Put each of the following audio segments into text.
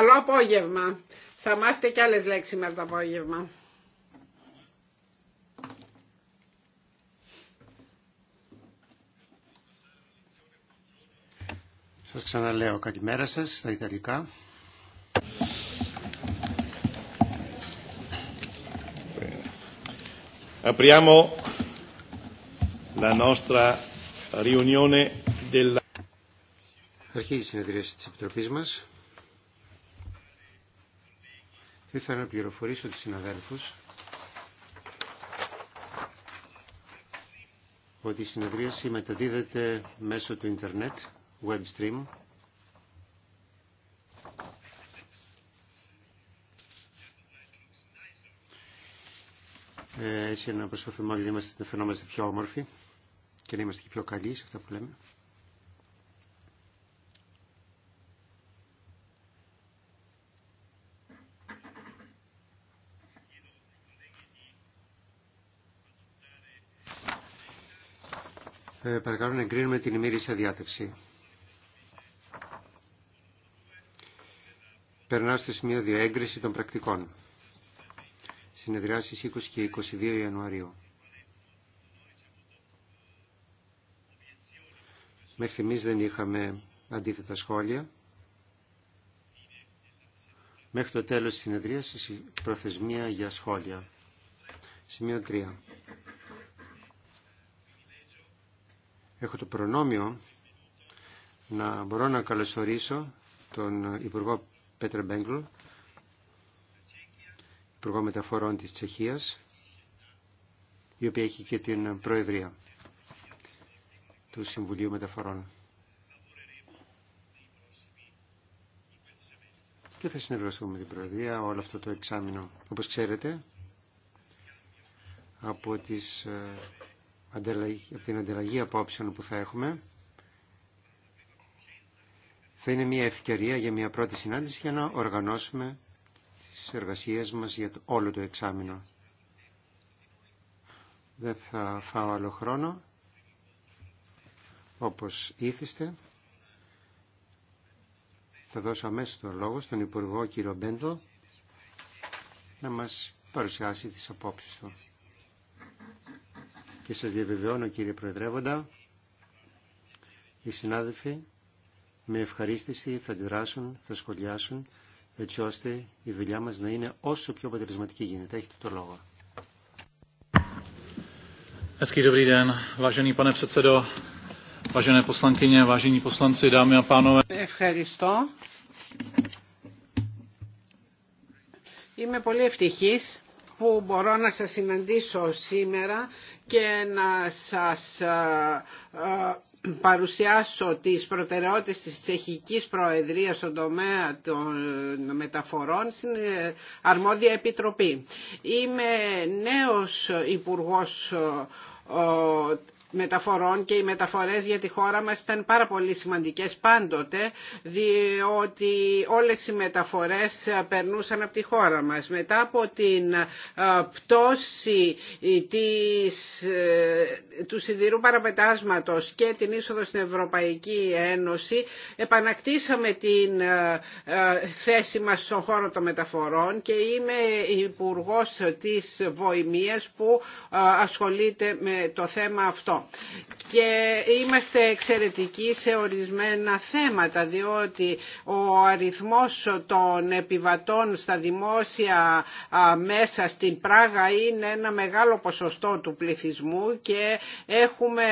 καλό απόγευμα. Θα μάθετε κι άλλες λέξεις σήμερα το απόγευμα. Σας ξαναλέω καλημέρα σας στα Ιταλικά. Apriamo la nostra riunione della... Αρχίζει η συνεδρίαση της Επιτροπής μας. Θα ήθελα να πληροφορήσω τους συναδέλφους ότι η συνεδρίαση μεταδίδεται μέσω του ίντερνετ, web stream. Έτσι ε, να προσπαθούμε όλοι να φαινόμαστε πιο όμορφοι και να είμαστε πιο καλοί σε αυτά που λέμε. Ε, παρακαλώ να εγκρίνουμε την ημερήσια διάταξη. Περνάω στο σημείο 2. Έγκριση των πρακτικών. Συνεδριάσεις 20 και 22 Ιανουαρίου. Μέχρι στιγμής δεν είχαμε αντίθετα σχόλια. Μέχρι το τέλος της συνεδρίασης προθεσμία για σχόλια. Σημείο 3. Έχω το προνόμιο να μπορώ να καλωσορίσω τον Υπουργό Πέτρε Μπέγκλ, Υπουργό Μεταφορών της Τσεχίας, η οποία έχει και την Προεδρία του Συμβουλίου Μεταφορών. Και θα συνεργαστούμε με την Προεδρία όλο αυτό το εξάμεινο. Όπως ξέρετε, από τις ε, από την ανταλλαγή απόψεων που θα έχουμε θα είναι μια ευκαιρία για μια πρώτη συνάντηση για να οργανώσουμε τις εργασίες μας για όλο το εξάμεινο. Δεν θα φάω άλλο χρόνο, όπως ήθιστε. Θα δώσω αμέσως το λόγο στον Υπουργό κύριο Μπέντο να μας παρουσιάσει τις απόψεις του. Και σας διαβεβαιώνω κύριε Προεδρεύοντα, οι συνάδελφοι με ευχαρίστηση θα αντιδράσουν, θα σχολιάσουν, έτσι ώστε η δουλειά μας να είναι όσο πιο αποτελεσματική γίνεται. Έχετε το λόγο. Hezký dobrý den, vážený pane předsedo, vážené poslankyně, vážení poslanci, dámy a pánové. Ευχαριστώ. Είμαι πολύ ευτυχής που μπορώ να σας συναντήσω σήμερα και να σας ε, ε, παρουσιάσω τις προτεραιότητες της τσεχικής προεδρίας στον τομέα των μεταφορών στην ε, αρμόδια επιτροπή. Είμαι νέος υπουργός μεταφορών και οι μεταφορές για τη χώρα μας ήταν πάρα πολύ σημαντικές πάντοτε διότι όλες οι μεταφορές περνούσαν από τη χώρα μας. Μετά από την ε, πτώση της, ε, του σιδηρού παραπετάσματος και την είσοδο στην Ευρωπαϊκή Ένωση επανακτήσαμε την ε, θέση μας στον χώρο των μεταφορών και είμαι υπουργό της Βοημίας που ασχολείται με το θέμα αυτό. Και είμαστε εξαιρετικοί σε ορισμένα θέματα, διότι ο αριθμός των επιβατών στα δημόσια μέσα στην Πράγα είναι ένα μεγάλο ποσοστό του πληθυσμού και έχουμε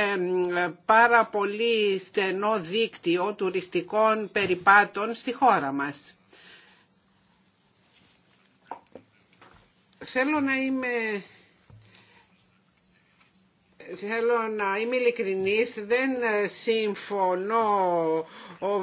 πάρα πολύ στενό δίκτυο τουριστικών περιπάτων στη χώρα μας. Θέλω να είμαι θέλω να είμαι ειλικρινής, δεν ε, συμφωνώ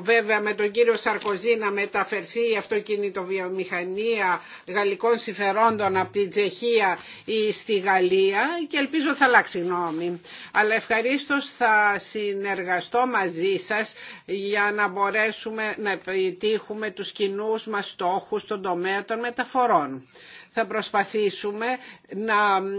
βέβαια με τον κύριο Σαρκοζή να μεταφερθεί η αυτοκινητοβιομηχανία γαλλικών συμφερόντων από την Τσεχία ή στη Γαλλία και ελπίζω θα αλλάξει γνώμη. Αλλά ευχαρίστω θα συνεργαστώ μαζί σας για να μπορέσουμε να επιτύχουμε τους κοινούς μας στόχους στον τομέα των μεταφορών θα προσπαθήσουμε να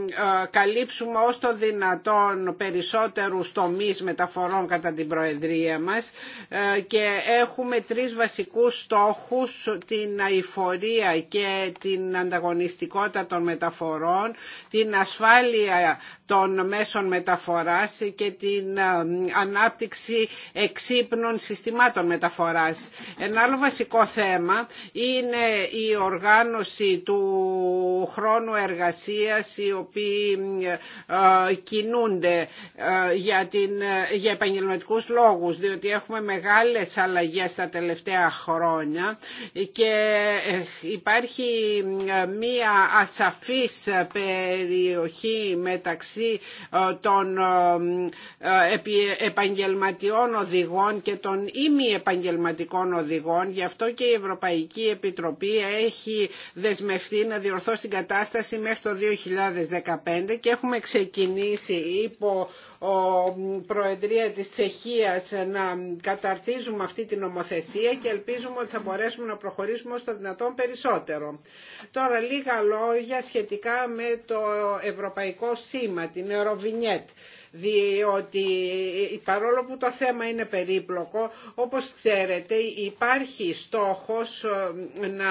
ε, καλύψουμε ως το δυνατόν περισσότερους τομείς μεταφορών κατά την Προεδρία μας ε, και έχουμε τρεις βασικούς στόχους την αηφορία και την ανταγωνιστικότητα των μεταφορών, την ασφάλεια των μέσων μεταφοράς και την ε, ανάπτυξη εξύπνων συστημάτων μεταφοράς. Ένα άλλο βασικό θέμα είναι η οργάνωση του χρόνου εργασίας οι οποίοι ε, κινούνται ε, για, την, ε, για επαγγελματικούς λόγους διότι έχουμε μεγάλες αλλαγές τα τελευταία χρόνια και υπάρχει μία ασαφής περιοχή μεταξύ των επαγγελματιών οδηγών και των ήμι επαγγελματικών οδηγών γι' αυτό και η Ευρωπαϊκή Επιτροπή έχει δεσμευτεί να διορθώσει ολοκληρωθώ στην κατάσταση μέχρι το 2015 και έχουμε ξεκινήσει υπό Προεδρία της Τσεχίας να καταρτίζουμε αυτή την νομοθεσία και ελπίζουμε ότι θα μπορέσουμε να προχωρήσουμε όσο το δυνατόν περισσότερο. Τώρα λίγα λόγια σχετικά με το Ευρωπαϊκό Σήμα, την Eurovignette διότι παρόλο που το θέμα είναι περίπλοκο, όπως ξέρετε υπάρχει στόχος ε, να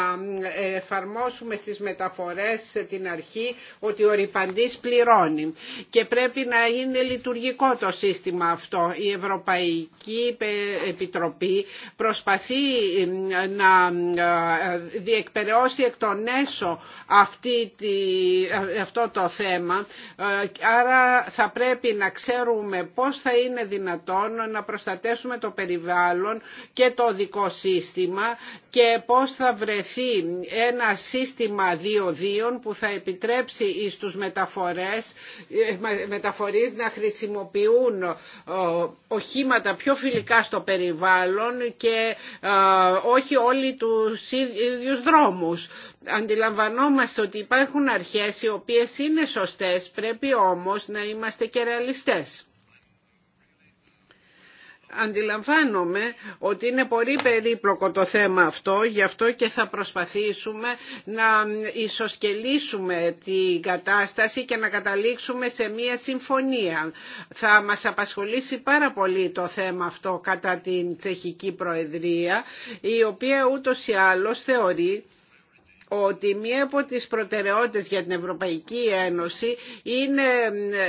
εφαρμόσουμε στις μεταφορές την αρχή ότι ο ρηπαντής πληρώνει και πρέπει να είναι λειτουργικό το σύστημα αυτό. Η Ευρωπαϊκή Επιτροπή προσπαθεί ε, να ε, διεκπαιρεώσει εκ των έσω αυτή, αυτό το θέμα, άρα θα πρέπει να ξέρουμε πώς θα είναι δυνατόν να προστατέσουμε το περιβάλλον και το δικό σύστημα και πώς θα βρεθεί ένα σύστημα διοδίων που θα επιτρέψει στους μεταφορές, ε, μεταφορείς να χρησιμοποιούν ε, οχήματα πιο φιλικά στο περιβάλλον και ε, όχι όλοι τους ίδιους δρόμους. Αντιλαμβανόμαστε ότι υπάρχουν αρχές οι οποίες είναι σωστές, πρέπει όμως να είμαστε και Αντιλαμβάνομαι ότι είναι πολύ περίπλοκο το θέμα αυτό, γι' αυτό και θα προσπαθήσουμε να ισοσκελίσουμε την κατάσταση και να καταλήξουμε σε μία συμφωνία. Θα μας απασχολήσει πάρα πολύ το θέμα αυτό κατά την Τσεχική Προεδρία, η οποία ούτως ή άλλως θεωρεί ότι μία από τις προτεραιότητες για την Ευρωπαϊκή Ένωση είναι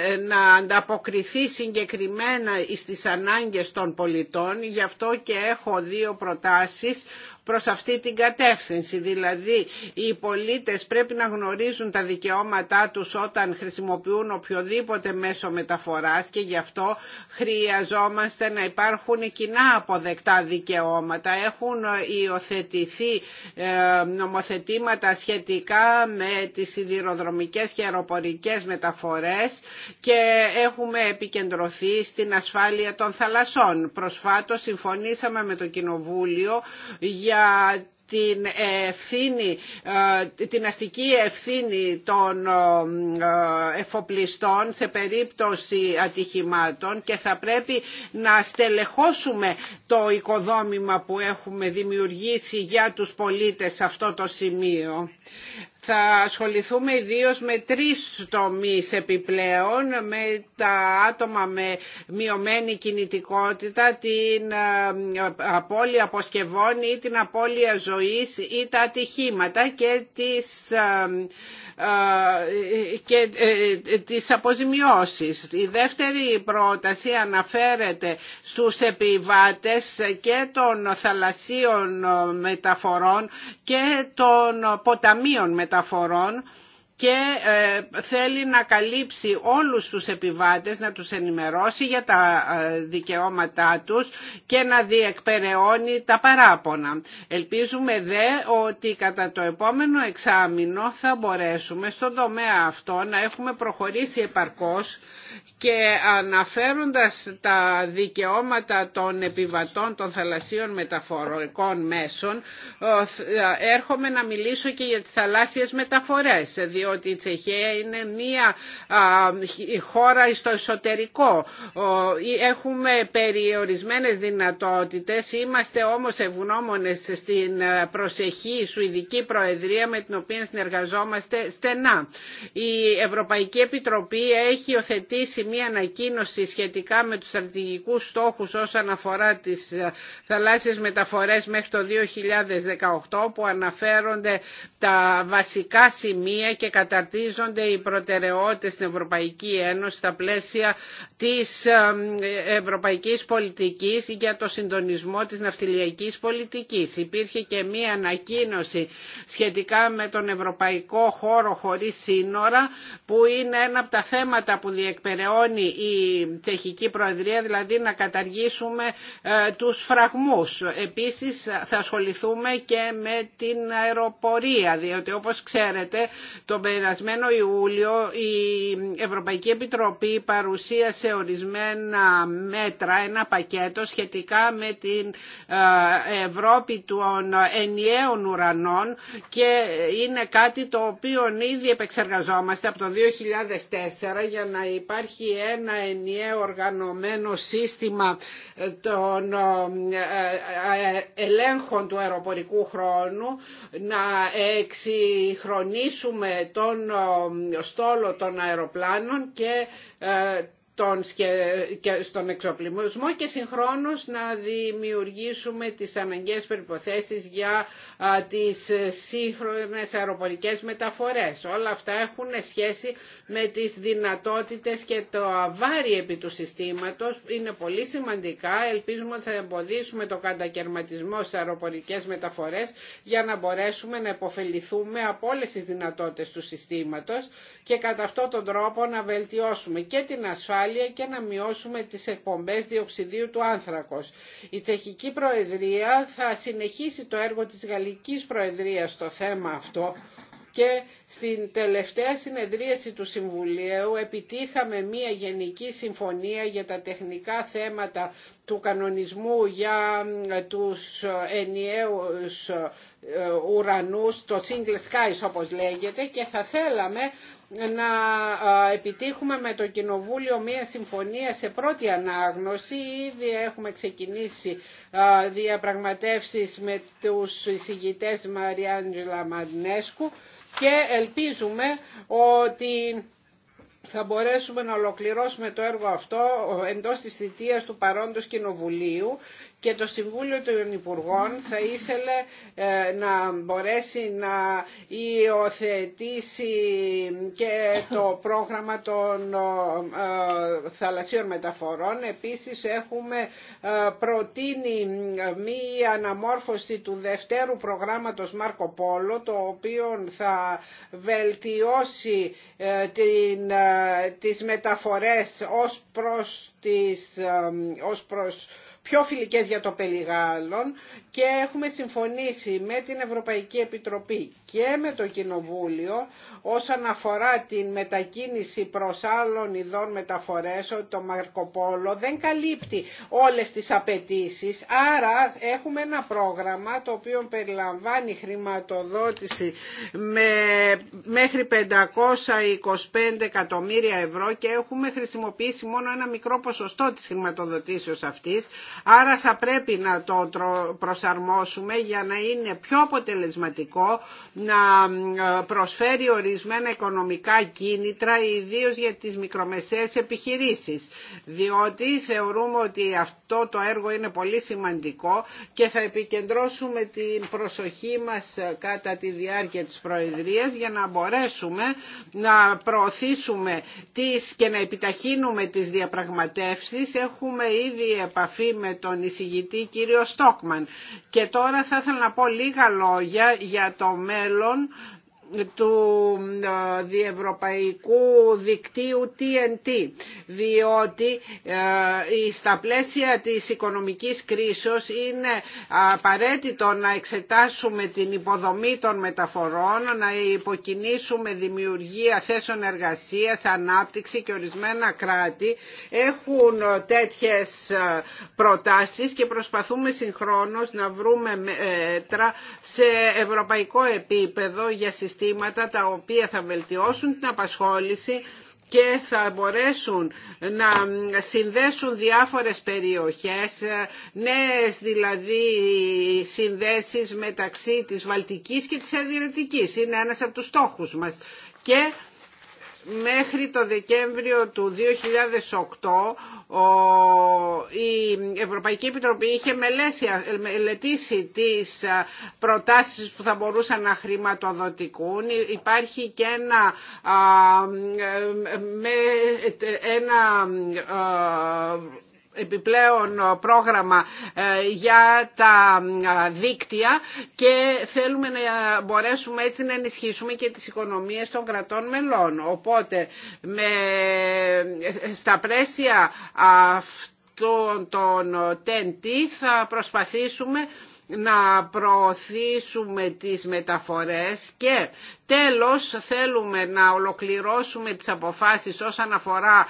ε, να ανταποκριθεί συγκεκριμένα στις ανάγκες των πολιτών. Γι' αυτό και έχω δύο προτάσεις προς αυτή την κατεύθυνση. Δηλαδή, οι πολίτες πρέπει να γνωρίζουν τα δικαιώματά τους όταν χρησιμοποιούν οποιοδήποτε μέσο μεταφοράς και γι' αυτό χρειαζόμαστε να υπάρχουν κοινά αποδεκτά δικαιώματα. Έχουν ε, υιοθετηθεί ε, νομοθετήματα ζητήματα σχετικά με τις σιδηροδρομικές και αεροπορικές μεταφορές και έχουμε επικεντρωθεί στην ασφάλεια των θαλασσών. Προσφάτως συμφωνήσαμε με το Κοινοβούλιο για την ευθύνη, ε, την αστική ευθύνη των ε, ε, εφοπλιστών σε περίπτωση ατυχημάτων και θα πρέπει να στελεχώσουμε το οικοδόμημα που έχουμε δημιουργήσει για τους πολίτες σε αυτό το σημείο θα ασχοληθούμε ιδίω με τρει τομεί επιπλέον, με τα άτομα με μειωμένη κινητικότητα, την ε, απώλεια αποσκευών ή την απώλεια ζωής ή τα ατυχήματα και τις ε, και ε, ε, τις αποζημιώσεις. Η δεύτερη πρόταση αναφέρεται στους επιβάτες και των θαλασσίων μεταφορών και των ποταμίων μεταφορών και ε, θέλει να καλύψει όλους τους επιβάτες, να τους ενημερώσει για τα ε, δικαιώματά τους και να διεκπεραιώνει τα παράπονα. Ελπίζουμε δε ότι κατά το επόμενο εξάμεινο θα μπορέσουμε στον τομέα αυτό να έχουμε προχωρήσει επαρκώς και αναφέροντας τα δικαιώματα των επιβατών των θαλασσίων μεταφορικών μέσων έρχομαι να μιλήσω και για τις θαλάσσιες μεταφορές διότι η Τσεχία είναι μία χώρα στο εσωτερικό έχουμε περιορισμένες δυνατότητες είμαστε όμως ευγνώμονες στην προσεχή Σουηδική Προεδρία με την οποία συνεργαζόμαστε στενά η Ευρωπαϊκή Επιτροπή έχει οθετήσει ζητήσει μια ανακοίνωση σχετικά με τους στρατηγικούς στόχους όσον αφορά τις ε, θαλάσσιες μεταφορές μέχρι το 2018 που αναφέρονται τα βασικά σημεία και καταρτίζονται οι προτεραιότητες στην Ευρωπαϊκή Ένωση στα πλαίσια της ε, ευρωπαϊκής πολιτικής για το συντονισμό της ναυτιλιακής πολιτικής. Υπήρχε και μία ανακοίνωση σχετικά με τον Ευρωπαϊκό Χώρο Χωρίς Σύνορα που είναι ένα από τα θέματα που διεκπαιρώνει η Τσεχική Προεδρία, δηλαδή να καταργήσουμε ε, τους φραγμούς. Επίσης θα ασχοληθούμε και με την αεροπορία, διότι όπως ξέρετε τον περασμένο Ιούλιο η Ευρωπαϊκή Επιτροπή παρουσίασε ορισμένα μέτρα, ένα πακέτο σχετικά με την ε, Ευρώπη των ενιαίων ουρανών και είναι κάτι το οποίο ήδη επεξεργαζόμαστε από το 2004 για να υπάρχει υπάρχει ένα ενιαίο οργανωμένο σύστημα ε, των ε, ε, ελέγχων του αεροπορικού χρόνου, να εξυγχρονίσουμε τον στόλο των αεροπλάνων και στον εξοπλισμό και συγχρόνως να δημιουργήσουμε τις αναγκαίες περιποθέσεις για τις σύγχρονες αεροπορικές μεταφορές. Όλα αυτά έχουν σχέση με τις δυνατότητες και το αβάρι επί του συστήματος. Είναι πολύ σημαντικά. Ελπίζουμε ότι θα εμποδίσουμε το κατακαιρματισμό στις αεροπορικές μεταφορές για να μπορέσουμε να υποφεληθούμε από όλες τις δυνατότητες του συστήματος και κατά αυτόν τον τρόπο να βελτιώσουμε και την ασφάλεια ασφάλεια και να μειώσουμε τις εκπομπές διοξιδίου του άνθρακος. Η Τσεχική Προεδρία θα συνεχίσει το έργο της Γαλλικής Προεδρίας στο θέμα αυτό και στην τελευταία συνεδρίαση του Συμβουλίου επιτύχαμε μια γενική συμφωνία για τα τεχνικά θέματα του κανονισμού για τους ενιαίους ε, ουρανούς, το single skies όπως λέγεται και θα θέλαμε να επιτύχουμε με το Κοινοβούλιο μία συμφωνία σε πρώτη ανάγνωση. Ήδη έχουμε ξεκινήσει διαπραγματεύσεις με τους εισηγητές Μαριάντζελα Μαντνέσκου και ελπίζουμε ότι θα μπορέσουμε να ολοκληρώσουμε το έργο αυτό εντός της θητείας του παρόντος Κοινοβουλίου και το Συμβούλιο των Υπουργών θα ήθελε ε, να μπορέσει να υιοθετήσει και το πρόγραμμα των ε, θαλασσίων μεταφορών. Επίσης έχουμε ε, προτείνει μία αναμόρφωση του δευτέρου προγράμματος Μάρκο Πόλο το οποίο θα βελτιώσει την, τις μεταφορές ως προς, τις, ως προς πιο φιλικές για το περιγάλλον και έχουμε συμφωνήσει με την Ευρωπαϊκή Επιτροπή και με το Κοινοβούλιο όσον αφορά την μετακίνηση προς άλλων ειδών μεταφορές ότι το Μαρκοπόλο δεν καλύπτει όλες τις απαιτήσει, άρα έχουμε ένα πρόγραμμα το οποίο περιλαμβάνει χρηματοδότηση με μέχρι 525 εκατομμύρια ευρώ και έχουμε χρησιμοποιήσει μόνο ένα μικρό ποσοστό της χρηματοδοτήσεως αυτής Άρα θα πρέπει να το προσαρμόσουμε για να είναι πιο αποτελεσματικό, να ε, προσφέρει ορισμένα οικονομικά κίνητρα, ιδίω για τις μικρομεσαίες επιχειρήσεις. Διότι θεωρούμε ότι αυτό το έργο είναι πολύ σημαντικό και θα επικεντρώσουμε την προσοχή μας ε, κατά τη διάρκεια της Προεδρίας για να μπορέσουμε να προωθήσουμε τις και να επιταχύνουμε τις διαπραγματεύσεις. Έχουμε ήδη επαφή με με τον εισηγητή κύριο Στόκμαν. Και τώρα θα ήθελα να πω λίγα λόγια για το μέλλον του ε, διευρωπαϊκού δικτύου TNT διότι ε, στα πλαίσια της οικονομικής κρίσης είναι απαραίτητο να εξετάσουμε την υποδομή των μεταφορών να υποκινήσουμε δημιουργία θέσεων εργασίας, ανάπτυξη και ορισμένα κράτη έχουν τέτοιες ε, προτάσεις και προσπαθούμε συγχρόνως να βρούμε μέτρα σε ευρωπαϊκό επίπεδο για συστήματα συστήματα τα οποία θα βελτιώσουν την απασχόληση και θα μπορέσουν να συνδέσουν διάφορες περιοχές, νέες δηλαδή συνδέσεις μεταξύ της Βαλτικής και της Αδηρετικής. Είναι ένας από τους στόχους μας. Και μέχρι το Δεκέμβριο του 2008 η Ευρωπαϊκή Επιτροπή είχε μελετήσει τις προτάσεις που θα μπορούσαν να χρηματοδοτικούν. Υπάρχει και ένα, ε, ε, ένα επιπλέον ε, πρόγραμμα ε, για τα ε, δίκτυα και θέλουμε να μπορέσουμε έτσι να ενισχύσουμε και τις οικονομίες των κρατών μελών. Οπότε με, στα πρέσια αυτών των τέντι θα προσπαθήσουμε να προωθήσουμε τις μεταφορές και τέλος θέλουμε να ολοκληρώσουμε τις αποφάσεις όσον αφορά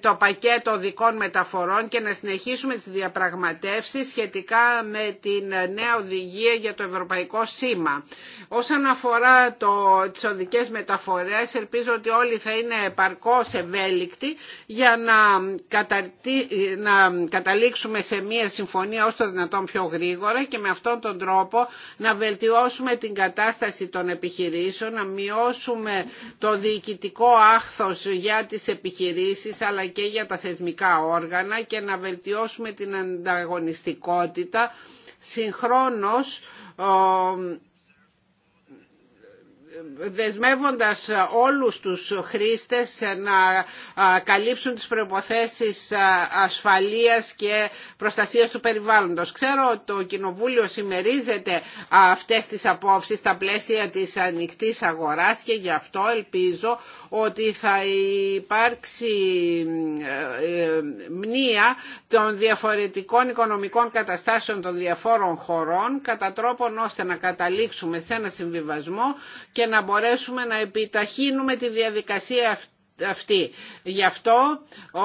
το πακέτο οδικών μεταφορών και να συνεχίσουμε τις διαπραγματεύσεις σχετικά με την νέα οδηγία για το Ευρωπαϊκό Σήμα. Όσον αφορά το, τις οδικές μεταφορές, ελπίζω ότι όλοι θα είναι επαρκώς ευέλικτοι για να, να καταλήξουμε σε μία συμφωνία όσο το δυνατόν πιο γρήγορα και με αυτόν τον τρόπο να βελτιώσουμε την κατάσταση των επιχειρήσεων, να μειώσουμε το διοικητικό άχθος για τις επιχειρήσεις επιχειρήσεις αλλά και για τα θεσμικά όργανα και να βελτιώσουμε την ανταγωνιστικότητα συγχρόνως δεσμεύοντας όλους τους χρήστες να καλύψουν τις προϋποθέσεις ασφαλείας και προστασίας του περιβάλλοντος. Ξέρω ότι το Κοινοβούλιο συμμερίζεται αυτές τις απόψεις στα πλαίσια της ανοιχτή αγοράς και γι' αυτό ελπίζω ότι θα υπάρξει ε, ε, μνήα των διαφορετικών οικονομικών καταστάσεων των διαφόρων χωρών κατά τρόπον ώστε να καταλήξουμε σε ένα συμβιβασμό και να μπορέσουμε να επιταχύνουμε τη διαδικασία αυτή Γι' αυτό ο,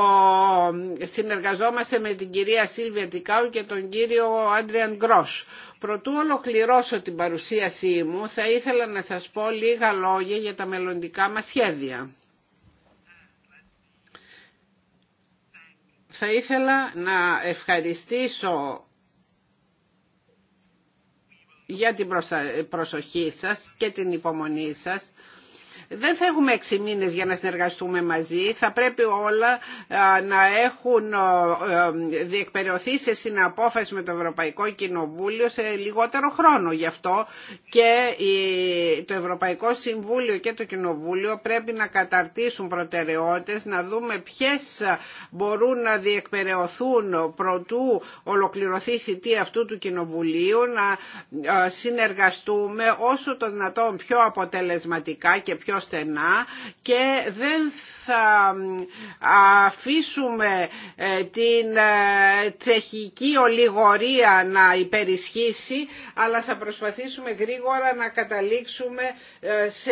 συνεργαζόμαστε με την κυρία Σίλβια Τικάου και τον κύριο Άντριαν Γκρός. Προτού ολοκληρώσω την παρουσίασή μου, θα ήθελα να σας πω λίγα λόγια για τα μελλοντικά μας σχέδια. Θα ήθελα να ευχαριστήσω για την προσοχή σας και την υπομονή σας δεν θα έχουμε έξι μήνες για να συνεργαστούμε μαζί. Θα πρέπει όλα να έχουν διεκπαιρεωθεί σε συναπόφαση με το Ευρωπαϊκό Κοινοβούλιο σε λιγότερο χρόνο. Γι' αυτό και το Ευρωπαϊκό Συμβούλιο και το Κοινοβούλιο πρέπει να καταρτήσουν προτεραιότητες, να δούμε ποιες μπορούν να διεκπαιρεωθούν προτού ολοκληρωθεί η θητεία αυτού του Κοινοβουλίου, να συνεργαστούμε όσο το δυνατόν πιο αποτελεσματικά και πιο στενά και δεν θα αφήσουμε ε, την ε, τσεχική ολιγορία να υπερισχύσει αλλά θα προσπαθήσουμε γρήγορα να καταλήξουμε ε, σε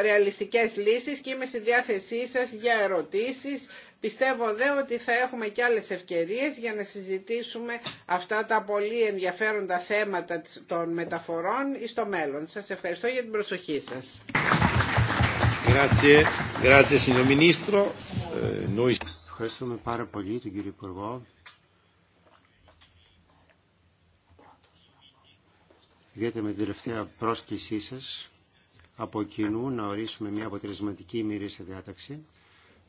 ρεαλιστικές λύσεις και είμαι στη διάθεσή σας για ερωτήσεις. Πιστεύω δε ότι θα έχουμε και άλλες ευκαιρίες για να συζητήσουμε αυτά τα πολύ ενδιαφέροντα θέματα των μεταφορών στο μέλλον. Σας ευχαριστώ για την προσοχή σας. Eh, Ευχαριστούμε πάρα πολύ τον κύριο Υπουργό. Βγαίνετε με την τελευταία πρόσκλησή σας από κοινού να ορίσουμε μια αποτελεσματική σε διάταξη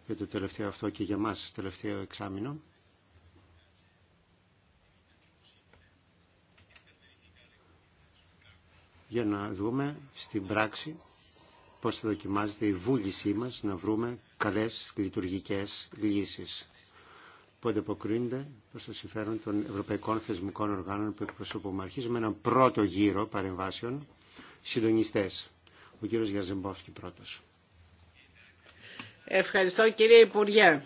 για το τελευταίο αυτό και για μας τελευταίο εξάμεινο. για να δούμε στην πράξη πώς θα δοκιμάζεται η βούλησή μας να βρούμε καλές λειτουργικές λύσεις που ανταποκρίνονται προς το συμφέρον των ευρωπαϊκών θεσμικών οργάνων που εκπροσωπούμε. Αρχίζουμε έναν πρώτο γύρο παρεμβάσεων, συντονιστές. Ο κύριος Γιαζεμπόφσκι πρώτος. Ευχαριστώ κύριε Υπουργέ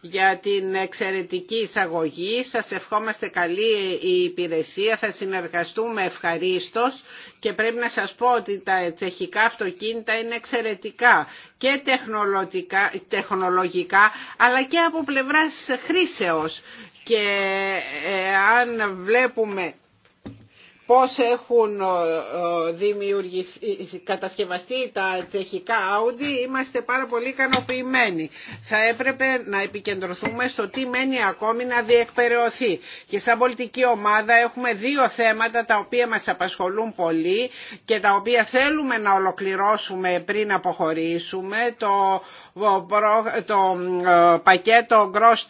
για την εξαιρετική εισαγωγή. Σας ευχόμαστε καλή η υπηρεσία, θα συνεργαστούμε ευχαρίστως και πρέπει να σας πω ότι τα τσεχικά αυτοκίνητα είναι εξαιρετικά και τεχνολογικά αλλά και από πλευράς χρήσεως και ε, αν βλέπουμε πώς έχουν ε, ε, κατασκευαστεί τα τσεχικά Audi είμαστε πάρα πολύ ικανοποιημένοι. Θα έπρεπε να επικεντρωθούμε στο τι μένει ακόμη να διεκπαιρεωθεί. Και σαν πολιτική ομάδα έχουμε δύο θέματα τα οποία μας απασχολούν πολύ και τα οποία θέλουμε να ολοκληρώσουμε πριν αποχωρήσουμε. Το, το ε, πακέτο Gross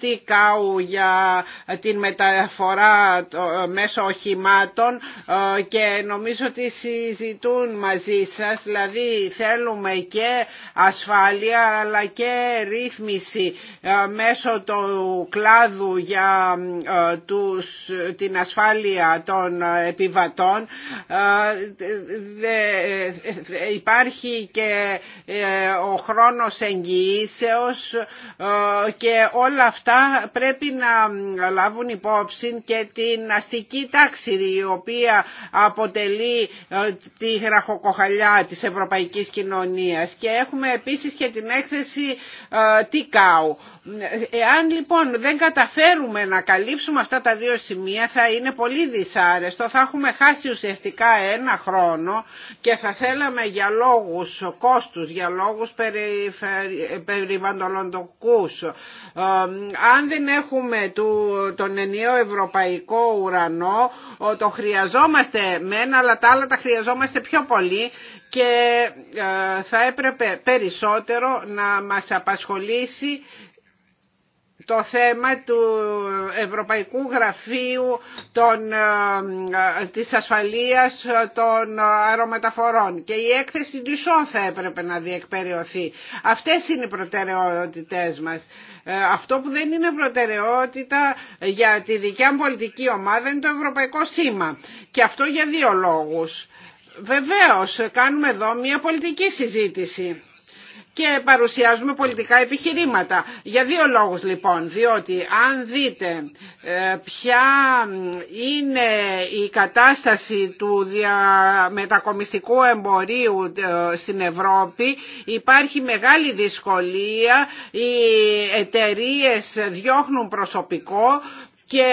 για την μεταφορά μέσω οχημάτων ε, και νομίζω ότι συζητούν μαζί σας, δηλαδή θέλουμε και ασφάλεια αλλά και ρύθμιση ε, μέσω του κλάδου για ε, τους, την ασφάλεια των επιβατών. Υπάρχει και ο χρόνος εγγυήσεως και όλα αυτά πρέπει να λάβουν υπόψη και την αστική τάξη η οποία αποτελεί ε, τη γραχοκοχαλιά της ευρωπαϊκής κοινωνίας. Και έχουμε επίσης και την έκθεση ε, Τικάου Εάν λοιπόν δεν καταφέρουμε να καλύψουμε αυτά τα δύο σημεία θα είναι πολύ δυσάρεστο, θα έχουμε χάσει ουσιαστικά ένα χρόνο και θα θέλαμε για λόγους κόστους, για λόγους Ε, Αν δεν έχουμε τον ενιαίο ευρωπαϊκό ουρανό, το χρειαζόμαστε ένα αλλά τα άλλα τα χρειαζόμαστε πιο πολύ και ε, θα έπρεπε περισσότερο να μας απασχολήσει το θέμα του Ευρωπαϊκού Γραφείου των, ε, ε, της ασφαλείας των αερομεταφορών και η έκθεση του θα έπρεπε να διεκπεριωθεί. Αυτές είναι οι προτεραιότητες μας. Ε, αυτό που δεν είναι προτεραιότητα για τη δικιά μου πολιτική ομάδα είναι το Ευρωπαϊκό Σήμα και αυτό για δύο λόγους. Βεβαίως κάνουμε εδώ μια πολιτική συζήτηση και παρουσιάζουμε πολιτικά επιχειρήματα. Για δύο λόγους λοιπόν, διότι αν δείτε ε, ποια είναι η κατάσταση του μετακομιστικού εμπορίου ε, στην Ευρώπη, υπάρχει μεγάλη δυσκολία, οι εταιρείες διώχνουν προσωπικό, και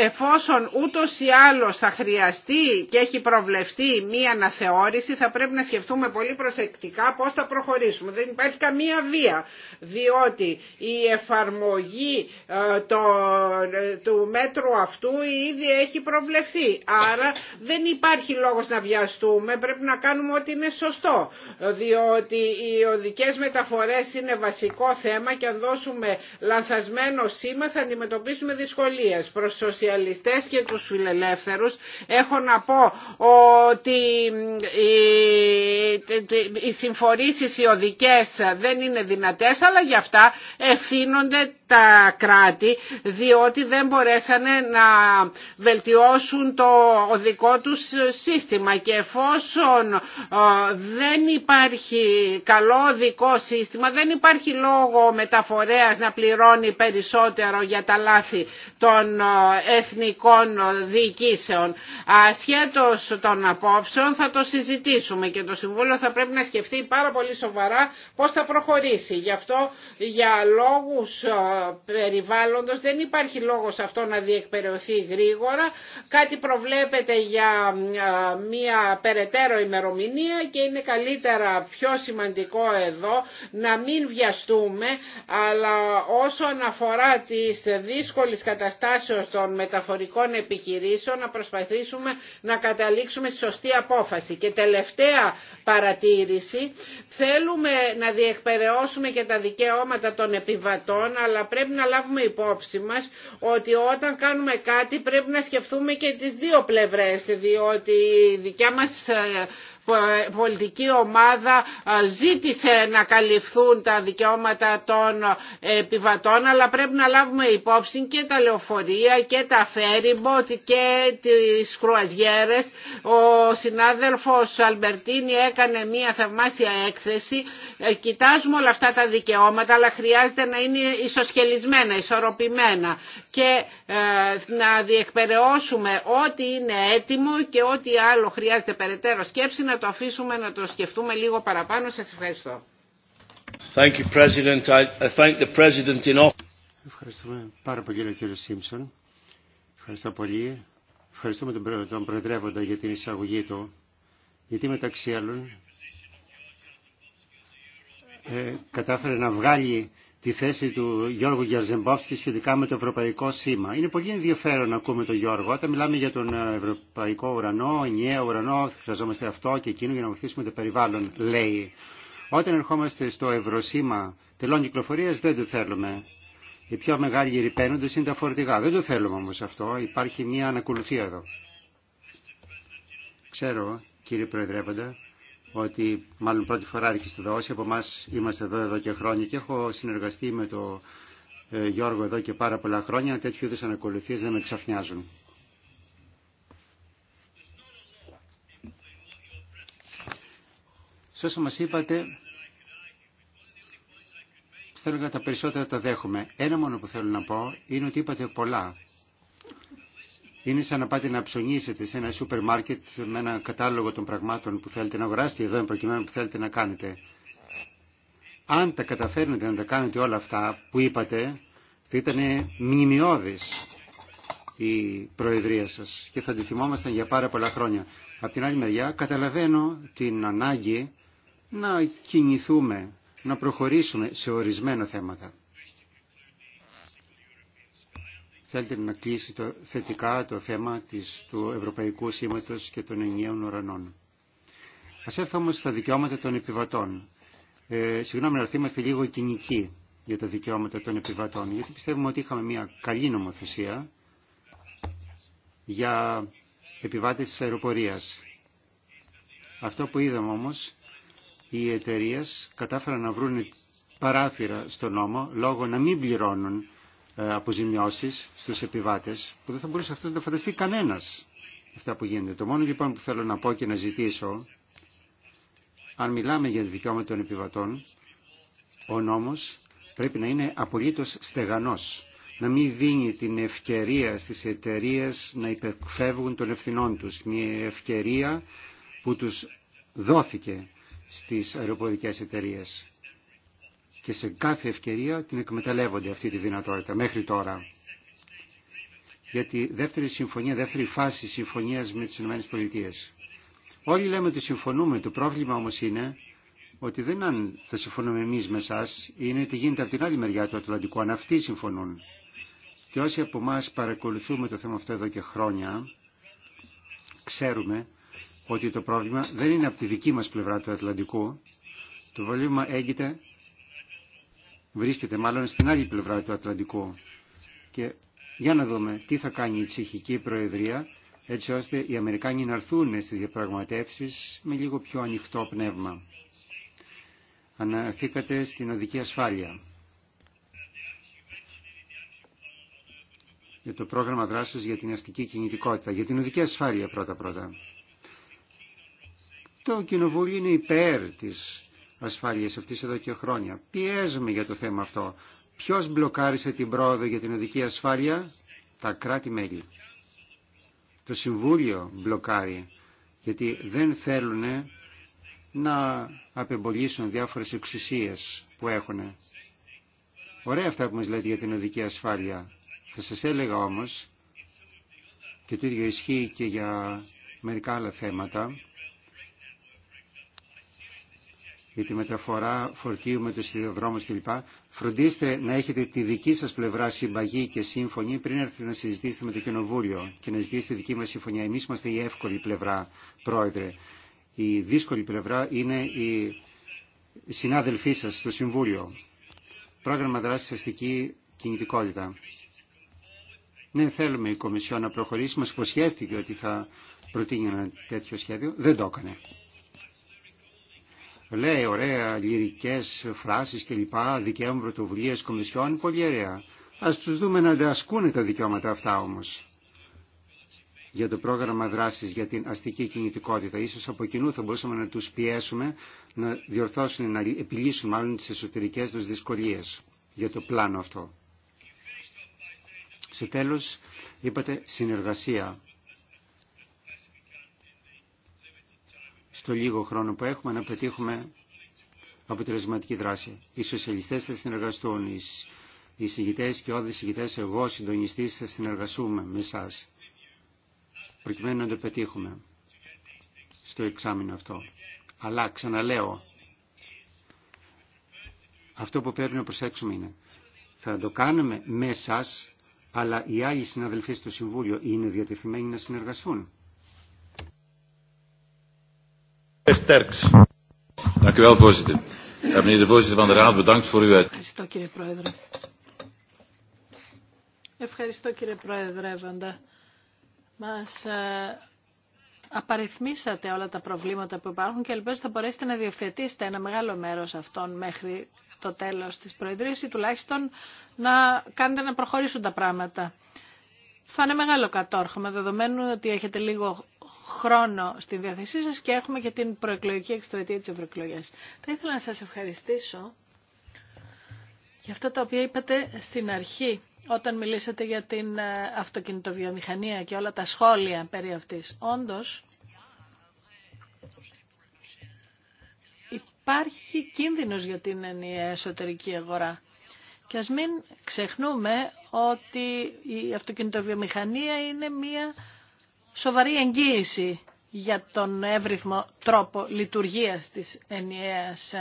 εφόσον ούτως ή άλλως θα χρειαστεί και έχει προβλεφτεί μία αναθεώρηση θα πρέπει να σκεφτούμε πολύ προσεκτικά πώς θα προχωρήσουμε. Δεν υπάρχει καμία βία διότι η εφαρμογή ε, ε, του μέτρου αυτού ήδη έχει προβλεφθεί. Άρα δεν υπάρχει λόγος να βιαστούμε, πρέπει να κάνουμε ό,τι είναι σωστό διότι οι οδικές μεταφορές είναι βασικό θέμα και αν δώσουμε λανθασμένο σήμα θα αντιμετωπίσουμε δυσκολία. Προ προς σοσιαλιστές και τους φιλελεύθερους έχω να πω ότι οι συμφορήσεις οι οδικές δεν είναι δυνατές αλλά γι' αυτά ευθύνονται τα κράτη διότι δεν μπορέσανε να βελτιώσουν το δικό τους σύστημα και εφόσον ε, δεν υπάρχει καλό δικό σύστημα δεν υπάρχει λόγο μεταφορέας να πληρώνει περισσότερο για τα λάθη των ε, εθνικών διοικήσεων. Ασχέτως των απόψεων θα το συζητήσουμε και το Συμβούλιο θα πρέπει να σκεφτεί πάρα πολύ σοβαρά πώς θα προχωρήσει. Γι' αυτό για λόγους ε, περιβάλλοντος δεν υπάρχει λόγος αυτό να διεκπαιρεωθεί γρήγορα. Κάτι προβλέπεται για ε, μια περαιτέρω ημερομηνία και είναι καλύτερα πιο σημαντικό εδώ να μην βιαστούμε αλλά όσον αφορά τις δύσκολες καταστάσεις των μεταφορικών επιχειρήσεων να προσπαθήσουμε να καταλήξουμε στη σωστή απόφαση. Και τελευταία παρατήρηση θέλουμε να διεκπαιρεώσουμε και τα δικαιώματα των επιβατών αλλά πρέπει να λάβουμε υπόψη μας ότι όταν κάνουμε κάτι πρέπει να σκεφτούμε και τις δύο πλευρές, διότι η δικιά μας ε, ε, πολιτική ομάδα ε, ζήτησε να καλυφθούν τα δικαιώματα των επιβατών αλλά πρέπει να λάβουμε υπόψη και τα λεωφορεία και τα φέριμποτ και τις κρουαζιέρες. Ο συνάδελφος Αλμπερτίνη έκανε μια θαυμάσια έκθεση ε, κοιτάζουμε όλα αυτά τα δικαιώματα, αλλά χρειάζεται να είναι ισοσχελισμένα, ισορροπημένα και ε, να διεκπαιρεώσουμε ό,τι είναι έτοιμο και ό,τι άλλο χρειάζεται περαιτέρω σκέψη, να το αφήσουμε να το σκεφτούμε λίγο παραπάνω. Σας ευχαριστώ. Thank you, President. I thank the President in Ευχαριστούμε πάρα πολύ κύριο κύριο Σίμψον. Ευχαριστώ πολύ. Ευχαριστούμε τον Προεδρεύοντα για την εισαγωγή του, γιατί μεταξύ άλλων ε, κατάφερε να βγάλει τη θέση του Γιώργου Γιαρζεμπόφσκη σχετικά με το ευρωπαϊκό σήμα. Είναι πολύ ενδιαφέρον να ακούμε τον Γιώργο. Όταν μιλάμε για τον ε, ευρωπαϊκό ουρανό, ενιαίο ουρανό, χρειαζόμαστε αυτό και εκείνο για να βοηθήσουμε το περιβάλλον, λέει. Όταν ερχόμαστε στο ευρωσήμα τελών κυκλοφορία δεν το θέλουμε. Οι πιο μεγάλοι ρηπαίνοντε είναι τα φορτηγά. Δεν το θέλουμε όμω αυτό. Υπάρχει μια ανακολουθία εδώ. Ξέρω, κύριε Προεδρεύοντα, ότι μάλλον πρώτη φορά άρχισε το όσοι από εμά είμαστε εδώ εδώ και χρόνια και έχω συνεργαστεί με τον ε, Γιώργο εδώ και πάρα πολλά χρόνια, τέτοιου είδους ανακολουθίες δεν με ξαφνιάζουν. Σε όσα μας είπατε, θέλω να τα περισσότερα τα δέχομαι. Ένα μόνο που θέλω να πω είναι ότι είπατε πολλά είναι σαν να πάτε να ψωνίσετε σε ένα σούπερ μάρκετ με ένα κατάλογο των πραγμάτων που θέλετε να αγοράσετε, εδώ προκειμένου που θέλετε να κάνετε. Αν τα καταφέρνετε να τα κάνετε όλα αυτά που είπατε, θα ήταν μνημειώδης η προεδρία σας και θα τη θυμόμασταν για πάρα πολλά χρόνια. Απ' την άλλη μεριά καταλαβαίνω την ανάγκη να κινηθούμε, να προχωρήσουμε σε ορισμένα θέματα θέλετε να κλείσει το, θετικά το θέμα της, του Ευρωπαϊκού Σήματος και των Ενιαίων Ουρανών. Ας έρθουμε όμως στα δικαιώματα των επιβατών. Ε, συγγνώμη, να είμαστε λίγο κοινικοί για τα δικαιώματα των επιβατών, γιατί πιστεύουμε ότι είχαμε μια καλή νομοθεσία για επιβάτες της αεροπορίας. Αυτό που είδαμε όμως, οι εταιρείε κατάφεραν να βρουν παράθυρα στο νόμο λόγω να μην πληρώνουν ε, αποζημιώσεις στους επιβάτες που δεν θα μπορούσε αυτό να το φανταστεί κανένας αυτά που γίνεται. Το μόνο λοιπόν που θέλω να πω και να ζητήσω αν μιλάμε για δικαιώματα των επιβατών ο νόμος πρέπει να είναι απολύτως στεγανός να μην δίνει την ευκαιρία στις εταιρείε να υπεκφεύγουν των ευθυνών τους. Μια ευκαιρία που τους δόθηκε στις αεροπορικές εταιρείες και σε κάθε ευκαιρία την εκμεταλλεύονται αυτή τη δυνατότητα μέχρι τώρα. Γιατί δεύτερη συμφωνία, δεύτερη φάση συμφωνίας με τις ΗΠΑ. Όλοι λέμε ότι συμφωνούμε, το πρόβλημα όμως είναι ότι δεν αν θα συμφωνούμε εμείς με εσά, είναι ότι γίνεται από την άλλη μεριά του Ατλαντικού, αν αυτοί συμφωνούν. Και όσοι από εμά παρακολουθούμε το θέμα αυτό εδώ και χρόνια, ξέρουμε ότι το πρόβλημα δεν είναι από τη δική μας πλευρά του Ατλαντικού. Το πρόβλημα έγκυται βρίσκεται μάλλον στην άλλη πλευρά του Ατλαντικού. Και για να δούμε τι θα κάνει η Τσεχική Προεδρία έτσι ώστε οι Αμερικάνοι να έρθουν στις διαπραγματεύσεις με λίγο πιο ανοιχτό πνεύμα. Αναφήκατε στην οδική ασφάλεια. Για το πρόγραμμα δράσης για την αστική κινητικότητα. Για την οδική ασφάλεια πρώτα-πρώτα. Το Κοινοβούλιο είναι υπέρ της ασφάλειας αυτής εδώ και χρόνια. Πιέζουμε για το θέμα αυτό. Ποιος μπλοκάρισε την πρόοδο για την οδική ασφάλεια? Τα κράτη-μέλη. Το Συμβούλιο μπλοκάρει, γιατί δεν θέλουν να απεμπολίσουν διάφορες εξουσίες που έχουν. Ωραία αυτά που μας λέτε για την οδική ασφάλεια. Θα σας έλεγα όμως, και το ίδιο ισχύει και για μερικά άλλα θέματα, για τη μεταφορά φορτίου με του σιδηροδρόμου κλπ. Φροντίστε να έχετε τη δική σα πλευρά συμπαγή και σύμφωνη πριν έρθετε να συζητήσετε με το Κοινοβούλιο και να ζητήσετε δική μα συμφωνία. Εμεί είμαστε η εύκολη πλευρά, Πρόεδρε. Η δύσκολη πλευρά είναι η συνάδελφοί σα, στο Συμβούλιο. Πρόγραμμα δράση αστική κινητικότητα. Ναι, θέλουμε η Κομισιόν να προχωρήσει. Μα υποσχέθηκε ότι θα προτείνει ένα τέτοιο σχέδιο. Δεν το έκανε λέει ωραία λυρικές φράσεις κλπ, δικαίωμα πρωτοβουλία κομισιών, πολύ ωραία. Ας τους δούμε να αντασκούνε τα δικαιώματα αυτά όμως. Για το πρόγραμμα δράσης για την αστική κινητικότητα, ίσως από κοινού θα μπορούσαμε να τους πιέσουμε να διορθώσουν, να επιλύσουν μάλλον τις εσωτερικές τους δυσκολίες για το πλάνο αυτό. Σε τέλος, είπατε συνεργασία. στο λίγο χρόνο που έχουμε να πετύχουμε αποτελεσματική δράση. Οι σοσιαλιστές θα συνεργαστούν, οι συγητές και όδες συγητές, εγώ συντονιστής θα συνεργαστούμε με εσά προκειμένου να το πετύχουμε στο εξάμεινο αυτό. Αλλά ξαναλέω, αυτό που πρέπει να προσέξουμε είναι, θα το κάνουμε με εσά, αλλά οι άλλοι συναδελφοί στο Συμβούλιο είναι διατεθειμένοι να συνεργαστούν. Ευχαριστώ κύριε Πρόεδρε. Ευχαριστώ κύριε Πρόεδρε Βαντα. Μας ε, απαριθμίσατε όλα τα προβλήματα που υπάρχουν και ελπίζω θα μπορέσετε να διευθετήσετε ένα μεγάλο μέρο αυτών μέχρι το τέλο τη Προεδρία ή τουλάχιστον να κάνετε να προχωρήσουν τα πράγματα. Θα είναι μεγάλο κατόρχο, δεδομένου ότι έχετε λίγο χρόνο στη διάθεσή σας και έχουμε και την προεκλογική εκστρατεία της ευρωεκλογίας. Θα ήθελα να σας ευχαριστήσω για αυτά τα οποία είπατε στην αρχή όταν μιλήσατε για την ε, αυτοκινητοβιομηχανία και όλα τα σχόλια περί αυτής. Όντως, υπάρχει κίνδυνος για την εσωτερική αγορά. Και ας μην ξεχνούμε ότι η αυτοκινητοβιομηχανία είναι μία σοβαρή εγγύηση για τον εύρυθμο τρόπο λειτουργίας της ενιαίας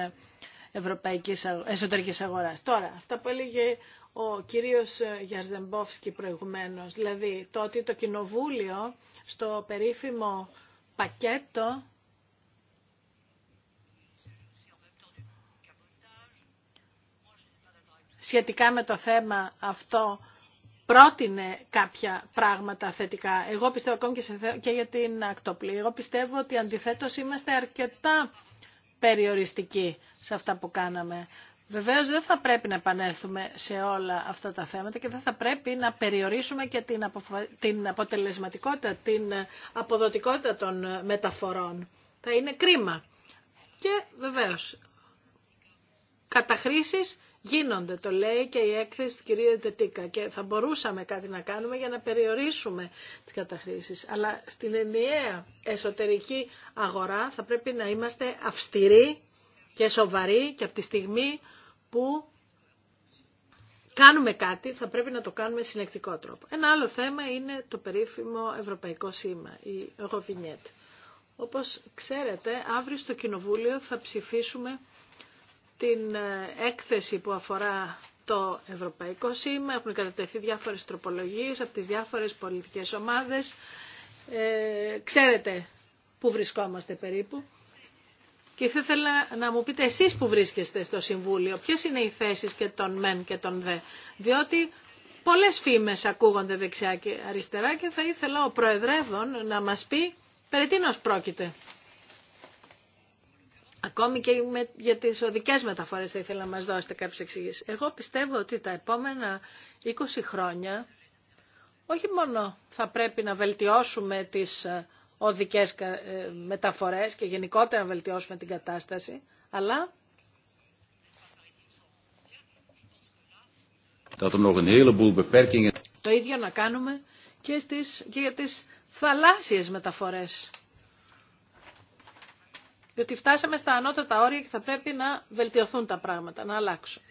ευρωπαϊκής, εσωτερικής αγοράς. Τώρα, αυτά που έλεγε ο κύριος Γιαρζεμπόφσκι προηγουμένως, δηλαδή το ότι το Κοινοβούλιο στο περίφημο πακέτο σχετικά με το θέμα αυτό πρότεινε κάποια πράγματα θετικά. Εγώ πιστεύω ακόμη και, σε, και για την ακτοπλή. Εγώ πιστεύω ότι αντιθέτως είμαστε αρκετά περιοριστικοί σε αυτά που κάναμε. Βεβαίως δεν θα πρέπει να επανέλθουμε σε όλα αυτά τα θέματα και δεν θα πρέπει να περιορίσουμε και την, την αποτελεσματικότητα, την αποδοτικότητα των μεταφορών. Θα είναι κρίμα. Και βεβαίως καταχρήσεις γίνονται. Το λέει και η έκθεση τη κυρία Δετίκα και θα μπορούσαμε κάτι να κάνουμε για να περιορίσουμε τις καταχρήσεις. Αλλά στην ενιαία εσωτερική αγορά θα πρέπει να είμαστε αυστηροί και σοβαροί και από τη στιγμή που κάνουμε κάτι θα πρέπει να το κάνουμε συνεκτικό τρόπο. Ένα άλλο θέμα είναι το περίφημο ευρωπαϊκό σήμα, η Εγωβινιέτ. Όπως ξέρετε, αύριο στο Κοινοβούλιο θα ψηφίσουμε την ε, έκθεση που αφορά το Ευρωπαϊκό Σήμα. Έχουν κατατεθεί διάφορες τροπολογίες από τις διάφορες πολιτικές ομάδες. Ε, ξέρετε που βρισκόμαστε περίπου. Και θα ήθελα να μου πείτε εσείς που βρίσκεστε στο Συμβούλιο, ποιες είναι οι θέσεις και των μεν και των δε. Διότι πολλές φήμες ακούγονται δεξιά και αριστερά και θα ήθελα ο Προεδρεύων να μας πει περί τίνος πρόκειται. Ακόμη και με, για τις οδικές μεταφορές θα ήθελα να μας δώσετε κάποιες εξηγήσεις. Εγώ πιστεύω ότι τα επόμενα 20 χρόνια όχι μόνο θα πρέπει να βελτιώσουμε τις ε, οδικές ε, μεταφορές και γενικότερα να βελτιώσουμε την κατάσταση, αλλά... Er το ίδιο να κάνουμε και, στις, και για τις θαλάσσιες μεταφορές. Διότι φτάσαμε στα ανώτατα όρια και θα πρέπει να βελτιωθούν τα πράγματα, να αλλάξουν.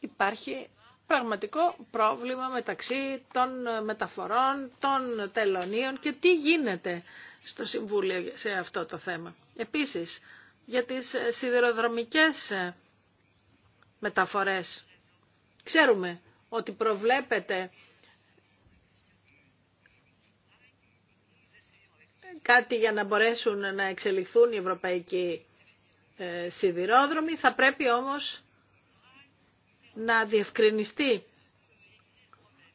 Υπάρχει πραγματικό πρόβλημα μεταξύ των μεταφορών, των τελωνίων και τι γίνεται στο Συμβούλιο σε αυτό το θέμα. Επίσης, για τις σιδηροδρομικές μεταφορές. Ξέρουμε ότι προβλέπεται κάτι για να μπορέσουν να εξελιχθούν οι ευρωπαϊκοί ε, σιδηρόδρομοι. Θα πρέπει όμως να διευκρινιστεί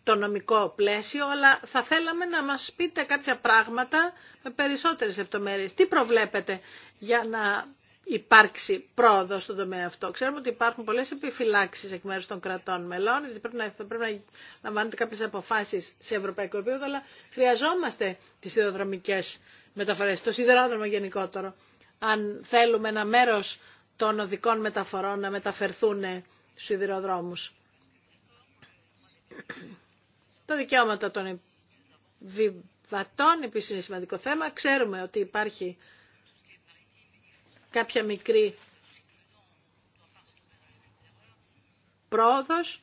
το νομικό πλαίσιο, αλλά θα θέλαμε να μας πείτε κάποια πράγματα με περισσότερες λεπτομέρειες. Τι προβλέπετε για να υπάρξει πρόοδο στον τομέα αυτό. Ξέρουμε ότι υπάρχουν πολλές επιφυλάξεις εκ μέρους των κρατών μελών, γιατί πρέπει να, πρέπει να λαμβάνονται κάποιες αποφάσεις σε ευρωπαϊκό επίπεδο, αλλά χρειαζόμαστε τις ιδεοδρομικές μεταφορές, το σιδηρόδρομο γενικότερο, αν θέλουμε ένα μέρος των οδικών μεταφορών να μεταφερθούν σιδηροδρόμους. Τα δικαιώματα των βιβατών επίσης είναι σημαντικό θέμα. Ξέρουμε ότι υπάρχει κάποια μικρή πρόοδος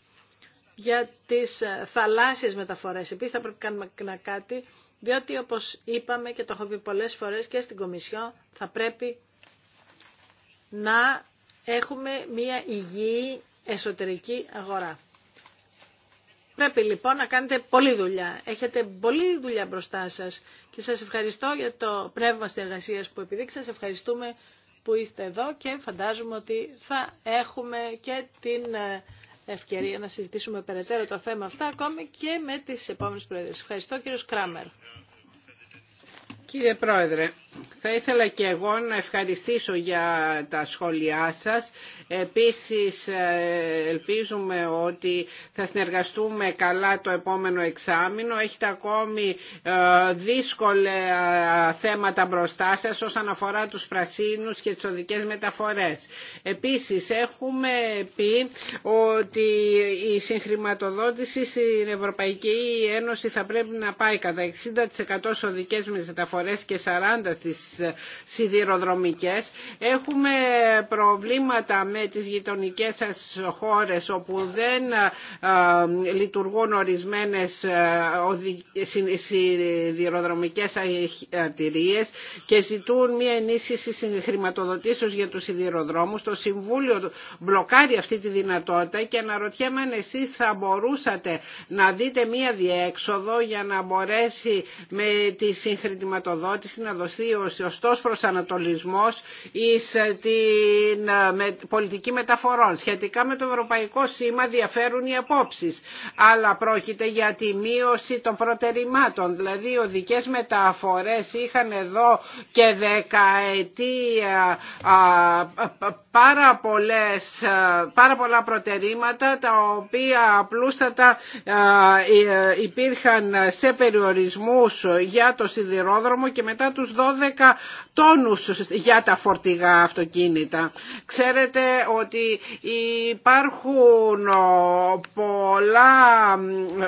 για τις θαλάσσιες μεταφορές. Επίσης θα πρέπει να κάνουμε κάτι διότι όπως είπαμε και το έχω πει πολλές φορές και στην Κομισιό θα πρέπει να έχουμε μια υγιή εσωτερική αγορά. Πρέπει λοιπόν να κάνετε πολλή δουλειά. Έχετε πολλή δουλειά μπροστά σας και σας ευχαριστώ για το πνεύμα στην που επιδείξατε. Σας ευχαριστούμε που είστε εδώ και φαντάζομαι ότι θα έχουμε και την ε, ευκαιρία να συζητήσουμε περαιτέρω το θέμα αυτά ακόμη και με τις επόμενες προεδρίες. Ευχαριστώ κύριο Κράμερ. Κύριε Πρόεδρε, θα ήθελα και εγώ να ευχαριστήσω για τα σχόλιά σας. Επίσης ε, ελπίζουμε ότι θα συνεργαστούμε καλά το επόμενο εξάμεινο. Έχετε ακόμη ε, δύσκολα θέματα μπροστά σας όσον αφορά τους πρασίνους και τις οδικές μεταφορές. Επίσης έχουμε πει ότι η συγχρηματοδότηση στην Ευρωπαϊκή Ένωση θα πρέπει να πάει κατά 60% στις οδικές μεταφορές και 40% στις ε, σιδηροδρομικές. Έχουμε προβλήματα με τις γειτονικές σας χώρες όπου δεν ε, ε, λειτουργούν ορισμένες σιδηροδρομικές αρτηρίες και ζητούν μια ενίσχυση χρηματοδοτήσεως για τους σιδηροδρόμους. Το Συμβούλιο μπλοκάρει αυτή τη δυνατότητα και αναρωτιέμαι αν εσείς θα μπορούσατε να δείτε μια διέξοδο για να μπορέσει με τη συγχρηματοδότηση να δοθεί ο σωστός προσανατολισμός ή ε, την ε, πολιτική μεταφορών. Σχετικά με το ευρωπαϊκό σήμα διαφέρουν οι απόψεις, αλλά πρόκειται για τη μείωση των προτερημάτων. Δηλαδή, οι οδικές μεταφορές είχαν εδώ και δεκαετία πάρα, πολλές, ε, πάρα πολλά προτερήματα, τα οποία απλούστατα υπήρχαν σε περιορισμούς για το σιδηρόδρομο και μετά τόνους για τα φορτηγά αυτοκίνητα. Ξέρετε ότι υπάρχουν ε, πολλά, ε,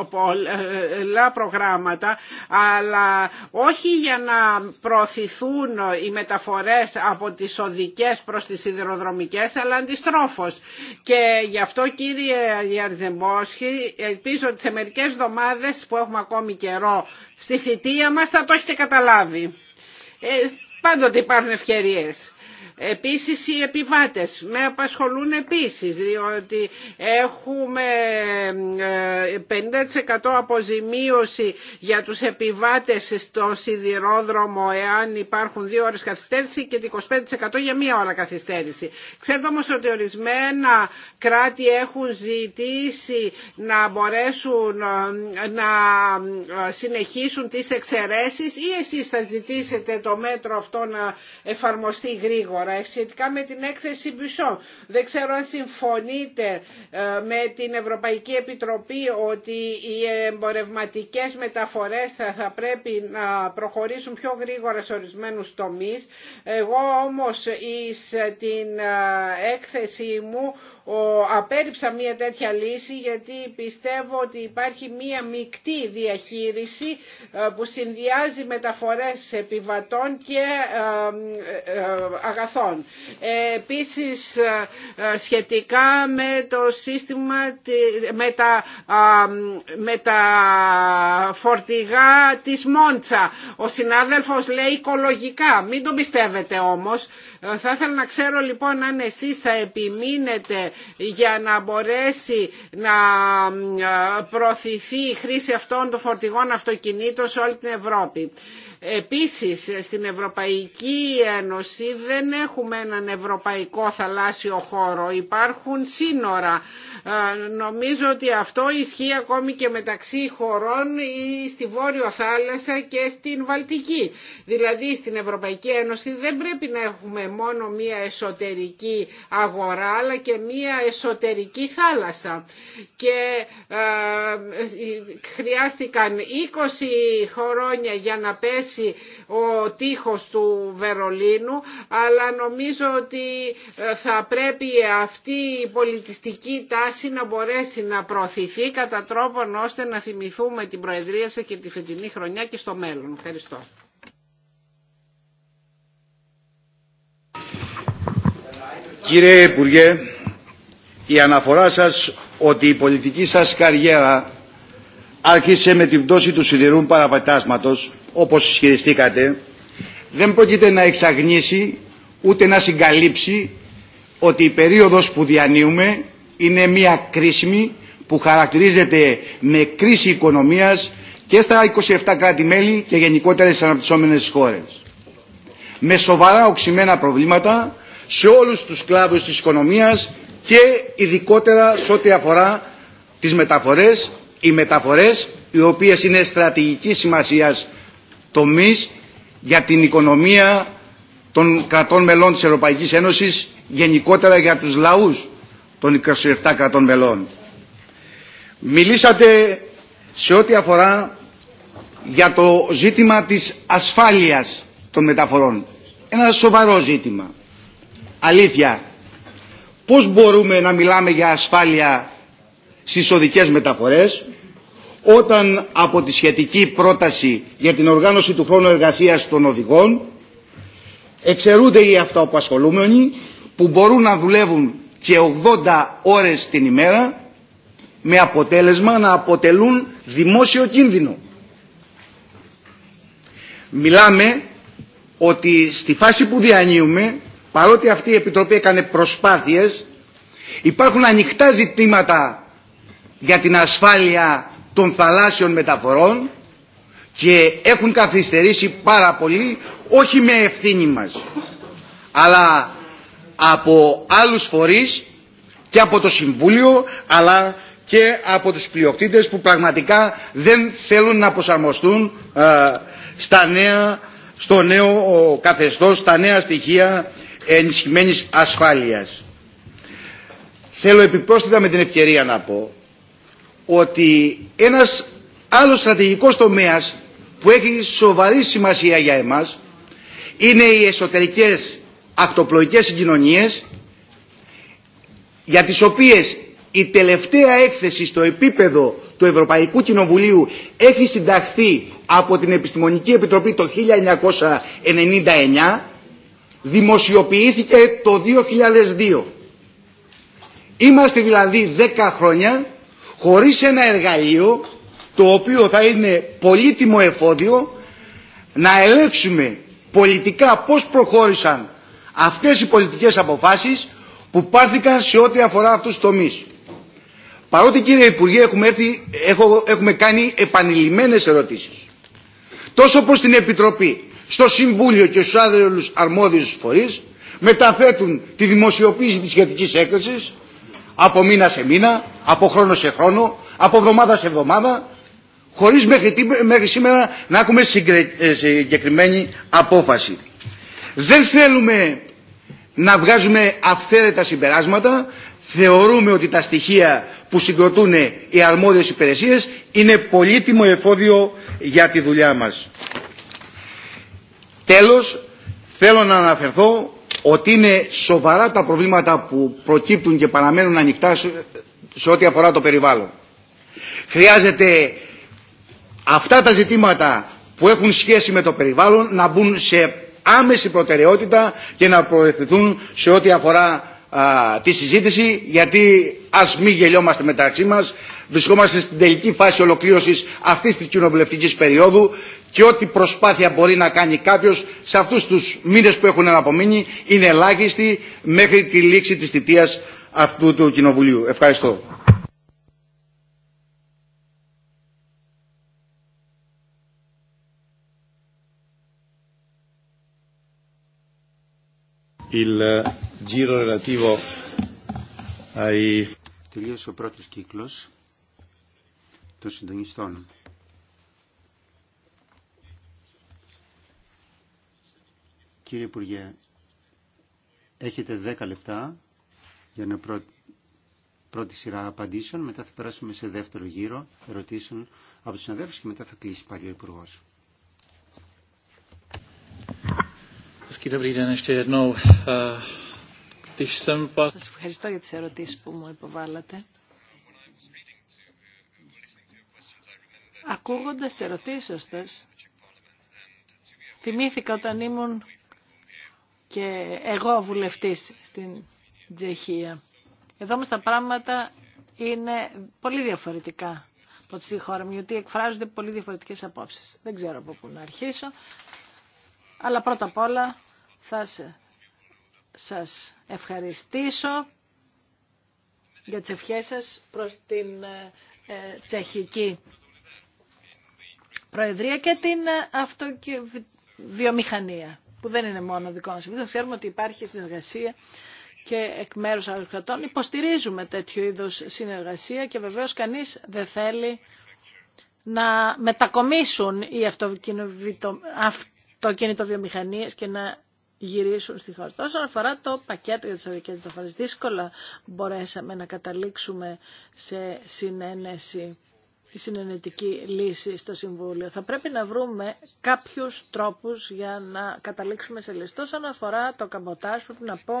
ε, πολλά προγράμματα αλλά όχι για να προωθηθούν οι μεταφορές από τις οδικές προς τις σιδηροδρομικές αλλά αντιστρόφως. Και γι' αυτό κύριε Γιαρζεμπόσχη ελπίζω ότι σε μερικές εβδομάδες που έχουμε ακόμη καιρό στη θητεία μας θα το έχετε καταλάβει. Ε, πάντοτε υπάρχουν ευκαιρίες. Επίσης οι επιβάτες με απασχολούν επίσης διότι έχουμε 50% ε, αποζημίωση για τους επιβάτες στο σιδηρόδρομο εάν υπάρχουν δύο ώρες καθυστέρηση και 25% για μία ώρα καθυστέρηση. Ξέρετε όμως ότι ορισμένα κράτη έχουν ζητήσει να μπορέσουν ε, να ε, συνεχίσουν τις εξαιρέσεις ή εσείς θα ζητήσετε το μέτρο αυτό να εφαρμοστεί γρήγορα τώρα με την έκθεση Μπισό. Δεν ξέρω αν συμφωνείτε ε, με την Ευρωπαϊκή Επιτροπή ότι οι εμπορευματικές μεταφορές θα πρέπει να προχωρήσουν πιο γρήγορα σε ορισμένους τομείς. Εγώ όμως εις την ε, έκθεση μου απέρριψα μία τέτοια λύση γιατί πιστεύω ότι υπάρχει μία μεικτή διαχείριση ε, που συνδυάζει μεταφορές επιβατών και ε, ε, αγαθών. Επίσης σχετικά με το σύστημα, με τα, με τα φορτηγά της Μόντσα. Ο συνάδελφος λέει οικολογικά. Μην το πιστεύετε όμως. Ε, θα ήθελα να ξέρω λοιπόν αν εσείς θα επιμείνετε για να μπορέσει να ε, προωθηθεί η χρήση αυτών των φορτηγών αυτοκινήτων σε όλη την Ευρώπη. Επίσης στην Ευρωπαϊκή Ένωση δεν έχουμε έναν ευρωπαϊκό θαλάσσιο χώρο. Υπάρχουν σύνορα Νομίζω ότι αυτό ισχύει ακόμη και μεταξύ χωρών ή στη Βόρειο Θάλασσα και στην Βαλτική. Δηλαδή στην Ευρωπαϊκή Ένωση δεν πρέπει να έχουμε μόνο μία εσωτερική αγορά αλλά και μία εσωτερική θάλασσα. Και ε, χρειάστηκαν 20 χρόνια για να πέσει ο τείχος του Βερολίνου αλλά νομίζω ότι θα πρέπει αυτή η πολιτιστική τάση να μπορέσει να προωθηθεί κατά τρόπον ώστε να θυμηθούμε την Προεδρία σε και τη φετινή χρονιά και στο μέλλον. Ευχαριστώ. Κύριε Υπουργέ, η αναφορά σας ότι η πολιτική σας καριέρα άρχισε με την πτώση του σιδηρού παραπατάσματος, όπως ισχυριστήκατε, δεν πρόκειται να εξαγνίσει ούτε να συγκαλύψει ότι η περίοδος που διανύουμε είναι μια κρίσιμη που χαρακτηρίζεται με κρίση οικονομίας και στα 27 κράτη-μέλη και γενικότερα στις αναπτυσσόμενες χώρες. Με σοβαρά οξυμένα προβλήματα σε όλους τους κλάδους της οικονομίας και ειδικότερα σε ό,τι αφορά τις μεταφορές, οι μεταφορές οι οποίες είναι στρατηγική σημασίας τομής για την οικονομία των κρατών μελών της Ευρωπαϊκής Ένωσης, γενικότερα για τους λαούς των 27 κρατών μελών. Μιλήσατε σε ό,τι αφορά για το ζήτημα της ασφάλειας των μεταφορών. Ένα σοβαρό ζήτημα. Αλήθεια. Πώς μπορούμε να μιλάμε για ασφάλεια στις οδικές μεταφορές όταν από τη σχετική πρόταση για την οργάνωση του χρόνου εργασίας των οδηγών εξαιρούνται οι αυτοαπασχολούμενοι που μπορούν να δουλεύουν και 80 ώρες την ημέρα με αποτέλεσμα να αποτελούν δημόσιο κίνδυνο. Μιλάμε ότι στη φάση που διανύουμε, παρότι αυτή η Επιτροπή έκανε προσπάθειες, υπάρχουν ανοιχτά ζητήματα για την ασφάλεια των θαλάσσιων μεταφορών και έχουν καθυστερήσει πάρα πολύ, όχι με ευθύνη μας, αλλά από άλλους φορείς και από το Συμβούλιο αλλά και από τους πλειοκτήτες που πραγματικά δεν θέλουν να προσαρμοστούν ε, στα νέα, στο νέο καθεστώς, στα νέα στοιχεία ενισχυμένης ασφάλειας. Θέλω επιπρόσθετα με την ευκαιρία να πω ότι ένας άλλος στρατηγικός τομέας που έχει σοβαρή σημασία για εμάς είναι οι εσωτερικές ακτοπλοϊκές συγκοινωνίες για τις οποίες η τελευταία έκθεση στο επίπεδο του Ευρωπαϊκού Κοινοβουλίου έχει συνταχθεί από την Επιστημονική Επιτροπή το 1999 δημοσιοποιήθηκε το 2002. Είμαστε δηλαδή 10 χρόνια χωρίς ένα εργαλείο το οποίο θα είναι πολύτιμο εφόδιο να ελέγξουμε πολιτικά πώς προχώρησαν αυτές οι πολιτικές αποφάσεις που πάρθηκαν σε ό,τι αφορά αυτούς τους τομείς. Παρότι κύριε Υπουργέ έχουμε, έχουμε κάνει επανειλημμένες ερωτήσεις τόσο προς την Επιτροπή, στο Συμβούλιο και στους άλλους αρμόδιους φορείς μεταθέτουν τη δημοσιοποίηση της σχετικής έκθεσης από μήνα σε μήνα, από χρόνο σε χρόνο, από εβδομάδα σε εβδομάδα χωρίς μέχρι, μέχρι σήμερα να έχουμε ε, συγκεκριμένη απόφαση. Δεν θέλουμε να βγάζουμε αυθαίρετα συμπεράσματα. Θεωρούμε ότι τα στοιχεία που συγκροτούν οι αρμόδιες υπηρεσίες είναι πολύτιμο εφόδιο για τη δουλειά μας. Τέλος, θέλω να αναφερθώ ότι είναι σοβαρά τα προβλήματα που προκύπτουν και παραμένουν ανοιχτά σε ό,τι αφορά το περιβάλλον. Χρειάζεται αυτά τα ζητήματα που έχουν σχέση με το περιβάλλον να μπουν σε άμεση προτεραιότητα και να προευθυνθούν σε ό,τι αφορά τη συζήτηση γιατί ας μην γελιόμαστε μεταξύ μας βρισκόμαστε στην τελική φάση ολοκλήρωσης αυτής της κοινοβουλευτικής περίοδου και ό,τι προσπάθεια μπορεί να κάνει κάποιος σε αυτούς τους μήνες που έχουν αναπομείνει είναι ελάχιστη μέχρι τη λήξη της θητείας αυτού του κοινοβουλίου. Ευχαριστώ. il giro relativo ai... Τελείωσε ο πρώτος κύκλος των συντονιστών. Κύριε Υπουργέ, έχετε 10 λεπτά για να πρώτη σειρά απαντήσεων, μετά θα περάσουμε σε δεύτερο γύρο ερωτήσεων από τους συναδέλφους και μετά θα κλείσει πάλι ο Υπουργός. Eh, σας ευχαριστώ για τις ερωτήσεις που μου υποβάλλατε. Ακούγοντας τις ερωτήσεις σας, θυμήθηκα όταν ήμουν και εγώ βουλευτής στην Τζεχία. Εδώ όμως τα πράγματα είναι πολύ διαφορετικά από τη χώρα μου, γιατί εκφράζονται πολύ διαφορετικές απόψεις. Δεν ξέρω από πού να αρχίσω, αλλά πρώτα απ' όλα θα σας ευχαριστήσω για τις ευχές σας προς την ε, τσεχική προεδρία και την αυτοβιομηχανία που δεν είναι μόνο δικό μας. Δεν ξέρουμε ότι υπάρχει συνεργασία και εκ μέρους άλλων κρατών υποστηρίζουμε τέτοιο είδους συνεργασία και βεβαίως κανείς δεν θέλει να μετακομίσουν οι αυτοκινητοβιομηχανίες και να γυρίσουν στη χώρα. Τόσο αφορά το πακέτο για τις αδικές μεταφορές, δύσκολα μπορέσαμε να καταλήξουμε σε συνένεση η συνενετική λύση στο Συμβούλιο. Θα πρέπει να βρούμε κάποιους τρόπους για να καταλήξουμε σε λύση. Τόσο αφορά το καμποτάζ, πρέπει να πω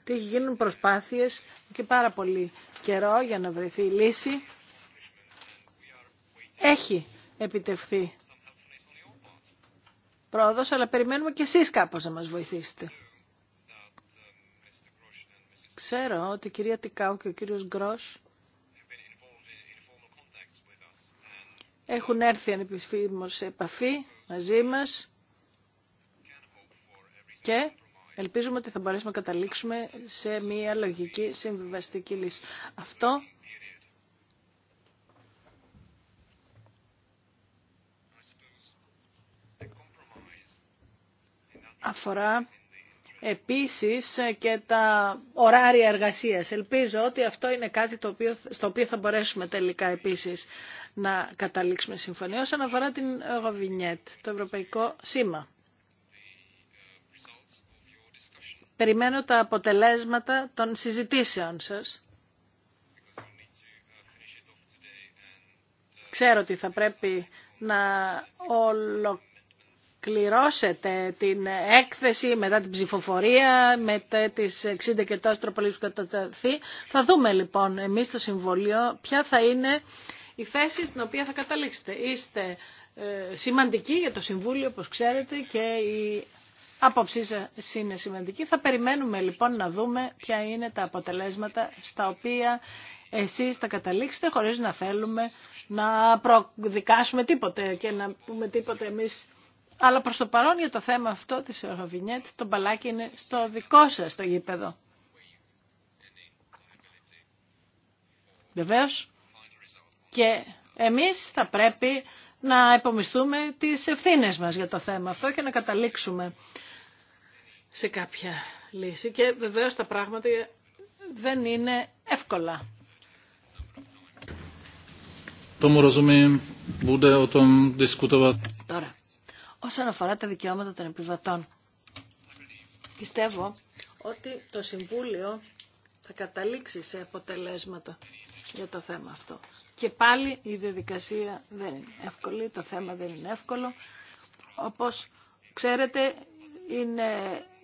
ότι έχει γίνουν προσπάθειες και πάρα πολύ καιρό για να βρεθεί η λύση. Έχει επιτευχθεί πρόοδος, αλλά περιμένουμε και εσείς κάπως να μας βοηθήσετε. Ξέρω ότι η κυρία Τικάου και ο κύριος Γκρός έχουν έρθει ανεπιφήμως σε επαφή μαζί μας και ελπίζουμε ότι θα μπορέσουμε να καταλήξουμε σε μια λογική συμβιβαστική λύση. Αυτό αφορά επίσης και τα ωράρια εργασίας. Ελπίζω ότι αυτό είναι κάτι το οποίο, στο οποίο θα μπορέσουμε τελικά επίσης να καταλήξουμε συμφωνία. Όσον αφορά την Ευρωβινιέτ, το Ευρωπαϊκό Σήμα. Περιμένω τα αποτελέσματα των συζητήσεων σας. Ξέρω ότι θα πρέπει να ολοκληρώσουμε κληρώσετε την έκθεση μετά την ψηφοφορία, μετά τις 60 και τόσο τροπολίες που Θα δούμε λοιπόν εμείς στο Συμβολίο ποια θα είναι η θέση στην οποία θα καταλήξετε. Είστε ε, σημαντικοί για το Συμβούλιο, όπως ξέρετε, και η άποψή σα είναι σημαντική. Θα περιμένουμε λοιπόν να δούμε ποια είναι τα αποτελέσματα στα οποία εσείς θα καταλήξετε χωρίς να θέλουμε να προδικάσουμε τίποτε και να πούμε τίποτε εμείς αλλά προς το παρόν για το θέμα αυτό της Ευρωβινιέτ, το μπαλάκι είναι στο δικό σας το γήπεδο. Βεβαίω, και εμείς θα πρέπει να επομισθούμε τις ευθύνες μας για το θέμα αυτό και να καταλήξουμε σε κάποια λύση. Και βεβαίως τα πράγματα δεν είναι εύκολα. Τώρα, όσον αφορά τα δικαιώματα των επιβατών. Πιστεύω ότι το Συμβούλιο θα καταλήξει σε αποτελέσματα για το θέμα αυτό. Και πάλι η διαδικασία δεν είναι εύκολη, το θέμα δεν είναι εύκολο. Όπως ξέρετε είναι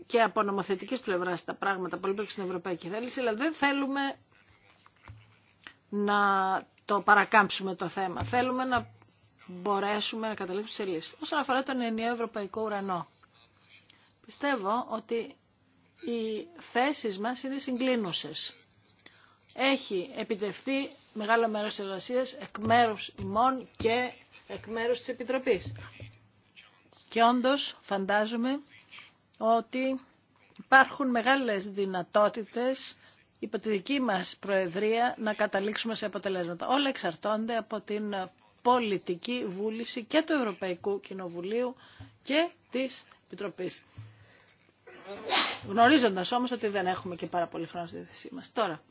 και από νομοθετικής πλευράς τα πράγματα πολύ στην Ευρωπαϊκή Θέληση, αλλά δεν θέλουμε να το παρακάμψουμε το θέμα. Θέλουμε να μπορέσουμε να καταλήξουμε σε λύση. Όσον αφορά τον ενιαίο ευρωπαϊκό ουρανό, πιστεύω ότι οι θέσεις μας είναι συγκλίνουσες. Έχει επιτευχθεί μεγάλο μέρος της εργασίας εκ μέρους ημών και εκ μέρους της Επιτροπής. Και όντως φαντάζομαι ότι υπάρχουν μεγάλες δυνατότητες υπό τη δική μας Προεδρία να καταλήξουμε σε αποτελέσματα. Όλα εξαρτώνται από την πολιτική βούληση και του Ευρωπαϊκού Κοινοβουλίου και της Επιτροπής. Γνωρίζοντας όμως ότι δεν έχουμε και πάρα πολύ χρόνο στη θέση μας. Τώρα.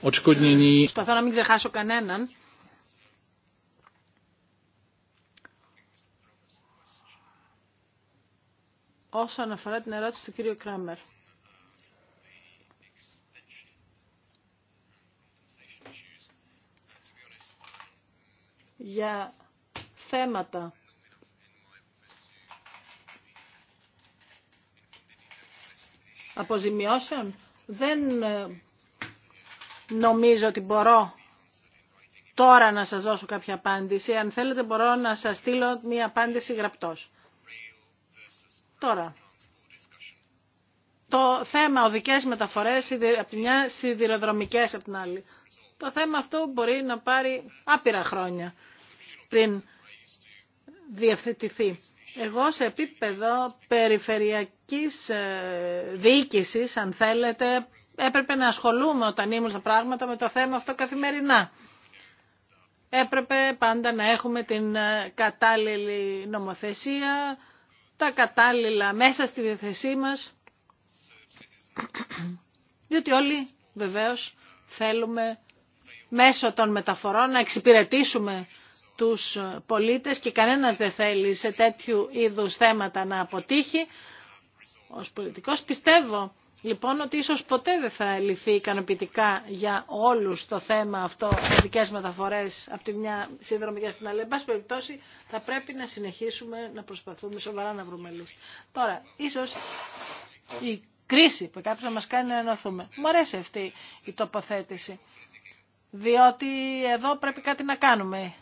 Προσπαθώ να μην ξεχάσω κανέναν. Όσον αφορά την ερώτηση του κύριου Κράμερ. για θέματα αποζημιώσεων. Δεν ε, νομίζω ότι μπορώ τώρα να σας δώσω κάποια απάντηση. Αν θέλετε μπορώ να σας στείλω μία απάντηση γραπτός. Τώρα, το θέμα οδικές μεταφορές από τη μια σιδηροδρομικές από την άλλη. Το θέμα αυτό μπορεί να πάρει άπειρα χρόνια πριν διευθετηθεί. Εγώ σε επίπεδο περιφερειακής ε, διοίκησης, αν θέλετε, έπρεπε να ασχολούμαι όταν ήμουν στα πράγματα με το θέμα αυτό καθημερινά. Έπρεπε πάντα να έχουμε την ε, κατάλληλη νομοθεσία, τα κατάλληλα μέσα στη διαθεσή μας, διότι όλοι βεβαίως θέλουμε μέσω των μεταφορών να εξυπηρετήσουμε τους πολίτες και κανένας δεν θέλει σε τέτοιου είδους θέματα να αποτύχει. Ως πολιτικός πιστεύω λοιπόν ότι ίσως ποτέ δεν θα λυθεί ικανοποιητικά για όλους το θέμα αυτό ειδικές μεταφορές από τη μια σύνδρομη για την άλλη. Εν πάση περιπτώσει θα πρέπει να συνεχίσουμε να προσπαθούμε σοβαρά να βρούμε λύση. Τώρα, ίσως η κρίση που κάποιος μας κάνει να ενωθούμε. Μου αρέσει αυτή η τοποθέτηση διότι εδώ πρέπει κάτι να κάνουμε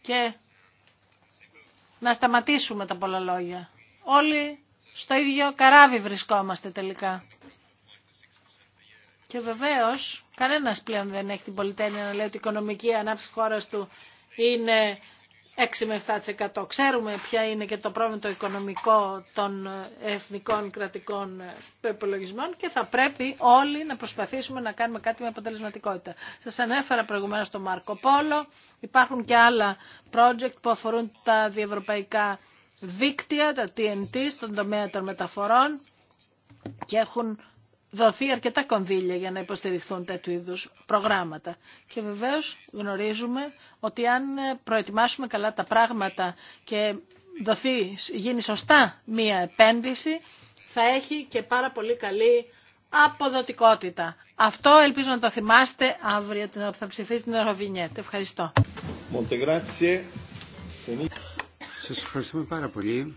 και να σταματήσουμε τα πολλά Όλοι στο ίδιο καράβι βρισκόμαστε τελικά. Και βεβαίως κανένας πλέον δεν έχει την πολυτέλεια να λέει ότι η οικονομική ανάψη χώρας του είναι 6 με 7%. Ξέρουμε ποια είναι και το πρόβλημα το οικονομικό των εθνικών κρατικών υπολογισμών και θα πρέπει όλοι να προσπαθήσουμε να κάνουμε κάτι με αποτελεσματικότητα. Σας ανέφερα προηγουμένω το Μάρκο Πόλο. Υπάρχουν και άλλα project που αφορούν τα διευρωπαϊκά δίκτυα, τα TNT, στον τομέα των μεταφορών και έχουν δοθεί αρκετά κονδύλια για να υποστηριχθούν τέτοιου είδους προγράμματα. Και βεβαίως γνωρίζουμε ότι αν προετοιμάσουμε καλά τα πράγματα και δοθεί, γίνει σωστά μία επένδυση, θα έχει και πάρα πολύ καλή αποδοτικότητα. Αυτό ελπίζω να το θυμάστε αύριο που θα ψηφίσει την Ευρωβινιέτ. Ευχαριστώ. Σας ευχαριστούμε πάρα πολύ.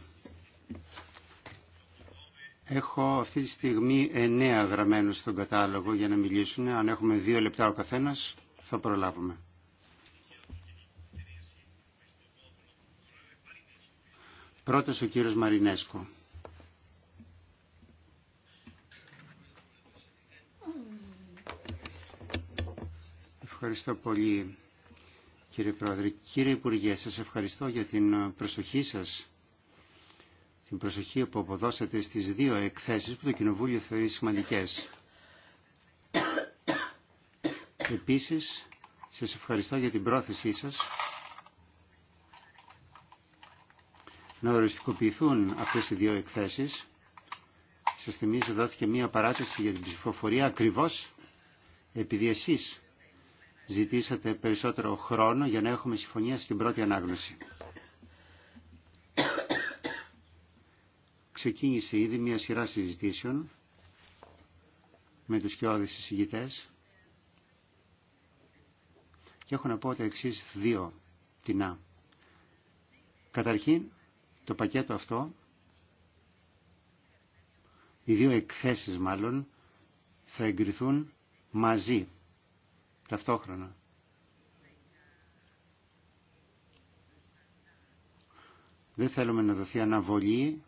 Έχω αυτή τη στιγμή εννέα γραμμένους στον κατάλογο για να μιλήσουν. Αν έχουμε δύο λεπτά ο καθένας, θα προλάβουμε. Πρώτος ο κύριος Μαρινέσκο. Ευχαριστώ πολύ κύριε Πρόεδρε. Κύριε Υπουργέ, σας ευχαριστώ για την προσοχή σας την προσοχή που αποδώσατε στις δύο εκθέσεις που το Κοινοβούλιο θεωρεί σημαντικές. Επίσης, σας ευχαριστώ για την πρόθεσή σας να οριστικοποιηθούν αυτές οι δύο εκθέσεις. Σας θυμίζω δόθηκε μία παράταση για την ψηφοφορία ακριβώς επειδή εσείς ζητήσατε περισσότερο χρόνο για να έχουμε συμφωνία στην πρώτη ανάγνωση. ξεκίνησε ήδη μια σειρά συζητήσεων με τους κοιόδης εισηγητές και έχω να πω ότι εξής δύο τεινά. Καταρχήν, το πακέτο αυτό, οι δύο εκθέσεις μάλλον, θα εγκριθούν μαζί, ταυτόχρονα. Δεν θέλουμε να δοθεί αναβολή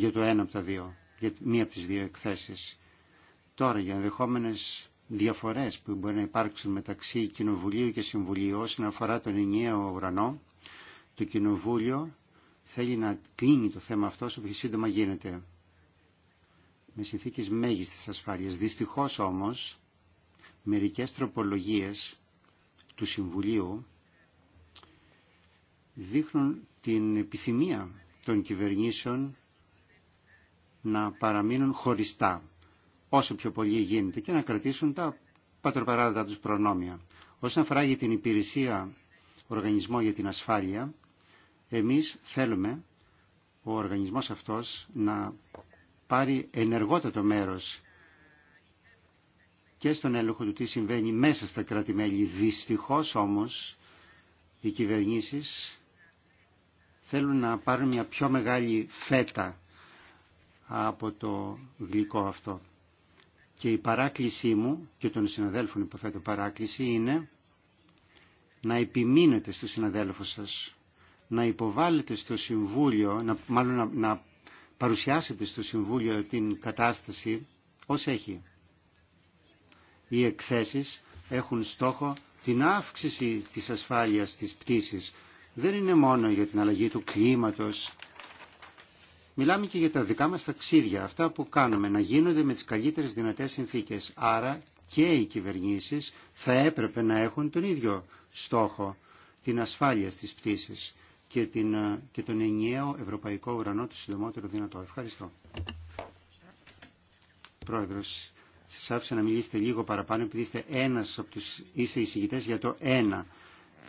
για το ένα από τα δύο, για μία από τις δύο εκθέσεις. Τώρα για ενδεχόμενε διαφορές που μπορεί να υπάρξουν μεταξύ Κοινοβουλίου και Συμβουλίου όσον αφορά τον ενιαίο ουρανό, το Κοινοβούλιο θέλει να κλείνει το θέμα αυτό όσο πιο σύντομα γίνεται. Με συνθήκες μέγιστης ασφάλειας. Δυστυχώς όμως, μερικές τροπολογίες του Συμβουλίου δείχνουν την επιθυμία των κυβερνήσεων να παραμείνουν χωριστά όσο πιο πολύ γίνεται και να κρατήσουν τα πατροπαράδοτα τους προνόμια. Όσον αφορά για την υπηρεσία Οργανισμό για την Ασφάλεια, εμείς θέλουμε ο οργανισμός αυτός να πάρει ενεργότατο μέρος και στον έλεγχο του τι συμβαίνει μέσα στα κράτη-μέλη. Δυστυχώς όμως οι κυβερνήσεις θέλουν να πάρουν μια πιο μεγάλη φέτα από το γλυκό αυτό. Και η παράκλησή μου και των συναδέλφων υποθέτω παράκληση είναι να επιμείνετε στο συναδέλφο σας, να υποβάλλετε στο Συμβούλιο, να, μάλλον να, να παρουσιάσετε στο Συμβούλιο την κατάσταση ως έχει. Οι εκθέσεις έχουν στόχο την αύξηση της ασφάλειας της πτήσης. Δεν είναι μόνο για την αλλαγή του κλίματος Μιλάμε και για τα δικά μας ταξίδια, αυτά που κάνουμε, να γίνονται με τις καλύτερες δυνατές συνθήκες. Άρα και οι κυβερνήσεις θα έπρεπε να έχουν τον ίδιο στόχο, την ασφάλεια στις πτήσεις και, την, ε, και τον ενιαίο ευρωπαϊκό ουρανό του συντομότερο δυνατό. Ευχαριστώ. Πρόεδρος, σας άφησα να μιλήσετε λίγο παραπάνω επειδή είστε ένας από τους είσαι εισηγητές για το ένα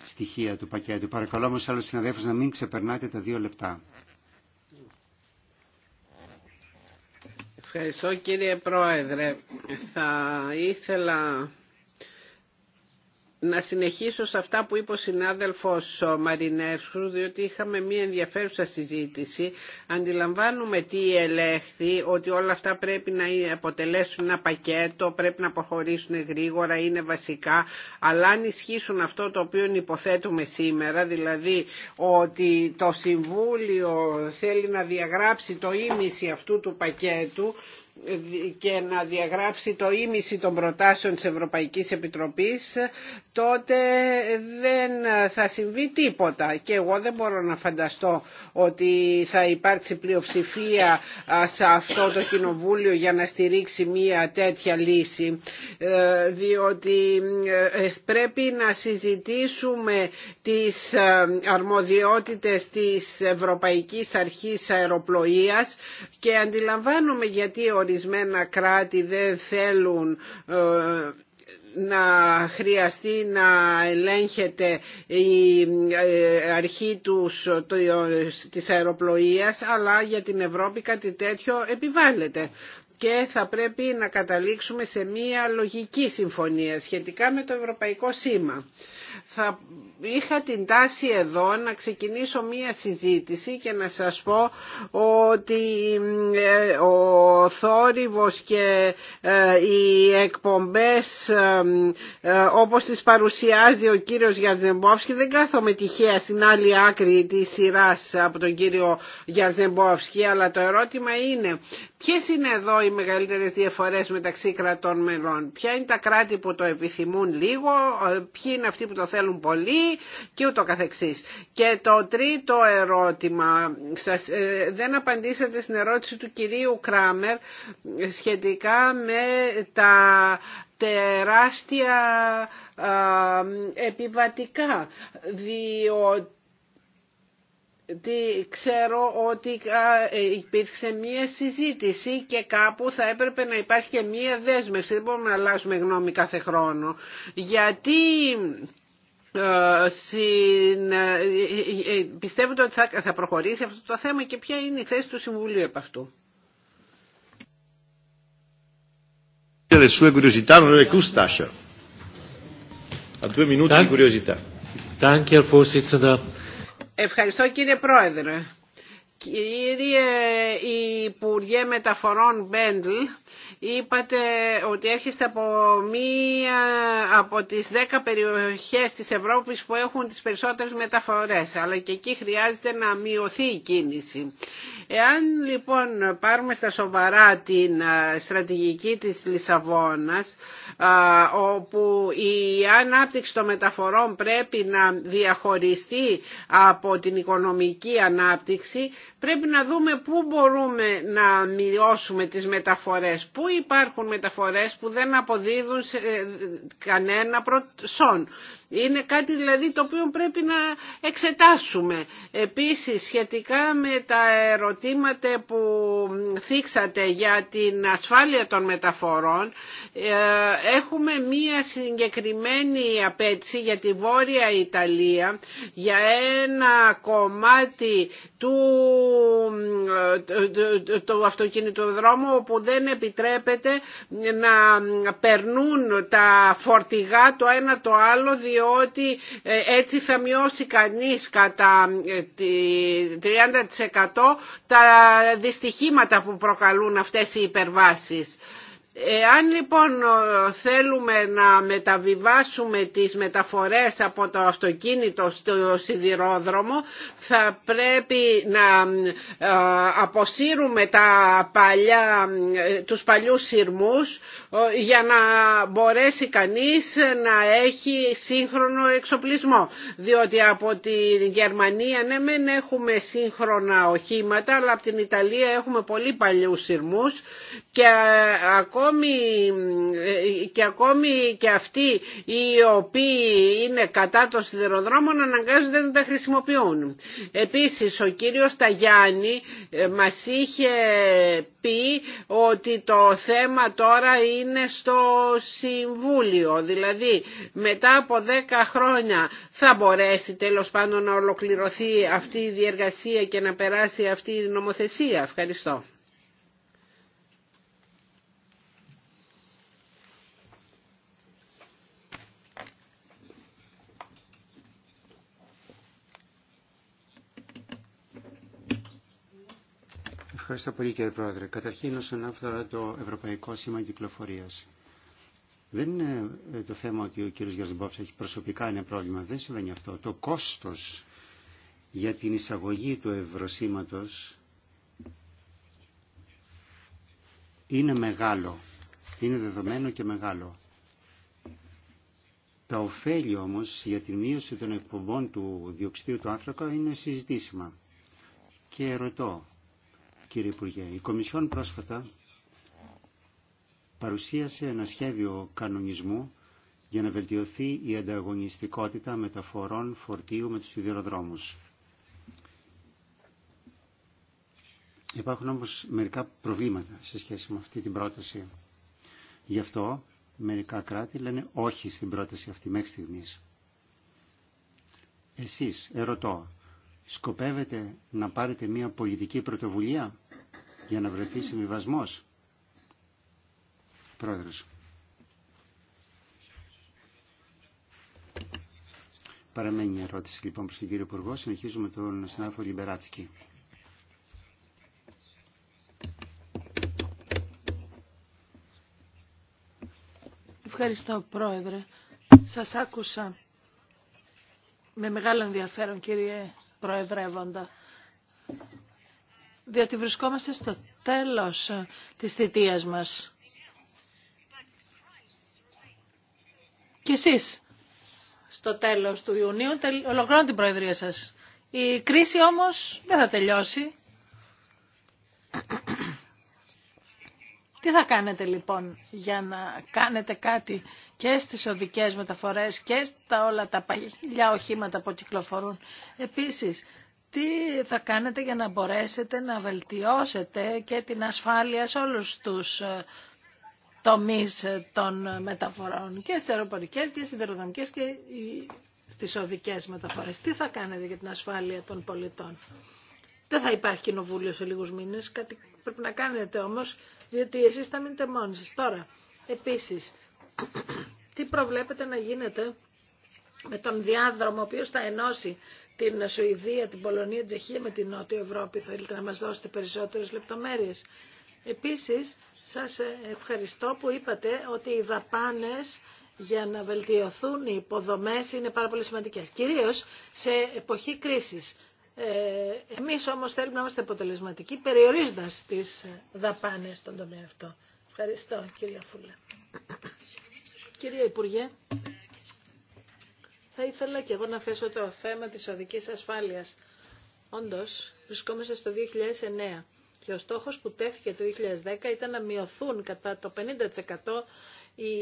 στοιχεία του πακέτου. Παρακαλώ όμως άλλους συναδέλφους να μην ξεπερνάτε τα δύο λεπτά. Ευχαριστώ κύριε Πρόεδρε. Θα ήθελα να συνεχίσω σε αυτά που είπε ο συνάδελφος Μαρινέσκου, διότι είχαμε μία ενδιαφέρουσα συζήτηση. Αντιλαμβάνουμε τι ελέγχθη, ότι όλα αυτά πρέπει να αποτελέσουν ένα πακέτο, πρέπει να προχωρήσουν γρήγορα, είναι βασικά, αλλά αν ισχύσουν αυτό το οποίο υποθέτουμε σήμερα, δηλαδή ότι το Συμβούλιο θέλει να διαγράψει το ίμιση αυτού του πακέτου, και να διαγράψει το ίμιση των προτάσεων της Ευρωπαϊκής Επιτροπής τότε δεν θα συμβεί τίποτα και εγώ δεν μπορώ να φανταστώ ότι θα υπάρξει πλειοψηφία σε αυτό το κοινοβούλιο για να στηρίξει μια τέτοια λύση ε, διότι ε, πρέπει να συζητήσουμε τις ε, αρμοδιότητες της Ευρωπαϊκής Αρχής Αεροπλοείας και αντιλαμβάνομαι γιατί ορισμένα κράτη δεν θέλουν ε, να χρειαστεί να ελέγχεται η ε, αρχή τους ε, της αεροπλοείας αλλά για την Ευρώπη κάτι τέτοιο επιβάλλεται και θα πρέπει να καταλήξουμε σε μία λογική συμφωνία σχετικά με το Ευρωπαϊκό Σήμα θα είχα την τάση εδώ να ξεκινήσω μία συζήτηση και να σας πω ότι ε, ο θόρυβος και ε, οι εκπομπές ε, όπως τις παρουσιάζει ο κύριος Γιαρζεμπόφσκι δεν κάθομαι τυχαία στην άλλη άκρη της σειράς από τον κύριο Γιαρζεμπόφσκι αλλά το ερώτημα είναι ποιες είναι εδώ οι μεγαλύτερες διαφορές μεταξύ κρατών μελών ποια είναι τα κράτη που το επιθυμούν λίγο ποιοι είναι αυτοί που το θέλουν πολύ και ούτω καθεξής. Και το τρίτο ερώτημα, σας, ε, δεν απαντήσατε στην ερώτηση του κυρίου Κράμερ σχετικά με τα τεράστια επιβατικά, διότι ξέρω ότι υπήρξε μία συζήτηση και κάπου θα έπρεπε να υπάρχει και μία δέσμευση. Δεν μπορούμε να αλλάζουμε γνώμη κάθε χρόνο. Γιατί ε, ε, ε, πιστεύετε ότι θα προχωρήσει αυτό το θέμα και ποια είναι η θέση του Συμβουλίου επ' αυτού. Ευχαριστώ κύριε Πρόεδρε. Κύριε Υπουργέ Μεταφορών Μπέντλ, είπατε ότι έρχεστε από μία από τις δέκα περιοχές της Ευρώπης που έχουν τις περισσότερες μεταφορές, αλλά και εκεί χρειάζεται να μειωθεί η κίνηση. Εάν λοιπόν πάρουμε στα σοβαρά την στρατηγική της Λισαβόνας, όπου η ανάπτυξη των μεταφορών πρέπει να διαχωριστεί από την οικονομική ανάπτυξη, πρέπει να δούμε πού μπορούμε να μειώσουμε τις μεταφορές, πού υπάρχουν μεταφορές που δεν αποδίδουν σε ε, κανένα προσόν. Είναι κάτι δηλαδή το οποίο πρέπει να εξετάσουμε. Επίσης σχετικά με τα ερωτήματα που θίξατε για την ασφάλεια των μεταφορών ε, έχουμε μία συγκεκριμένη απέτηση για τη Βόρεια Ιταλία για ένα κομμάτι του, ε, του, του αυτοκινητοδρόμου που δεν επιτρέπεται να περνούν τα φορτηγά το ένα το άλλο διότι ε, έτσι θα μειώσει κανείς κατά 30% ε, τα δυστυχήματα που προκαλούν αυτές οι υπερβάσεις. Αν λοιπόν ε, θέλουμε να μεταβιβάσουμε τις μεταφορές από το αυτοκίνητο στο σιδηρόδρομο θα πρέπει να ε, αποσύρουμε τα παλιά, ε, τους παλιούς σειρμούς για να μπορέσει κανείς να έχει σύγχρονο εξοπλισμό. Διότι από τη Γερμανία ναι μεν έχουμε σύγχρονα οχήματα αλλά από την Ιταλία έχουμε πολύ παλιούς σειρμούς και ακόμα ακόμη, ε, και ακόμη και αυτοί οι οποίοι είναι κατά των σιδηροδρόμων αναγκάζονται να τα χρησιμοποιούν. Επίσης ο κύριος Ταγιάννη ε, μας είχε πει ότι το θέμα τώρα είναι στο Συμβούλιο. Δηλαδή μετά από 10 χρόνια θα μπορέσει τέλος πάντων να ολοκληρωθεί αυτή η διεργασία και να περάσει αυτή η νομοθεσία. Ευχαριστώ. Ευχαριστώ πολύ κύριε Πρόεδρε. Καταρχήν όσον αφορά το Ευρωπαϊκό Σήμα Κυκλοφορία. Δεν είναι ε, το θέμα ότι ο κύριος Γιάννης έχει προσωπικά ένα πρόβλημα. Δεν συμβαίνει αυτό. Το κόστος για την εισαγωγή του ευρωσήματος είναι μεγάλο. Είναι δεδομένο και μεγάλο. Τα ωφέλη όμως για την μείωση των εκπομπών του διοξιδίου του άνθρακα είναι συζητήσιμα. Και ρωτώ, κύριε Υπουργέ. Η Κομισιόν πρόσφατα παρουσίασε ένα σχέδιο κανονισμού για να βελτιωθεί η ανταγωνιστικότητα μεταφορών φορτίου με τους σιδηροδρόμους. Υπάρχουν όμως μερικά προβλήματα σε σχέση με αυτή την πρόταση. Γι' αυτό μερικά κράτη λένε όχι στην πρόταση αυτή μέχρι στιγμής. Εσείς, ερωτώ, σκοπεύετε να πάρετε μια πολιτική πρωτοβουλία για να βρεθεί συμβιβασμό. Πρόεδρος. Παραμένει η ερώτηση λοιπόν προς τον κύριο Υπουργό. Συνεχίζουμε τον συνάδελφο Λιμπεράτσκι. Ευχαριστώ Πρόεδρε. Σας άκουσα με μεγάλο ενδιαφέρον κύριε Προεδρεύοντα διότι βρισκόμαστε στο τέλος της θητείας μας. Και εσείς, στο τέλος του Ιουνίου, ολοκληρώνω την Προεδρία σας. Η κρίση όμως δεν θα τελειώσει. Τι θα κάνετε λοιπόν για να κάνετε κάτι και στις οδικές μεταφορές και στα όλα τα παλιά οχήματα που κυκλοφορούν. Επίσης, τι θα κάνετε για να μπορέσετε να βελτιώσετε και την ασφάλεια σε όλους τους ε, τομείς ε, των μεταφορών και στις αεροπορικές και στις και στις οδικές μεταφορές. Τι θα κάνετε για την ασφάλεια των πολιτών. Δεν θα υπάρχει κοινοβούλιο σε λίγους μήνες, κάτι πρέπει να κάνετε όμως, διότι εσείς θα μείνετε μόνοι σας. Τώρα, επίσης, τι προβλέπετε να γίνεται με τον διάδρομο ο οποίος θα ενώσει την Σουηδία, την Πολωνία, την Τσεχία με την Νότια Ευρώπη. Θέλετε να μας δώσετε περισσότερες λεπτομέρειες. Επίσης, σας ευχαριστώ που είπατε ότι οι δαπάνες για να βελτιωθούν οι υποδομές είναι πάρα πολύ σημαντικές. Κυρίως σε εποχή κρίσης. Ε, εμείς όμως θέλουμε να είμαστε αποτελεσματικοί περιορίζοντας τις δαπάνες στον τομέα αυτό. Ευχαριστώ κύριε Φούλα. Κύριε Υπουργέ. Θα ήθελα και εγώ να θέσω το θέμα της οδικής ασφάλειας. Όντως, βρισκόμαστε στο 2009 και ο στόχος που τέθηκε το 2010 ήταν να μειωθούν κατά το 50% οι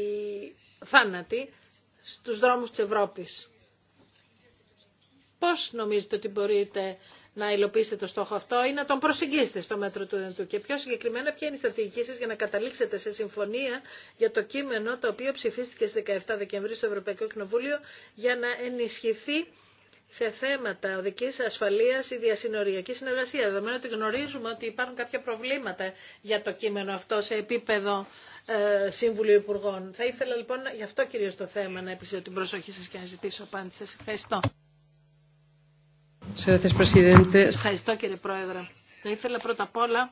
θάνατοι στους δρόμους της Ευρώπης. Πώς νομίζετε ότι μπορείτε να υλοποιήσετε το στόχο αυτό ή να τον προσεγγίσετε στο μέτρο του δυνατού. Και πιο συγκεκριμένα, ποια είναι η στρατηγική σα για να καταλήξετε σε συμφωνία για το κείμενο το οποίο ψηφίστηκε στι 17 Δεκεμβρίου στο Ευρωπαϊκό Κοινοβούλιο για να ενισχυθεί σε θέματα οδική ασφαλεία η διασυνοριακή συνεργασία. Δεδομένου ότι γνωρίζουμε ότι υπάρχουν κάποια προβλήματα για το κείμενο αυτό σε επίπεδο ε, Σύμβουλου Υπουργών. Θα ήθελα λοιπόν γι' αυτό κυρίω το θέμα να επιστήσω την προσοχή σα και να ζητήσω απάντηση. Σα ευχαριστώ. Ευχαριστώ κύριε Πρόεδρε. Θα ήθελα πρώτα απ' όλα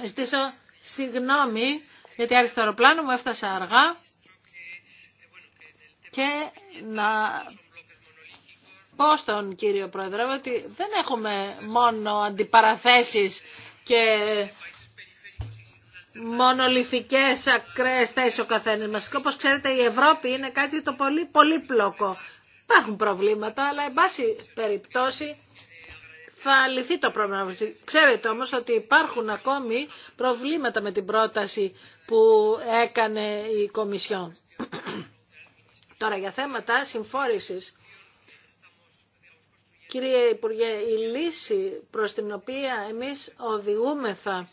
να ζητήσω συγγνώμη γιατί άρχισε το αεροπλάνο μου, έφτασα αργά και να πω στον κύριο Πρόεδρε ότι δεν έχουμε μόνο αντιπαραθέσεις και μονολυθικές ακραίες θέσεις ο καθένας μας. Όπως ξέρετε η Ευρώπη είναι κάτι το πολύ πολύπλοκο. Υπάρχουν προβλήματα, αλλά εν πάση περιπτώσει θα λυθεί το πρόβλημα. Ξέρετε όμως ότι υπάρχουν ακόμη προβλήματα με την πρόταση που έκανε η Κομισιόν. Τώρα για θέματα συμφόρησης. Κύριε Υπουργέ, η λύση προς την οποία εμείς οδηγούμεθα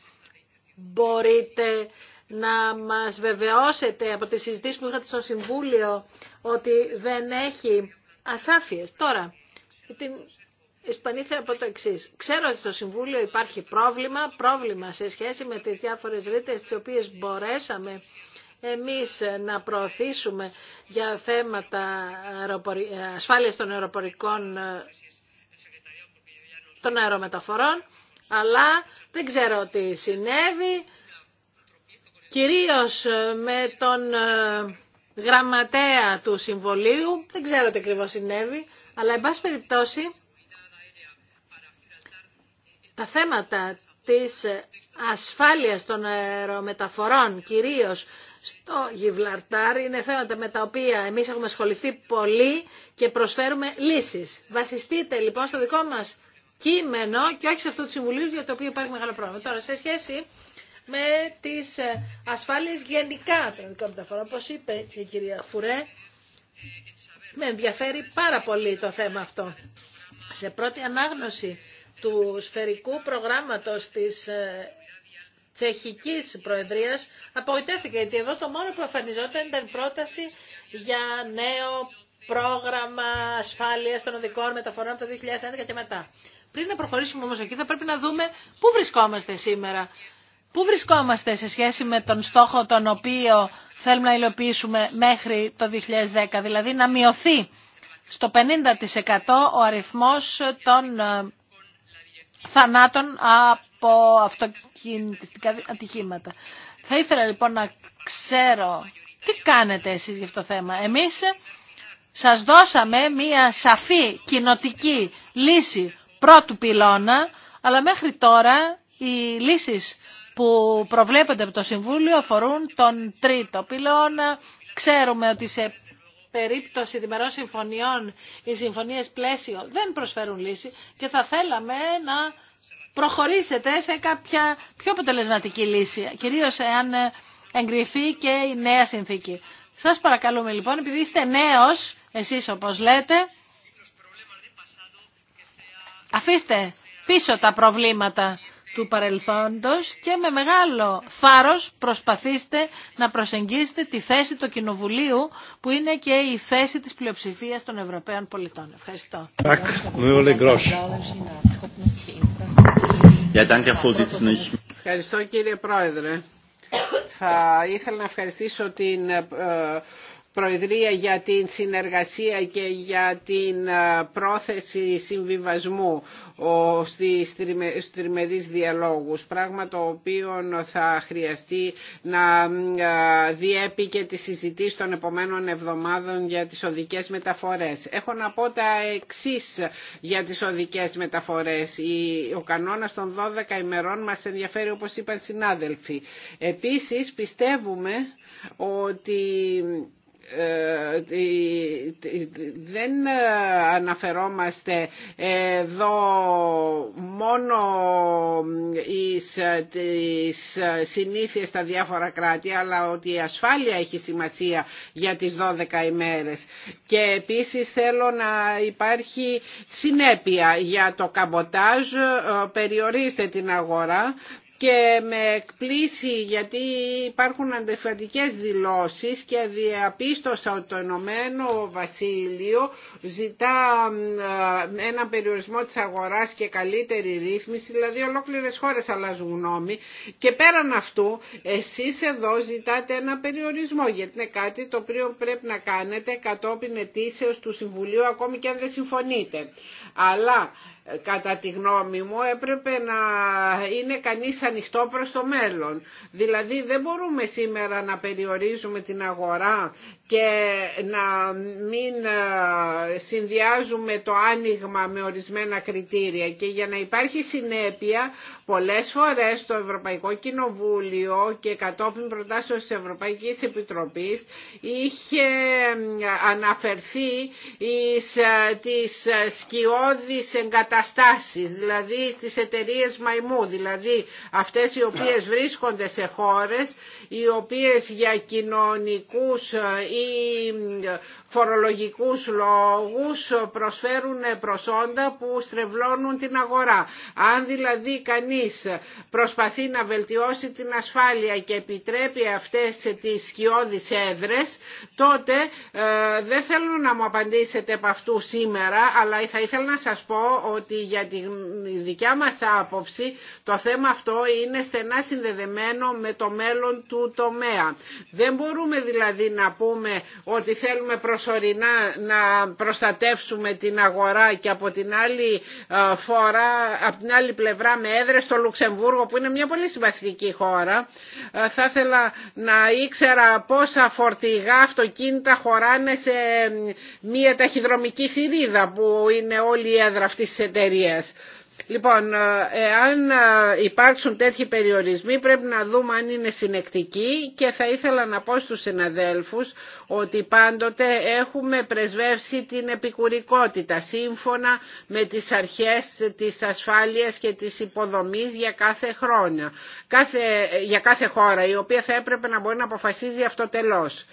μπορείτε να μας βεβαιώσετε από τις συζητήσεις που είχατε στο Συμβούλιο ότι δεν έχει ασάφειες. Τώρα, την Ισπανίθια από το εξή. Ξέρω ότι στο Συμβούλιο υπάρχει πρόβλημα, πρόβλημα σε σχέση με τις διάφορες ρήτες τις οποίες μπορέσαμε εμείς να προωθήσουμε για θέματα ασφάλειας των αεροπορικών των αερομεταφορών, αλλά δεν ξέρω τι συνέβη, κυρίως με τον ε, γραμματέα του συμβολίου. Δεν ξέρω τι ακριβώ συνέβη, αλλά εν πάση περιπτώσει τα θέματα της ασφάλειας των αερομεταφορών, κυρίως στο Γιβλαρτάρ, είναι θέματα με τα οποία εμείς έχουμε ασχοληθεί πολύ και προσφέρουμε λύσεις. Βασιστείτε λοιπόν στο δικό μας κείμενο και όχι σε αυτό του συμβουλίο για το οποίο υπάρχει μεγάλο πρόβλημα. Τώρα, σε σχέση με τις ε, ασφάλειες γενικά των ειδικών μεταφορών. Όπως είπε η κυρία Φουρέ, με ενδιαφέρει πάρα πολύ το θέμα αυτό. Σε πρώτη ανάγνωση του σφαιρικού προγράμματος της ε, τσεχικής προεδρίας απογοητεύτηκα γιατί εδώ το μόνο που εμφανιζόταν ήταν πρόταση για νέο πρόγραμμα ασφάλειας των οδικών μεταφορών από το 2011 και μετά. Πριν να προχωρήσουμε όμως εκεί θα πρέπει να δούμε πού βρισκόμαστε σήμερα Πού βρισκόμαστε σε σχέση με τον στόχο τον οποίο θέλουμε να υλοποιήσουμε μέχρι το 2010, δηλαδή να μειωθεί στο 50% ο αριθμός των ε, θανάτων από αυτοκινητικά ατυχήματα. Θα ήθελα λοιπόν να ξέρω τι κάνετε εσείς για αυτό το θέμα. Εμείς σας δώσαμε μία σαφή κοινοτική λύση πρώτου πυλώνα, αλλά μέχρι τώρα οι λύσεις που προβλέπονται από το Συμβούλιο αφορούν τον τρίτο πυλώνα. Ξέρουμε ότι σε περίπτωση διμερών συμφωνιών οι συμφωνίες πλαίσιο δεν προσφέρουν λύση και θα θέλαμε να προχωρήσετε σε κάποια πιο αποτελεσματική λύση, κυρίως εάν εγκριθεί και η νέα συνθήκη. Σας παρακαλούμε λοιπόν, επειδή είστε νέος, εσείς όπως λέτε, αφήστε πίσω τα προβλήματα του παρελθόντος και με μεγάλο θάρρος προσπαθήστε να προσεγγίσετε τη θέση του Κοινοβουλίου που είναι και η θέση της πλειοψηφίας των Ευρωπαίων πολιτών. Ευχαριστώ. Ευχαριστώ κύριε Πρόεδρε. Θα ήθελα να ευχαριστήσω την ε, Προεδρία για την συνεργασία και για την ε, πρόθεση συμβιβασμού στις τριμερείς διαλόγους, πράγμα το οποίο θα χρειαστεί να ε, διέπει και τη συζητήσεις των επομένων εβδομάδων για τις οδικές μεταφορές. Έχω να πω τα εξή για τις οδικές μεταφορές. Ο κανόνας των 12 ημερών μας ενδιαφέρει όπως είπαν συνάδελφοι. Επίσης πιστεύουμε ότι ε, δεν ε, αναφερόμαστε εδώ μόνο εις ε, τις συνήθειες στα διάφορα κράτη αλλά ότι η ασφάλεια έχει σημασία για τις 12 ημέρες και επίσης θέλω να υπάρχει συνέπεια για το καμποτάζ περιορίστε την αγορά και με εκπλήσει γιατί υπάρχουν αντεφατικές δηλώσεις και διαπίστωσα ότι το Ενωμένο Βασίλειο ζητά ε, ένα περιορισμό της αγοράς και καλύτερη ρύθμιση, δηλαδή ολόκληρες χώρες αλλάζουν γνώμη και πέραν αυτού εσείς εδώ ζητάτε ένα περιορισμό γιατί είναι κάτι το οποίο πρέπει να κάνετε κατόπιν ετήσεως του Συμβουλίου ακόμη και αν δεν συμφωνείτε. Αλλά ε, κατά τη γνώμη μου έπρεπε να είναι κανείς ανοιχτό προς το μέλλον. Δηλαδή δεν μπορούμε σήμερα να περιορίζουμε την αγορά και να μην ε, συνδυάζουμε το άνοιγμα με ορισμένα κριτήρια και για να υπάρχει συνέπεια Πολλές φορές το Ευρωπαϊκό Κοινοβούλιο και κατόπιν προτάσεως της Ευρωπαϊκής Επιτροπής είχε αναφερθεί εις ε, τις ε, σκιώδεις εγκαταστάσεις, δηλαδή στις εταιρείε μαϊμού, δηλαδή αυτές οι οποίες ναι. βρίσκονται σε χώρες, οι οποίες για κοινωνικούς ε, ή φορολογικούς λόγους προσφέρουν προσόντα που στρεβλώνουν την αγορά. Αν δηλαδή κανείς προσπαθεί να βελτιώσει την ασφάλεια και επιτρέπει αυτές τις σκιώδεις έδρες, τότε ε, δεν θέλω να μου απαντήσετε από αυτού σήμερα, αλλά θα ήθελα να σας πω ότι για τη δικιά μας άποψη το θέμα αυτό είναι στενά συνδεδεμένο με το μέλλον του τομέα. Δεν μπορούμε δηλαδή να πούμε ότι θέλουμε προσωρινά να προστατεύσουμε την αγορά και από την άλλη, ε, φορά, από την άλλη πλευρά με έδρες στο Λουξεμβούργο που είναι μια πολύ συμπαθητική χώρα. Ε, θα ήθελα να ήξερα πόσα φορτηγά αυτοκίνητα χωράνε σε ε, μια ταχυδρομική θηρίδα που είναι όλη η έδρα αυτής της εταιρείας. Λοιπόν, ε, εάν ε, υπάρξουν τέτοιοι περιορισμοί πρέπει να δούμε αν είναι συνεκτικοί και θα ήθελα να πω στους συναδέλφους ότι πάντοτε έχουμε πρεσβεύσει την επικουρικότητα σύμφωνα με τις αρχές της ασφάλειας και της υποδομής για κάθε χρόνια, κάθε, για κάθε χώρα η οποία θα έπρεπε να μπορεί να αποφασίζει αυτό τελώς.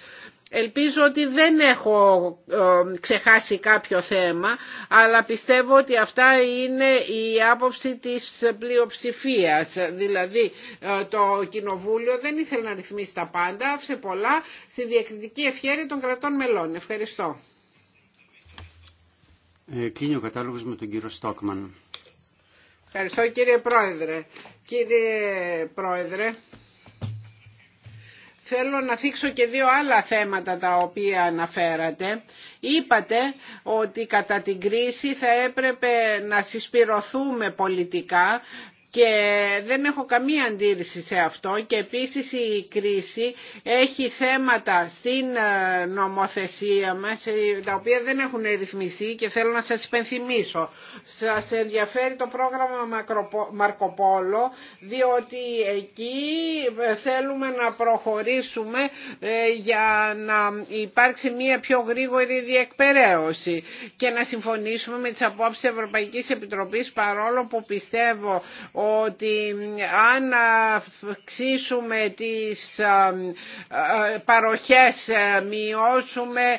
Ελπίζω ότι δεν έχω ε, ξεχάσει κάποιο θέμα, αλλά πιστεύω ότι αυτά είναι η άποψη της πλειοψηφίας. Δηλαδή ε, το Κοινοβούλιο δεν ήθελε να ρυθμίσει τα πάντα, άφησε πολλά στη διακριτική ευχαίρεια των κρατών μελών. Ευχαριστώ. Ε, κλείνει ο κατάλογος με τον κύριο Στόκμαν. Ευχαριστώ κύριε Πρόεδρε. Κύριε Πρόεδρε, Θέλω να θίξω και δύο άλλα θέματα τα οποία αναφέρατε. Είπατε ότι κατά την κρίση θα έπρεπε να συσπηρωθούμε πολιτικά και δεν έχω καμία αντίρρηση σε αυτό και επίσης η κρίση έχει θέματα στην ε, νομοθεσία μας ε, τα οποία δεν έχουν ρυθμιστεί και θέλω να σας υπενθυμίσω. Σας ενδιαφέρει το πρόγραμμα Μαρκοπόλο διότι εκεί ε, θέλουμε να προχωρήσουμε για να υπάρξει μια πιο γρήγορη διεκπαιρέωση και να συμφωνήσουμε με τις απόψεις Ευρωπαϊκής Επιτροπής παρόλο που πιστεύω ότι αν αυξήσουμε τις ε, ε, παροχές, ε, μειώσουμε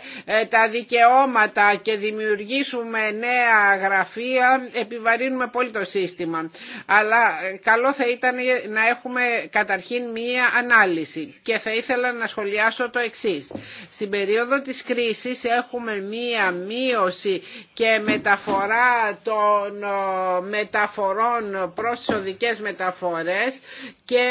τα δικαιώματα και δημιουργήσουμε νέα γραφεία, επιβαρύνουμε πολύ το σύστημα. Αλλά καλό θα ήταν να έχουμε καταρχήν μία ανάλυση και θα ήθελα να σχολιάσω το εξής. Στην περίοδο της κρίσης έχουμε μία μείωση και μεταφορά των μεταφορών προς τις οδικές μεταφορές και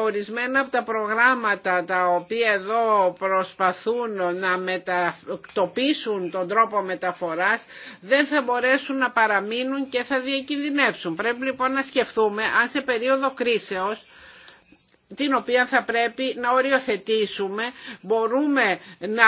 ορισμένα από τα προγράμματα τα οποία εδώ προσπαθούν να μετακτοπίσουν τον τρόπο μεταφοράς δεν θα μπορέσουν να παραμείνουν και θα διακινδυνεύσουν. Πρέπει λοιπόν να σκεφτούμε αν σε περίοδο κρίσεως την οποία θα πρέπει να οριοθετήσουμε. Μπορούμε να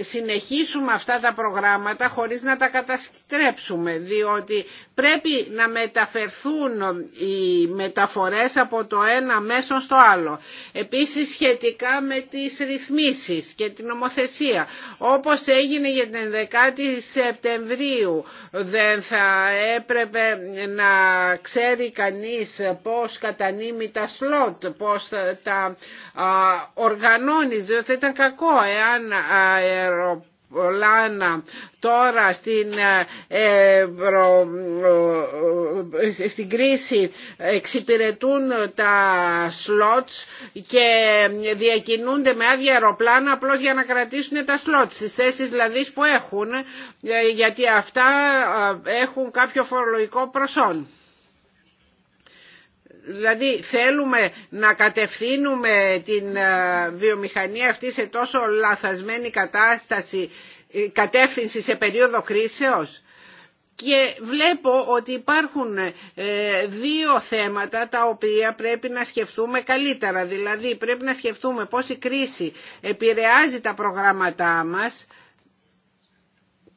συνεχίσουμε αυτά τα προγράμματα χωρίς να τα καταστρέψουμε, διότι πρέπει να μεταφερθούν οι μεταφορές από το ένα μέσο στο άλλο. Επίσης σχετικά με τις ρυθμίσεις και την ομοθεσία, όπως έγινε για την 10 η Σεπτεμβρίου, δεν θα έπρεπε να ξέρει κανείς πώς κατανείμει τα σλότ, πώς ε, τα οργανώνεις, διότι θα ήταν κακό εάν αεροπλάνα τώρα στην, ε, ε, στην κρίση εξυπηρετούν τα σλότς και διακινούνται με άδεια αεροπλάνα απλώς για να κρατήσουν τα σλότς, τις θέσεις δηλαδή που έχουν γιατί αυτά έχουν κάποιο φορολογικό προσόν. Δηλαδή θέλουμε να κατευθύνουμε την ε, βιομηχανία αυτή σε τόσο λαθασμένη κατάσταση, ε, κατεύθυνση σε περίοδο κρίσεως. Και βλέπω ότι υπάρχουν ε, δύο θέματα τα οποία πρέπει να σκεφτούμε καλύτερα. Δηλαδή πρέπει να σκεφτούμε πώς η κρίση επηρεάζει τα προγράμματά μας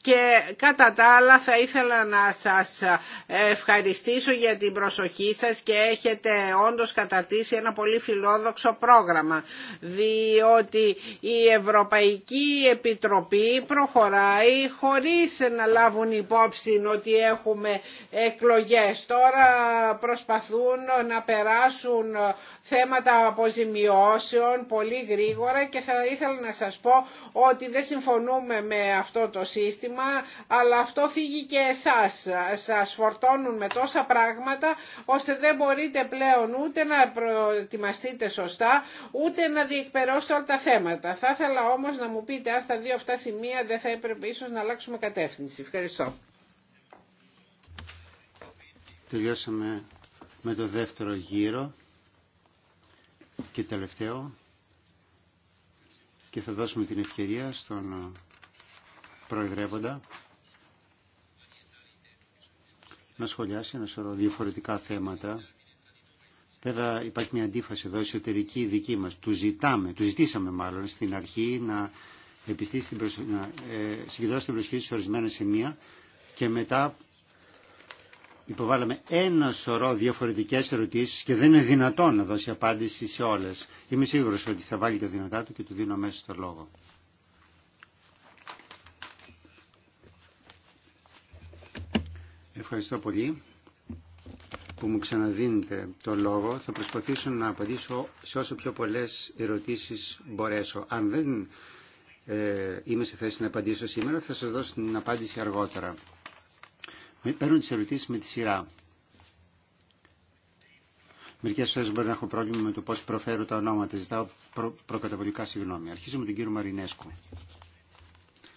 και κατά τα άλλα θα ήθελα να σας ευχαριστήσω για την προσοχή σας και έχετε όντως καταρτήσει ένα πολύ φιλόδοξο πρόγραμμα διότι η Ευρωπαϊκή Επιτροπή προχωράει χωρίς να λάβουν υπόψη ότι έχουμε εκλογές. Τώρα προσπαθούν να περάσουν θέματα αποζημιώσεων πολύ γρήγορα και θα ήθελα να σας πω ότι δεν συμφωνούμε με αυτό το σύστημα αλλά αυτό θίγει και εσάς. Σας φορτώνουν με τόσα πράγματα, ώστε δεν μπορείτε πλέον ούτε να προετοιμαστείτε σωστά, ούτε να διεκπαιρώσετε όλα τα θέματα. Θα ήθελα όμως να μου πείτε αν στα δύο αυτά σημεία δεν θα έπρεπε ίσως να αλλάξουμε κατεύθυνση. Ευχαριστώ. Τελειώσαμε με το δεύτερο γύρο και τελευταίο και θα δώσουμε την ευκαιρία στον προεδρεύοντα να σχολιάσει ένα σωρό διαφορετικά θέματα. Βέβαια υπάρχει μια αντίφαση εδώ εσωτερική δική μας. Του ζητάμε, του ζητήσαμε μάλλον στην αρχή να, την ε, συγκεντρώσει την προσοχή σε ορισμένα σημεία και μετά υποβάλαμε ένα σωρό διαφορετικές ερωτήσεις και δεν είναι δυνατόν να δώσει απάντηση σε όλες. Είμαι σίγουρος ότι θα βάλει τα δυνατά του και του δίνω αμέσως το λόγο. Ευχαριστώ πολύ που μου ξαναδίνετε το λόγο. Θα προσπαθήσω να απαντήσω σε όσο πιο πολλές ερωτήσεις μπορέσω. Αν δεν ε, είμαι σε θέση να απαντήσω σήμερα, θα σας δώσω την απάντηση αργότερα. Παίρνω τις ερωτήσεις με τη σειρά. Μερικέ φορέ μπορεί να έχω πρόβλημα με το πώ προφέρω τα ονόματα. Ζητάω προ, προκαταβολικά συγγνώμη. Αρχίζω με τον κύριο Μαρινέσκου.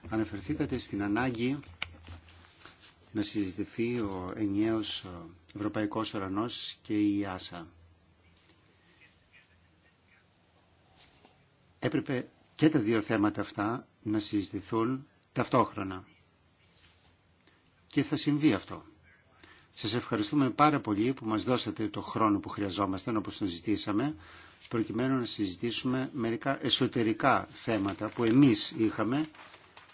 Αναφερθήκατε στην ανάγκη να συζητηθεί ο ενιαίος ε, Ευρωπαϊκός Ουρανός και η ΆΣΑ. Έπρεπε και τα δύο θέματα αυτά να συζητηθούν ταυτόχρονα. Και θα συμβεί αυτό. Σας ευχαριστούμε πάρα πολύ που μας δώσατε το χρόνο που χρειαζόμαστε, όπως τον ζητήσαμε προκειμένου να συζητήσουμε μερικά εσωτερικά θέματα που εμείς είχαμε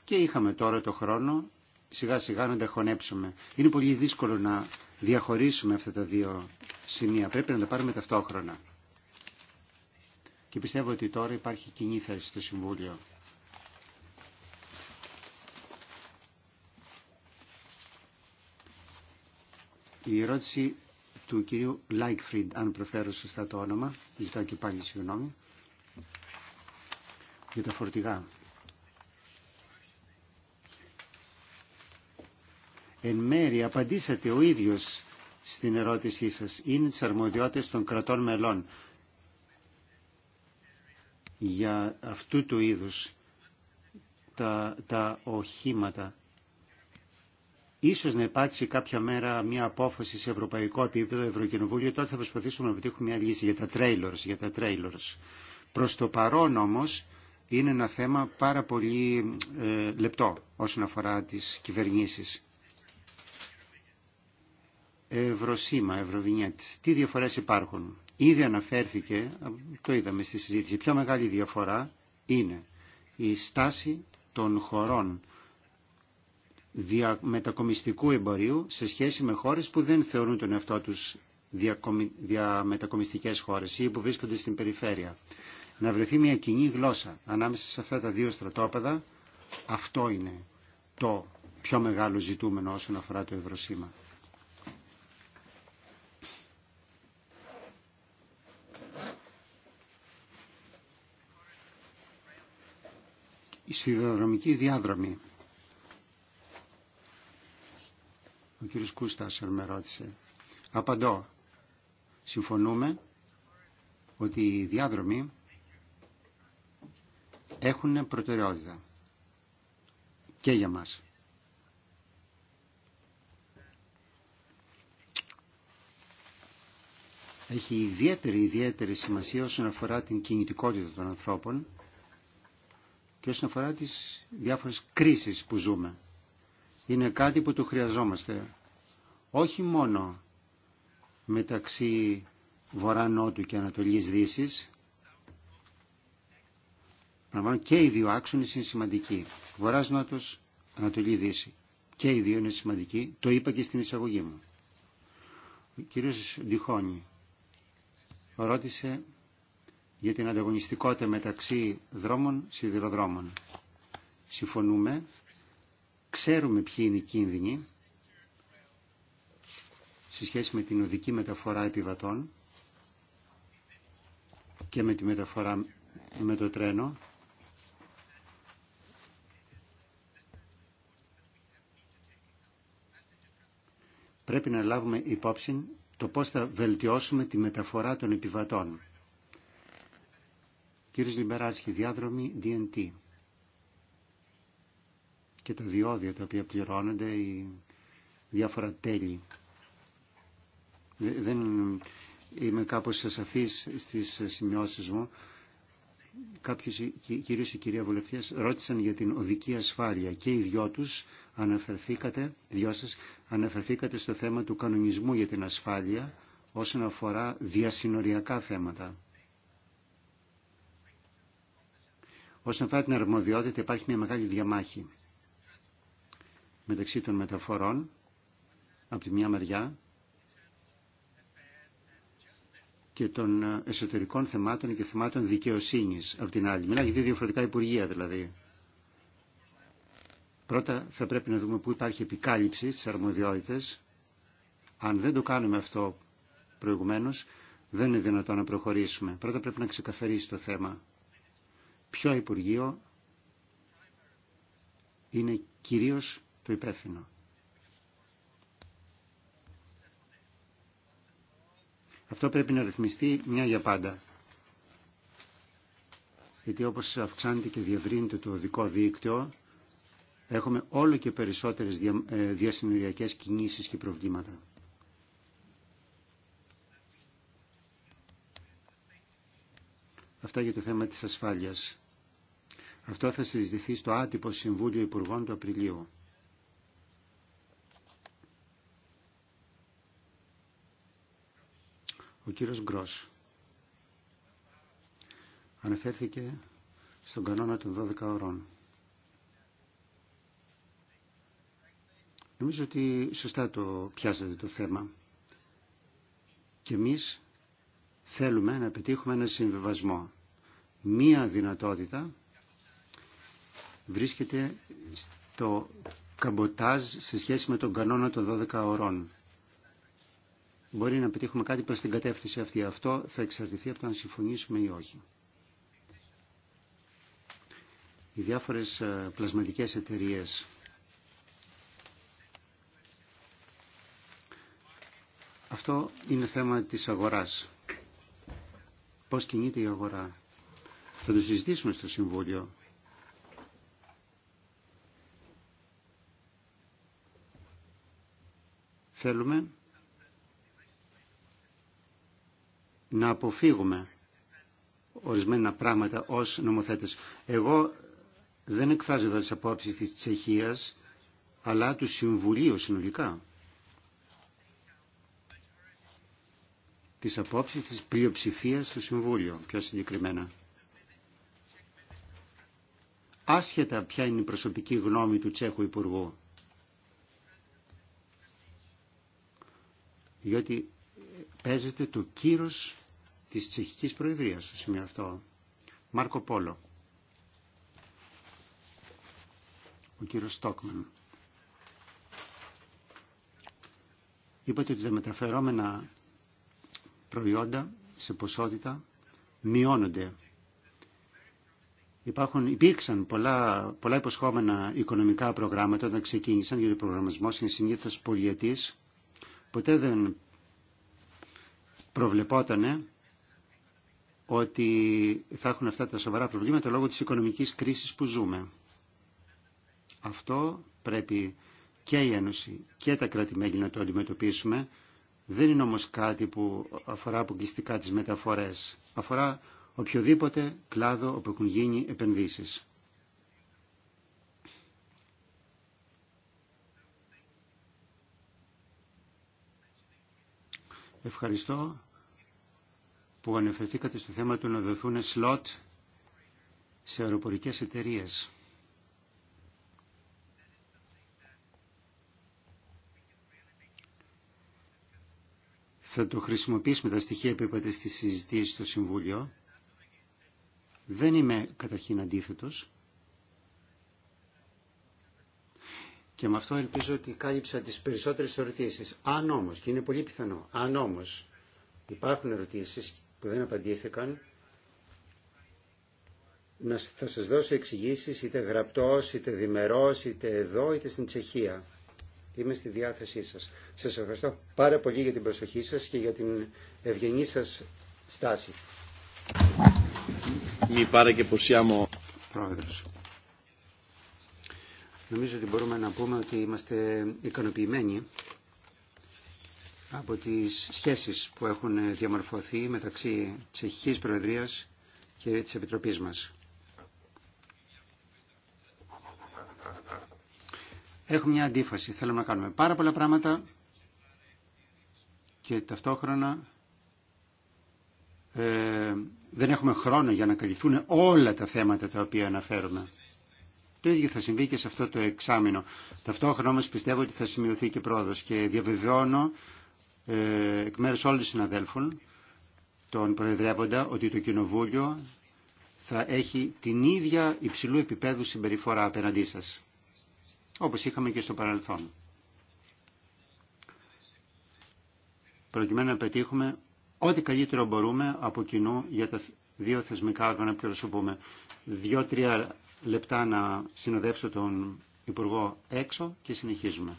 και είχαμε τώρα το χρόνο σιγά σιγά να τα χωνέψουμε. Είναι πολύ δύσκολο να διαχωρίσουμε αυτά τα δύο σημεία. Πρέπει να τα πάρουμε ταυτόχρονα. Και πιστεύω ότι τώρα υπάρχει κοινή θέση στο Συμβούλιο. Η ερώτηση του κυρίου Λάικφριντ, αν προφέρω σωστά το όνομα, ζητάω και πάλι συγγνώμη, για τα φορτηγά. Εν μέρη απαντήσατε ο ίδιος στην ερώτησή σας. Είναι τις αρμοδιότητες των κρατών μελών για αυτού του είδους τα, τα οχήματα. Ίσως να υπάρξει κάποια μέρα μια απόφαση σε ευρωπαϊκό επίπεδο, Ευρωκοινοβούλιο, τότε θα προσπαθήσουμε να πετύχουμε μια λύση για τα trailers, για τα trailers. Προς το παρόν όμως είναι ένα θέμα πάρα πολύ ε, λεπτό όσον αφορά τις κυβερνήσεις ευρωσήμα, ευρωβινιέτ. Τι διαφορές υπάρχουν. Ήδη αναφέρθηκε, το είδαμε στη συζήτηση, η πιο μεγάλη διαφορά είναι η στάση των χωρών διαμετακομιστικού εμπορίου σε σχέση με χώρες που δεν θεωρούν τον εαυτό τους διαμετακομιστικές χώρες ή που βρίσκονται στην περιφέρεια. Να βρεθεί μια κοινή γλώσσα ανάμεσα σε αυτά τα δύο στρατόπεδα, αυτό είναι το πιο μεγάλο ζητούμενο όσον αφορά το ευρωσήμα. η σιδηροδρομική διάδρομη. Ο κύριος Κούστασερ με ρώτησε. Απαντώ. Συμφωνούμε ότι οι διάδρομοι έχουν προτεραιότητα και για μας. Έχει ιδιαίτερη ιδιαίτερη σημασία όσον αφορά την κινητικότητα των ανθρώπων και όσον αφορά τις διάφορες κρίσεις που ζούμε. Είναι κάτι που το χρειαζόμαστε. Όχι μόνο μεταξύ βορρά-νότου και ανατολής-δύσης, Πραγματικά και οι δύο αξονες είναι σημαντικοί. Βορρά νοτος Ανατολή Δύση. Και οι δύο είναι σημαντικοί. Το είπα και στην εισαγωγή μου. Ο κύριο Ντιχόνη ρώτησε για την ανταγωνιστικότητα μεταξύ δρόμων σιδηροδρόμων. Συμφωνούμε, ξέρουμε ποιοι είναι οι κίνδυνοι σε σχέση με την οδική μεταφορά επιβατών και με τη μεταφορά με το τρένο. Πρέπει να λάβουμε υπόψη το πώς θα βελτιώσουμε τη μεταφορά των επιβατών. Κύριος Λιμπεράτσχη, διάδρομοι DNT. Και τα διόδια τα οποία πληρώνονται, οι διάφορα τέλη. Δεν είμαι κάπως ασαφής στις σημειώσεις μου. Κάποιος, κυρίως και κυρία βουλευτές ρώτησαν για την οδική ασφάλεια και οι δυο τους αναφερθήκατε, δυο σας, αναφερθήκατε στο θέμα του κανονισμού για την ασφάλεια όσον αφορά διασυνοριακά θέματα. Όσον αφορά την αρμοδιότητα υπάρχει μια μεγάλη διαμάχη μεταξύ των μεταφορών από τη μια μεριά και των εσωτερικών θεμάτων και θεμάτων δικαιοσύνης από την άλλη. Μιλάει για δύο διαφορετικά υπουργεία δηλαδή. Πρώτα θα πρέπει να δούμε πού υπάρχει επικάλυψη στις αρμοδιότητες. Αν δεν το κάνουμε αυτό προηγουμένως, δεν είναι δυνατόν να προχωρήσουμε. Πρώτα πρέπει να ξεκαθαρίσει το θέμα ποιο Υπουργείο είναι κυρίως το υπεύθυνο. Αυτό πρέπει να ρυθμιστεί μια για πάντα. Γιατί όπως αυξάνεται και διευρύνεται το δικό δίκτυο, έχουμε όλο και περισσότερες ε, διασυνοριακές κινήσεις και προβλήματα. Αυτά για το θέμα της ασφάλειας. Αυτό θα συζητηθεί στο άτυπο Συμβούλιο Υπουργών του Απριλίου. Ο κύριος Γκρός αναφέρθηκε στον κανόνα των 12 ώρων. Νομίζω ότι σωστά το πιάσατε το θέμα. Και εμείς θέλουμε να πετύχουμε ένα συμβιβασμό. Μία δυνατότητα βρίσκεται στο καμποτάζ σε σχέση με τον κανόνα των 12 ωρών. Μπορεί να πετύχουμε κάτι προς την κατεύθυνση αυτή. Αυτό θα εξαρτηθεί από το αν συμφωνήσουμε ή όχι. Οι διάφορες ε, πλασματικές εταιρείες Αυτό είναι θέμα της αγοράς πώς κινείται η αγορά. Θα το συζητήσουμε στο Συμβούλιο. Θέλουμε να αποφύγουμε ορισμένα πράγματα ως νομοθέτες. Εγώ δεν εκφράζω εδώ τις απόψεις της Τσεχίας, αλλά του Συμβουλίου συνολικά. τις απόψεις της πλειοψηφίας του Συμβούλιο, πιο συγκεκριμένα. Άσχετα ποια είναι η προσωπική γνώμη του Τσέχου Υπουργού. Διότι παίζεται το κύρος της τσεχικής προεδρίας στο σημείο αυτό. Μάρκο Πόλο. Ο κύριος Στόκμαν. Είπατε ότι τα μεταφερόμενα προϊόντα σε ποσότητα μειώνονται. Υπάρχουν, υπήρξαν πολλά, πολλά υποσχόμενα οικονομικά προγράμματα όταν ξεκίνησαν, γιατί ο προγραμματισμό είναι συνήθω πολιετή. Ποτέ δεν προβλεπότανε ότι θα έχουν αυτά τα σοβαρά προβλήματα λόγω της οικονομικής κρίσης που ζούμε. Αυτό πρέπει και η Ένωση και τα κράτη-μέλη να το αντιμετωπίσουμε δεν είναι όμως κάτι που αφορά αποκλειστικά τις μεταφορές. Αφορά οποιοδήποτε κλάδο όπου έχουν γίνει επενδύσεις. Ευχαριστώ που αναφερθήκατε στο θέμα του να δοθούν σλότ σε αεροπορικές εταιρείες. θα το χρησιμοποιήσουμε τα στοιχεία που είπατε στη συζητήση στο Συμβούλιο. Δεν είμαι καταρχήν αντίθετος. Και με αυτό ελπίζω ότι κάλυψα τις περισσότερες ερωτήσεις. Αν όμως, και είναι πολύ πιθανό, αν όμως υπάρχουν ερωτήσεις που δεν απαντήθηκαν, να θα σας δώσω εξηγήσεις είτε γραπτός, είτε διμερός, είτε εδώ, είτε στην Τσεχία. Είμαι στη διάθεσή σας. Σας ευχαριστώ πάρα πολύ για την προσοχή σας και για την ευγενή σας στάση. Μη πάρα και Πρόεδρος. Νομίζω ότι μπορούμε να πούμε ότι είμαστε ικανοποιημένοι από τις σχέσεις που έχουν διαμορφωθεί μεταξύ Τσεχικής Προεδρίας και της Επιτροπής μας. Έχουμε μια αντίφαση. Θέλουμε να κάνουμε πάρα πολλά πράγματα και ταυτόχρονα ε, δεν έχουμε χρόνο για να καλυφθούν όλα τα θέματα τα οποία αναφέρουμε. Το ίδιο θα συμβεί και σε αυτό το εξάμεινο. Ταυτόχρονα όμως πιστεύω ότι θα σημειωθεί και πρόοδος και διαβεβαιώνω ε, εκ μέρους όλων των συναδέλφων τον Προεδρεύοντα ότι το Κοινοβούλιο θα έχει την ίδια υψηλού επίπεδου συμπεριφορά απέναντί σας όπως είχαμε και στο παρελθόν. Προκειμένου να πετύχουμε ό,τι καλύτερο μπορούμε από κοινού για τα δύο θεσμικά όργανα που πουμε δυο Δύο-τρία λεπτά να συνοδεύσω τον Υπουργό έξω και συνεχίζουμε.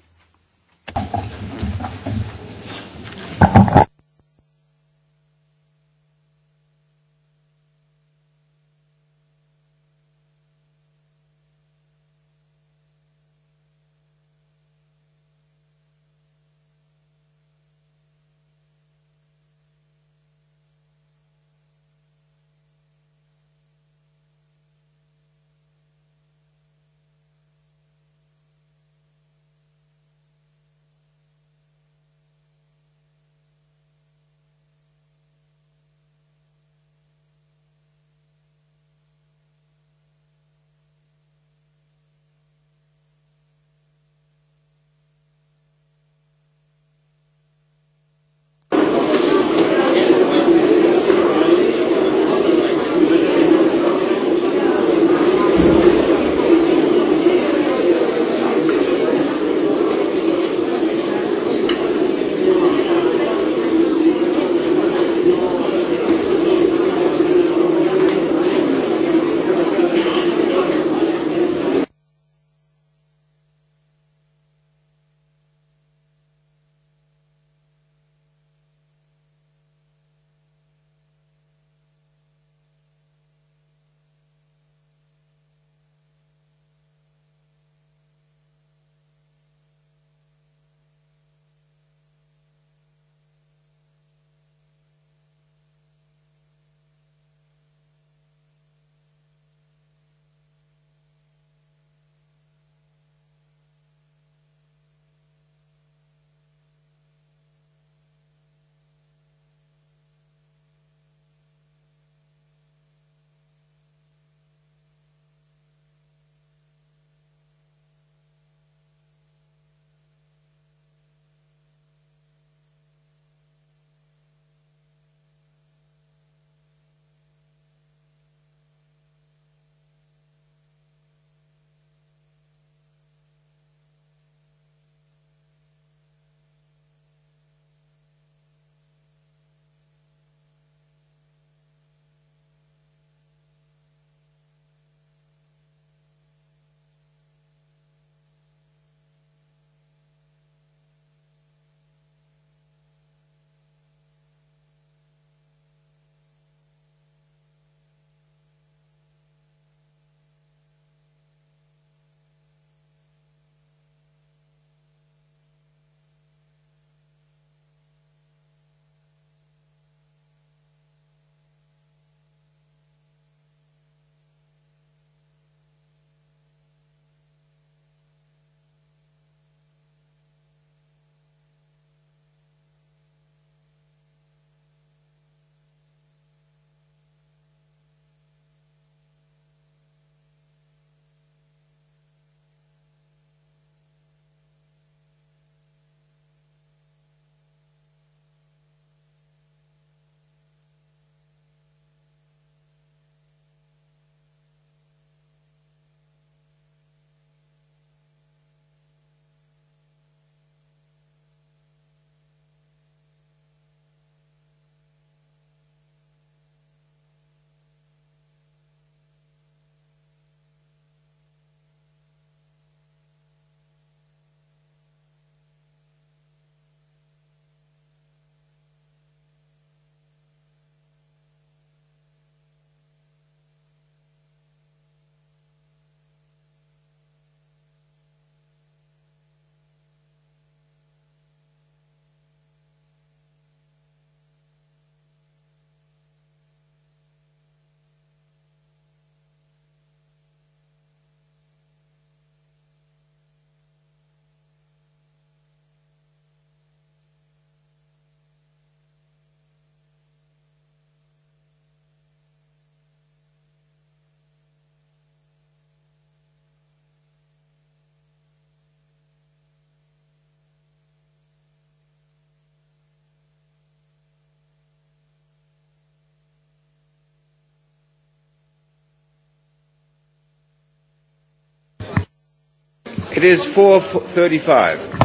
It is 4.35.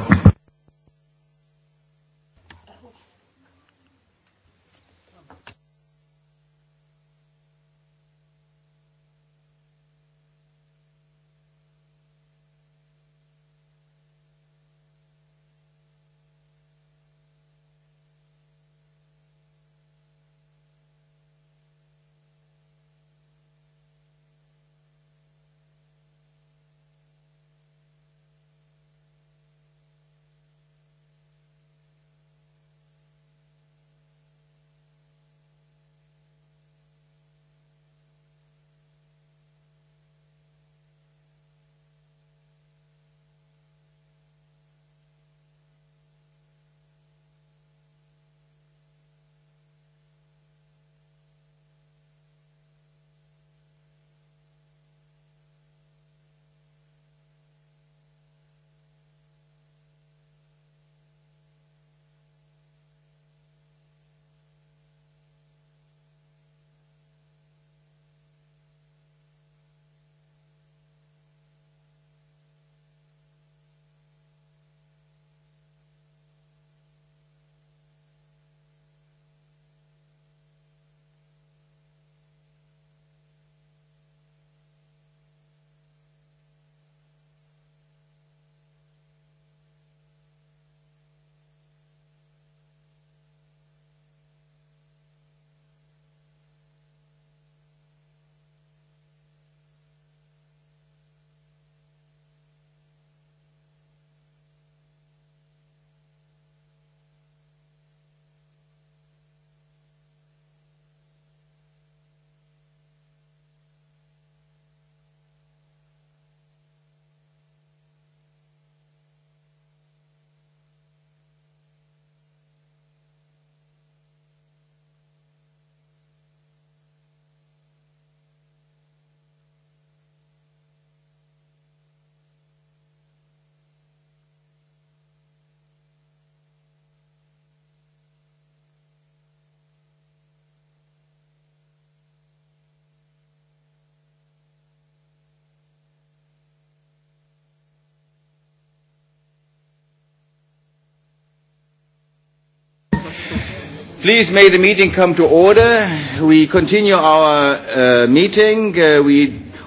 Please may the meeting come to order. We continue our uh, meeting. Uh, We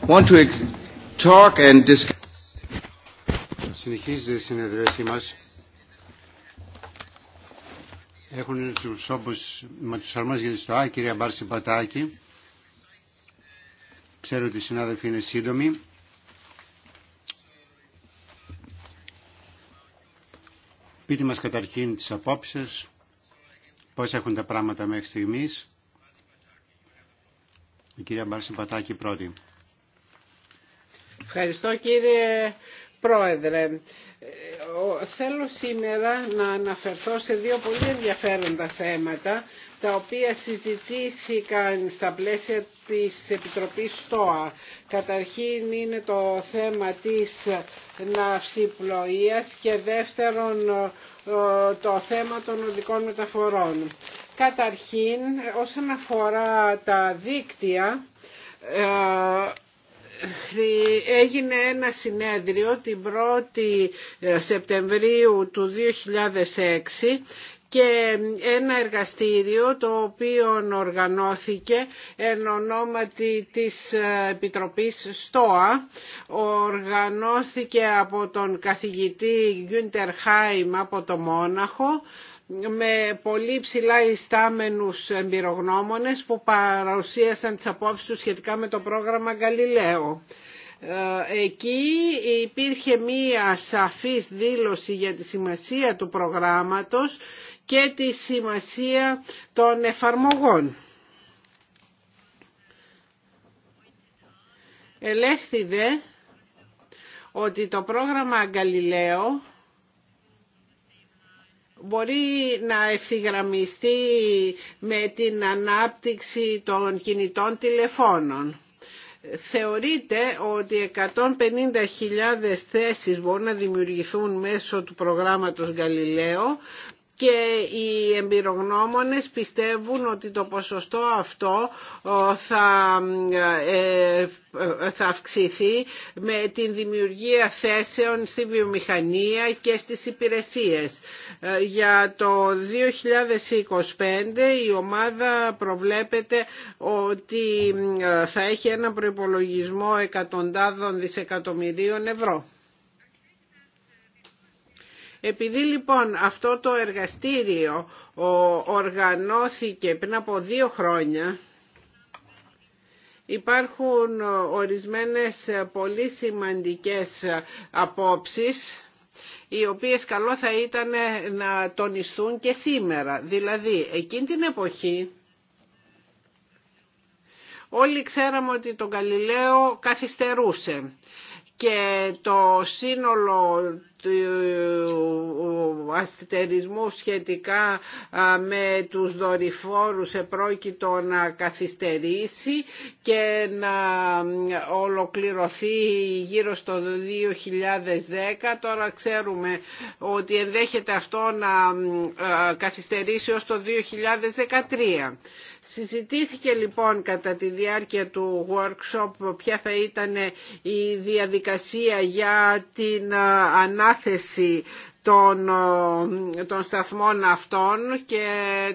want to ex- talk and discuss. Συνεχίζεται η Έχουν τους όπως με τους αρμόδιους για τη ΣΤΟΑ, κυρία Μπάρση Πατάκη. Ξέρω ότι οι συνάδελφοι είναι σύντομοι. Πείτε μας καταρχήν τις απόψεις πώς έχουν τα πράγματα μέχρι στιγμής. Η κυρία Μπάρση Πατάκη πρώτη. Ευχαριστώ κύριε Πρόεδρε. Ε, θέλω σήμερα να αναφερθώ σε δύο πολύ ενδιαφέροντα θέματα τα οποία συζητήθηκαν στα πλαίσια της Επιτροπής ΣΤΟΑ. Καταρχήν είναι το θέμα της ναυσιπλοείας και δεύτερον ε, το θέμα των οδικών μεταφορών. Καταρχήν όσον αφορά τα δίκτυα ε, έγινε ένα συνέδριο την 1η ε, Σεπτεμβρίου του 2006 και ένα εργαστήριο το οποίο οργανώθηκε εν ονόματι της ε, Επιτροπής ΣΤΟΑ οργανώθηκε από τον καθηγητή Γκιούντερ Χάιμ από το Μόναχο με πολύ ψηλά ιστάμενους εμπειρογνώμονες που παρουσίασαν τις απόψεις τους σχετικά με το πρόγραμμα Γαλιλαίο. Ε, εκεί υπήρχε μία σαφής δήλωση για τη σημασία του προγράμματος και τη σημασία των εφαρμογών. Ελέγχθη ότι το πρόγραμμα Αγκαλιλαίο μπορεί να ευθυγραμμιστεί με την ανάπτυξη των κινητών τηλεφώνων. Θεωρείται ότι 150.000 θέσεις μπορούν να δημιουργηθούν μέσω του προγράμματος Γαλιλαίο και οι εμπειρογνώμονες πιστεύουν ότι το ποσοστό αυτό θα, ε, ε, θα αυξηθεί με την δημιουργία θέσεων στη βιομηχανία και στις υπηρεσίες. Ε, για το 2025 η ομάδα προβλέπεται ότι θα έχει ένα προϋπολογισμό εκατοντάδων δισεκατομμυρίων ευρώ. Επειδή λοιπόν αυτό το εργαστήριο οργανώθηκε πριν από δύο χρόνια, υπάρχουν ορισμένες πολύ σημαντικές απόψεις οι οποίες καλό θα ήταν να τονιστούν και σήμερα. Δηλαδή, εκείνη την εποχή όλοι ξέραμε ότι τον Καλλιλέο καθυστερούσε και το σύνολο του αστερισμού σχετικά με τους δορυφόρους επρόκειτο να καθυστερήσει και να ολοκληρωθεί γύρω στο 2010. Τώρα ξέρουμε ότι ενδέχεται αυτό να καθυστερήσει ως το 2013. Συζητήθηκε λοιπόν κατά τη διάρκεια του workshop ποια θα ήταν η διαδικασία για την ανάθεση των, των σταθμών αυτών και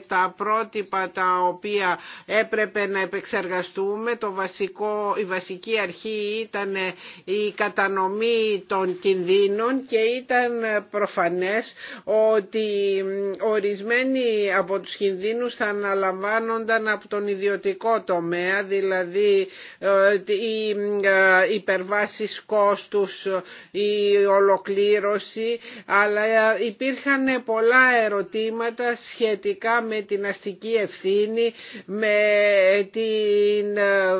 τα πρότυπα τα οποία έπρεπε να επεξεργαστούμε. Το βασικό, η βασική αρχή ήταν η κατανομή των κινδύνων και ήταν προφανές ότι ορισμένοι από τους κινδύνους θα αναλαμβάνονταν από τον ιδιωτικό τομέα, δηλαδή ε, οι ε, υπερβάσεις κόστους, η ολοκλήρωση, αλλά ε, υπήρχαν πολλά ερωτήματα σχετικά με την αστική ευθύνη, με την, ε,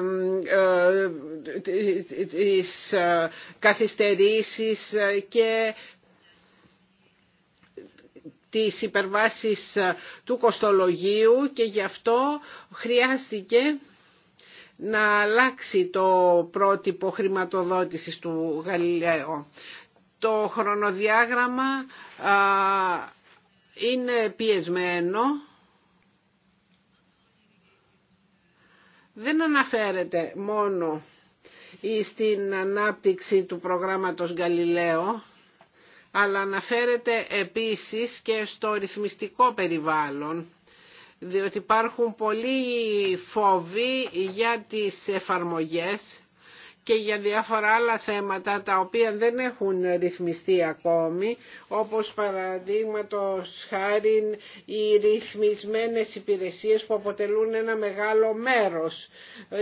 ε, τις καθυστερήσεις και τις υπερβάσεις του κοστολογίου και γι' αυτό χρειάστηκε να αλλάξει το πρότυπο χρηματοδότησης του Γαλιλαίου το χρονοδιάγραμμα είναι πιεσμένο. Δεν αναφέρεται μόνο στην ανάπτυξη του προγράμματος Γαλιλαίο, αλλά αναφέρεται επίσης και στο ρυθμιστικό περιβάλλον, διότι υπάρχουν πολλοί φόβοι για τις εφαρμογές και για διάφορα άλλα θέματα τα οποία δεν έχουν ρυθμιστεί ακόμη όπως παραδείγματο χάρη οι ρυθμισμένες υπηρεσίες που αποτελούν ένα μεγάλο μέρος.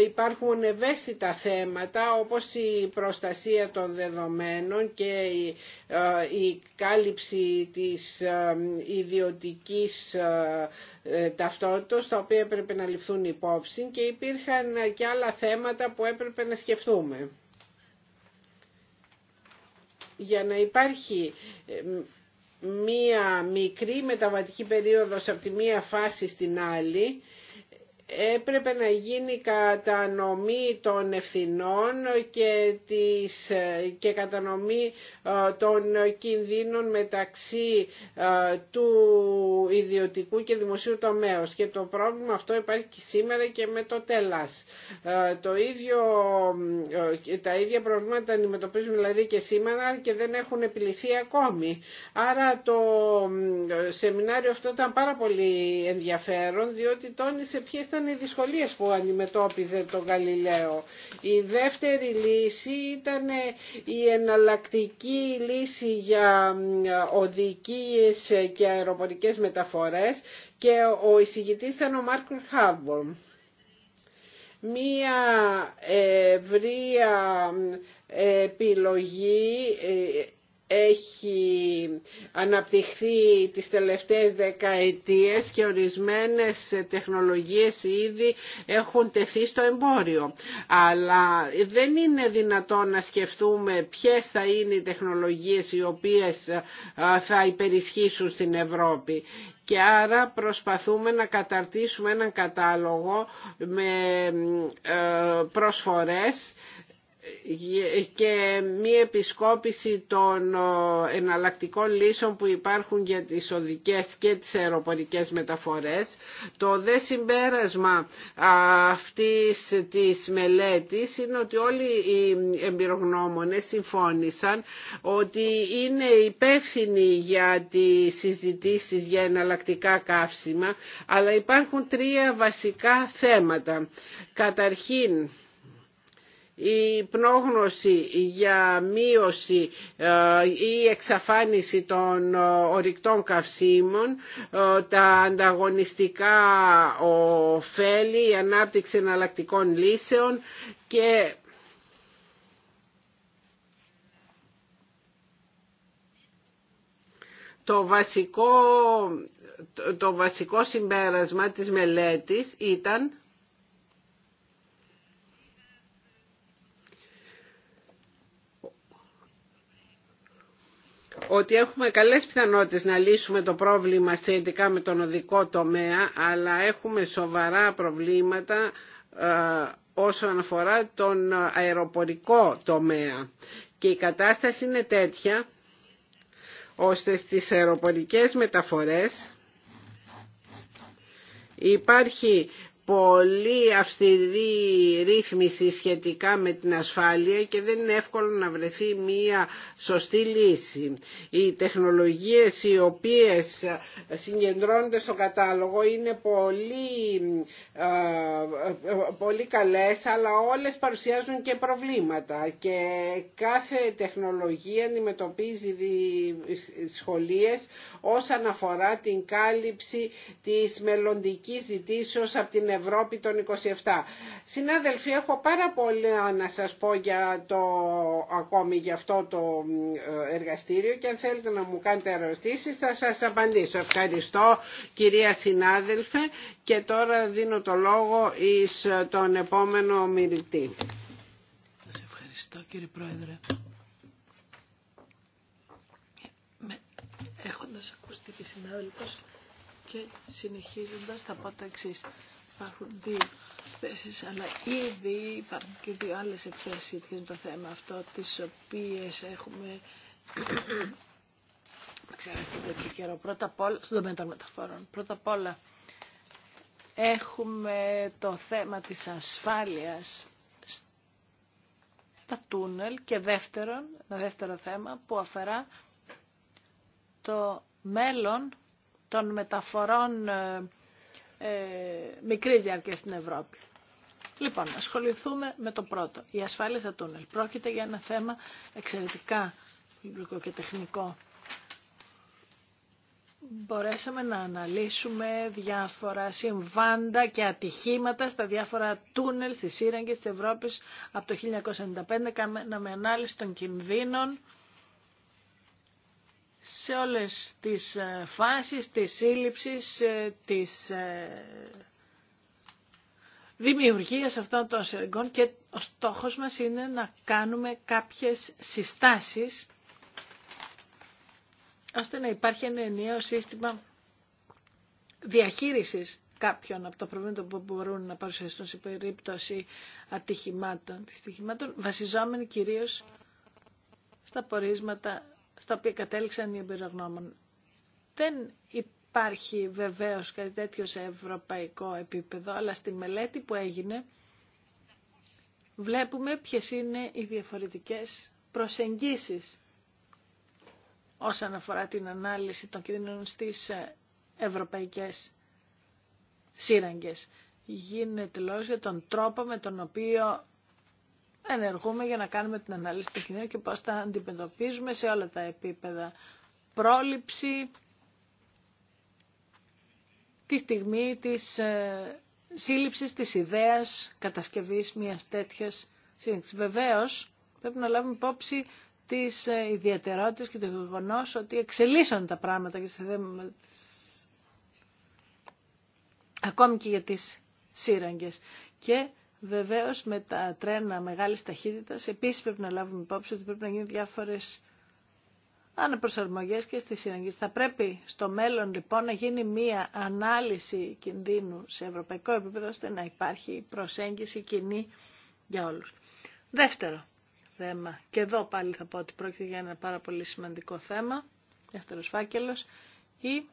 Υπάρχουν ευαίσθητα θέματα όπως η προστασία των δεδομένων και η, ε, η κάλυψη της ε, ιδιωτικής ε, ε, ταυτότητος τα οποία έπρεπε να ληφθούν υπόψη και υπήρχαν και άλλα θέματα που έπρεπε να σκεφτούμε. Για να υπάρχει ε, μία μικρή μεταβατική περίοδος από τη μία φάση στην άλλη έπρεπε να γίνει κατανομή των ευθυνών και, της, και κατανομή ε, των κινδύνων μεταξύ ε, του ιδιωτικού και δημοσίου τομέως και το πρόβλημα αυτό υπάρχει και σήμερα και με το τέλας. Ε, το ίδιο, τα ίδια προβλήματα αντιμετωπίζουν δηλαδή και σήμερα και δεν έχουν επιληθεί ακόμη. Άρα το σεμινάριο αυτό ήταν πάρα πολύ ενδιαφέρον διότι τόνισε ποιες ήταν οι δυσκολίες που αντιμετώπιζε το Γαλιλαίο. Η δεύτερη λύση ήταν η εναλλακτική λύση για οδικίες και αεροπορικές μεταφορές και ο εισηγητής ήταν ο Μάρκο Χάμπορν. Μία ευρεία επιλογή ε, έχει αναπτυχθεί τις τελευταίες δεκαετίες και ορισμένες τεχνολογίες ήδη έχουν τεθεί στο εμπόριο. Αλλά δεν είναι δυνατόν να σκεφτούμε ποιες θα είναι οι τεχνολογίες οι οποίες θα υπερισχύσουν στην Ευρώπη και άρα προσπαθούμε να καταρτήσουμε έναν κατάλογο με ε, προσφορές και μία επισκόπηση των ε, εναλλακτικών λύσεων που υπάρχουν για τις οδικές και τις αεροπορικές μεταφορές. Το δε συμπέρασμα ε, αυτής της μελέτης είναι ότι όλοι οι εμπειρογνώμονες συμφώνησαν ότι είναι υπεύθυνοι για τις συζητήσεις για εναλλακτικά καύσιμα, αλλά υπάρχουν τρία βασικά θέματα. Καταρχήν, η πνόγνωση για μείωση ε, ή εξαφάνιση των ε, ορυκτών καυσίμων, ε, τα ανταγωνιστικά ωφέλη, η ανάπτυξη εναλλακτικών λύσεων και το βασικό, το βασικό συμπέρασμα της μελέτης ήταν ότι έχουμε καλές πιθανότητες να λύσουμε το πρόβλημα σχετικά με τον οδικό τομέα, αλλά έχουμε σοβαρά προβλήματα ε, όσον αφορά τον αεροπορικό τομέα. Και η κατάσταση είναι τέτοια, ώστε στις αεροπορικές μεταφορές υπάρχει πολύ αυστηρή ρύθμιση σχετικά με την ασφάλεια και δεν είναι εύκολο να βρεθεί μία σωστή λύση. Οι τεχνολογίες οι οποίες συγκεντρώνονται στο κατάλογο είναι πολύ, πολύ καλές αλλά όλες παρουσιάζουν και προβλήματα και κάθε τεχνολογία αντιμετωπίζει σχολίες όσον αφορά την κάλυψη της μελλοντικής ζητήσεως από Ευρώπη των 27. Συνάδελφοι, έχω πάρα πολλά να σας πω για το, ακόμη για αυτό το ε, εργαστήριο και αν θέλετε να μου κάνετε ερωτήσεις θα σας απαντήσω. Ευχαριστώ κυρία συνάδελφε και τώρα δίνω το λόγο εις ε, τον επόμενο μιλητή. Σας ευχαριστώ κύριε Πρόεδρε. έχοντας ακούσει τη συνάδελφος και συνεχίζοντας θα πω το εξής υπάρχουν δύο θέσει αλλά ήδη υπάρχουν και δύο άλλε εκθέσει για το θέμα αυτό, τις οποίες έχουμε ξεχαστεί εδώ και καιρό. Πρώτα απ' όλα, στον τομέα των μεταφορών, πρώτα απ' όλα έχουμε το θέμα της ασφάλειας στα τούνελ και δεύτερον, ένα δεύτερο θέμα που αφορά το μέλλον των μεταφορών ε, ε, μικρής διάρκειας στην Ευρώπη. Λοιπόν, ασχοληθούμε με το πρώτο. Η ασφάλεια στα τούνελ. Πρόκειται για ένα θέμα εξαιρετικά βιβλικό και τεχνικό. Μπορέσαμε να αναλύσουμε διάφορα συμβάντα και ατυχήματα στα διάφορα τούνελ στις σύραγγες της Ευρώπης από το 1995. με ανάλυση των κινδύνων σε όλες τις ε, φάσεις της σύλληψη, ε, της ε, δημιουργίας αυτών των σεργών και ο στόχος μας είναι να κάνουμε κάποιες συστάσεις ώστε να υπάρχει ένα ενιαίο σύστημα διαχείρισης κάποιων από τα προβλήματα που μπορούν να παρουσιαστούν σε περίπτωση ατυχημάτων, δυστυχημάτων, βασιζόμενοι κυρίως στα πορίσματα στα οποία κατέληξαν οι εμπειρογνώμων. Δεν υπάρχει βεβαίως κάτι τέτοιο σε ευρωπαϊκό επίπεδο, αλλά στη μελέτη που έγινε βλέπουμε ποιες είναι οι διαφορετικές προσεγγίσεις όσον αφορά την ανάλυση των κινδύνων στις ευρωπαϊκές σύραγγες. Γίνεται λόγος για τον τρόπο με τον οποίο ενεργούμε για να κάνουμε την ανάλυση του κινδύνου και πώς τα αντιμετωπίζουμε σε όλα τα επίπεδα. Πρόληψη τη στιγμή της ε, σύλληψης της ιδέας κατασκευής μιας τέτοιας σύνδεξης. Βεβαίως, πρέπει να λάβουμε υπόψη τις ε, ιδιαιτερότητες και το γεγονό ότι εξελίσσονται τα πράγματα και σε θέμα ακόμη και για τις σύραγγες. Και Βεβαίω με τα τρένα μεγάλη ταχύτητα, επίσης πρέπει να λάβουμε υπόψη ότι πρέπει να γίνουν διάφορες αναπροσαρμογές και στη συναγγίση. Θα πρέπει στο μέλλον λοιπόν να γίνει μία ανάλυση κινδύνου σε ευρωπαϊκό επίπεδο ώστε να υπάρχει προσέγγιση κοινή για όλους. Δεύτερο θέμα, και εδώ πάλι θα πω ότι πρόκειται για ένα πάρα πολύ σημαντικό θέμα, δεύτερος φάκελο. η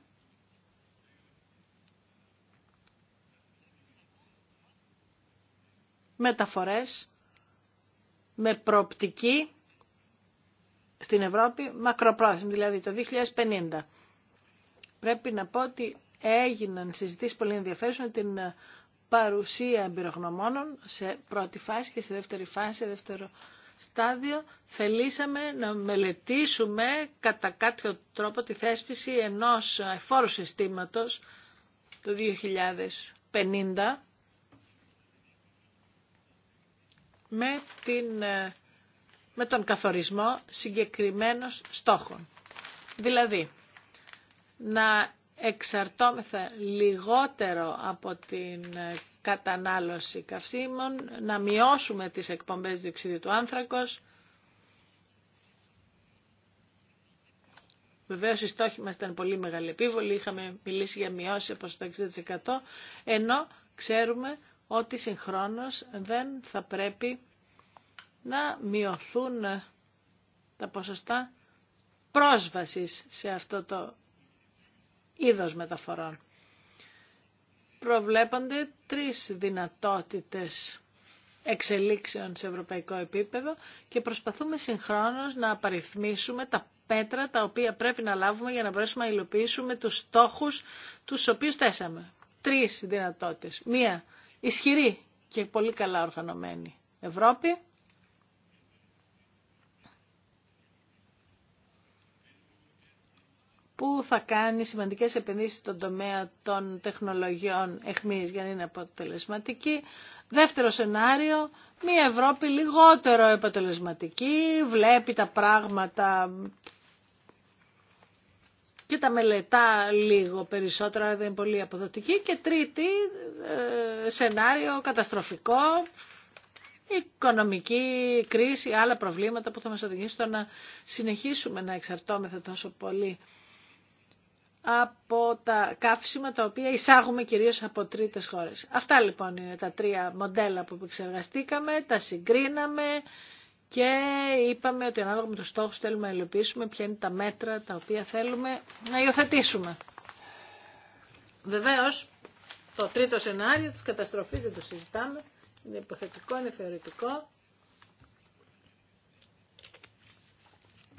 μεταφορές με προοπτική στην Ευρώπη μακροπρόθεσμη, δηλαδή το 2050. Πρέπει να πω ότι έγιναν συζητήσεις πολύ ενδιαφέρουσες την ε, παρουσία εμπειρογνωμόνων σε πρώτη φάση και σε δεύτερη φάση, σε δεύτερο στάδιο. Θελήσαμε να μελετήσουμε κατά κάποιο τρόπο τη θέσπιση ενός εφόρου συστήματος το 2050 με, την, ε, τον καθορισμό συγκεκριμένων στόχων. Δηλαδή, να εξαρτώμεθα λιγότερο από την ε, κατανάλωση καυσίμων, να μειώσουμε τις εκπομπές διοξιδίου του άνθρακος. Βεβαίως οι στόχοι μας ήταν πολύ μεγάλη επίβολη, είχαμε μιλήσει για μειώσει από το 60%, ενώ ξέρουμε ότι συγχρόνως δεν θα πρέπει να μειωθούν τα ποσοστά πρόσβασης σε αυτό το είδος μεταφορών. Προβλέπονται τρεις δυνατότητες εξελίξεων σε ευρωπαϊκό επίπεδο και προσπαθούμε συγχρόνως να απαριθμίσουμε τα πέτρα τα οποία πρέπει να λάβουμε για να μπορέσουμε να υλοποιήσουμε τους στόχους τους οποίους θέσαμε. Τρεις δυνατότητες. Μία ισχυρή και πολύ καλά οργανωμένη Ευρώπη. που θα κάνει σημαντικές επενδύσεις στον τομέα των τεχνολογιών εχμής για να είναι αποτελεσματική. Δεύτερο σενάριο, μια Ευρώπη λιγότερο αποτελεσματική, βλέπει τα πράγματα και τα μελετά λίγο περισσότερο, αλλά δεν είναι πολύ αποδοτική. Και τρίτη, ε, σενάριο καταστροφικό, οικονομική κρίση, άλλα προβλήματα που θα μας οδηγήσουν στο να συνεχίσουμε να εξαρτώμεθα τόσο πολύ από τα καύσιμα τα οποία εισάγουμε κυρίως από τρίτες χώρες. Αυτά λοιπόν είναι τα τρία μοντέλα που επεξεργαστήκαμε, τα συγκρίναμε, και είπαμε ότι ανάλογα με τους στόχο θέλουμε να υλοποιήσουμε ποια είναι τα μέτρα τα οποία θέλουμε να υιοθετήσουμε. Βεβαίω, το τρίτο σενάριο της καταστροφής δεν το συζητάμε, είναι υποθετικό, είναι θεωρητικό.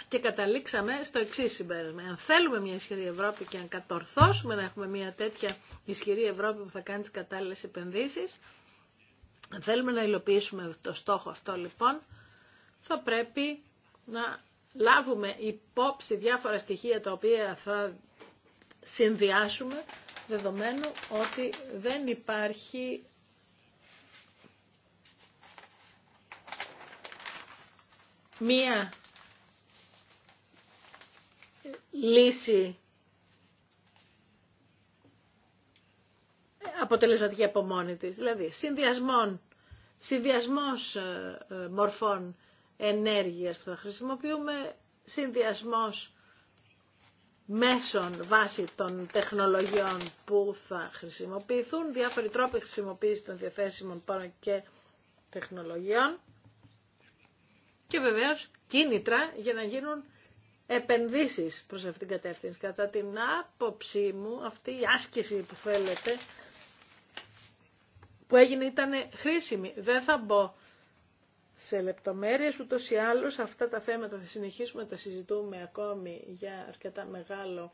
Και καταλήξαμε στο εξή συμπέρασμα. Αν θέλουμε μια ισχυρή Ευρώπη και αν κατορθώσουμε να έχουμε μια τέτοια ισχυρή Ευρώπη που θα κάνει τι κατάλληλε επενδύσει, αν θέλουμε να υλοποιήσουμε το στόχο αυτό λοιπόν, θα πρέπει να λάβουμε υπόψη διάφορα στοιχεία τα οποία θα συνδυάσουμε δεδομένου ότι δεν υπάρχει μία λύση αποτελεσματική από μόνη της. Δηλαδή, συνδυασμών, συνδυασμός ε, ε, μορφών ενέργειας που θα χρησιμοποιούμε, συνδυασμός μέσων βάσει των τεχνολογιών που θα χρησιμοποιηθούν, διάφοροι τρόποι χρησιμοποίηση των διαθέσιμων πόρων και τεχνολογιών και βεβαίως κίνητρα για να γίνουν επενδύσεις προς αυτήν την κατεύθυνση. Κατά την άποψή μου αυτή η άσκηση που θέλετε που έγινε ήταν χρήσιμη. Δεν θα μπω σε λεπτομέρειες, ούτως ή άλλως αυτά τα θέματα θα συνεχίσουμε να τα συζητούμε ακόμη για αρκετά μεγάλο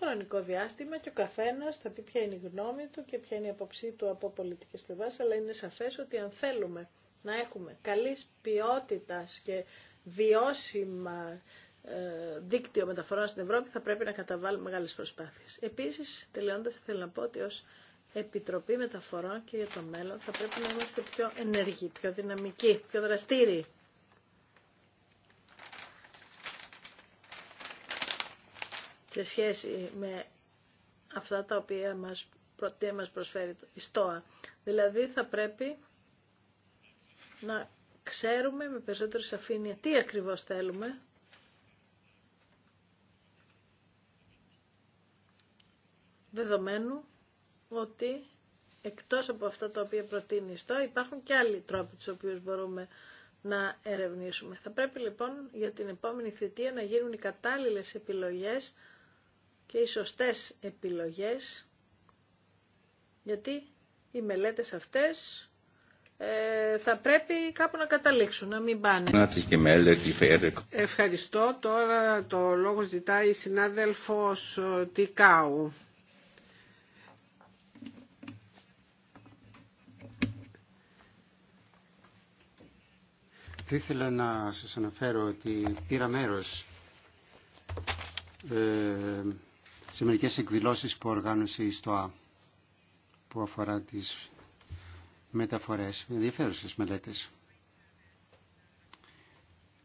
χρονικό διάστημα και ο καθένας θα πει ποια είναι η γνώμη του και ποια είναι η απόψή του από πολιτικές πλευράς, αλλά είναι σαφές ότι αν θέλουμε να έχουμε καλής ποιότητας και βιώσιμα ε, δίκτυο μεταφορών στην Ευρώπη θα πρέπει να καταβάλουμε μεγάλες προσπάθειες. Επίσης, τελειώντας, θέλω να πω ότι ως Επιτροπή Μεταφορών και για το μέλλον θα πρέπει να είμαστε πιο ενεργοί, πιο δυναμικοί, πιο δραστήριοι. Σε σχέση με αυτά τα οποία μας, μας προσφέρει η ΣΤΟΑ. Δηλαδή θα πρέπει να ξέρουμε με περισσότερη σαφήνεια τι ακριβώς θέλουμε δεδομένου ότι εκτός από αυτά τα οποία προτείνει υπάρχουν και άλλοι τρόποι τους οποίους μπορούμε να ερευνήσουμε. Θα πρέπει λοιπόν για την επόμενη θητεία να γίνουν οι κατάλληλες επιλογές και οι σωστές επιλογές γιατί οι μελέτες αυτές ε, θα πρέπει κάπου να καταλήξουν, να μην πάνε. Ευχαριστώ. Τώρα το λόγο ζητάει η συνάδελφος Τικάου. Θα ήθελα να σας αναφέρω ότι πήρα μέρος ε, σε μερικές εκδηλώσεις που οργάνωσε η ΣΤΟΑ που αφορά τις μεταφορές, ενδιαφέρουσες μελέτες.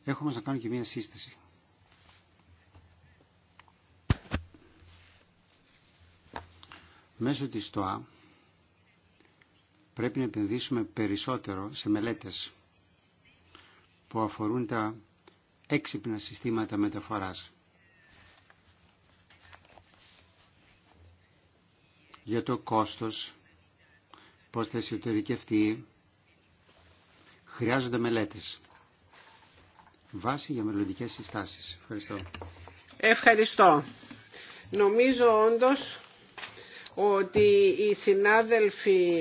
Έχω να κάνω και μία σύσταση. Μέσω της ΣΤΟΑ πρέπει να επενδύσουμε περισσότερο σε μελέτες που αφορούν τα έξυπνα συστήματα μεταφοράς. Για το κόστος, πώς θα εσωτερικευτεί, χρειάζονται μελέτες. Βάση για μελλοντικέ συστάσεις. Ευχαριστώ. Ευχαριστώ. Νομίζω όντως ότι οι συνάδελφοι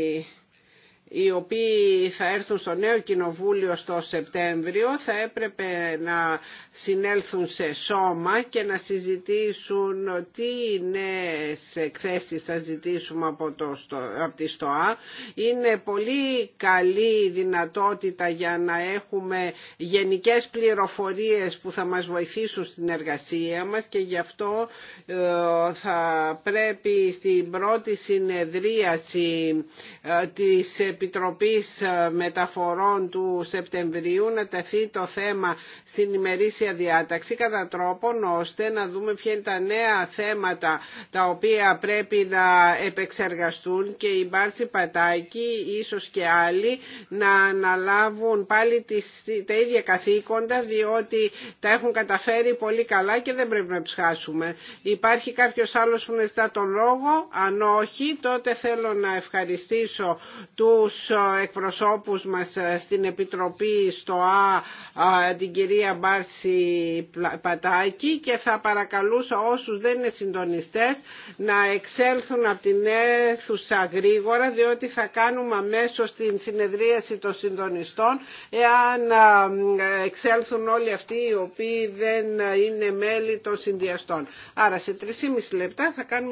οι οποίοι θα έρθουν στο νέο κοινοβούλιο στο Σεπτέμβριο θα έπρεπε να συνέλθουν σε σώμα και να συζητήσουν τι νέες εκθέσεις θα ζητήσουμε από, το, από τη ΣΤΟΑ. Είναι πολύ καλή δυνατότητα για να έχουμε γενικές πληροφορίες που θα μας βοηθήσουν στην εργασία μας και γι' αυτό ε, θα πρέπει στην πρώτη συνεδρίαση ε, της Επιτροπής ε, Μεταφορών του Σεπτεμβρίου να τεθεί το θέμα στην ημερήσια διάταξη κατά τρόπον ώστε να δούμε ποια είναι τα νέα θέματα τα οποία πρέπει να επεξεργαστούν και η Μπάρση Πατάκη ίσως και άλλοι να αναλάβουν πάλι τις, τα ίδια καθήκοντα διότι τα έχουν καταφέρει πολύ καλά και δεν πρέπει να τους χάσουμε. Υπάρχει κάποιος άλλος που ζητά τον λόγο, αν όχι τότε θέλω να ευχαριστήσω του τους ε, εκπροσώπους μας ε, στην Επιτροπή στο Α, ε, την κυρία Μπάρση Πατάκη και θα παρακαλούσα όσους δεν είναι συντονιστές να εξέλθουν από την αίθουσα γρήγορα διότι θα κάνουμε αμέσω την συνεδρίαση των συντονιστών εάν εξέλθουν όλοι αυτοί οι οποίοι δεν είναι μέλη των συνδυαστών. Άρα σε 3,5 λεπτά θα κάνουμε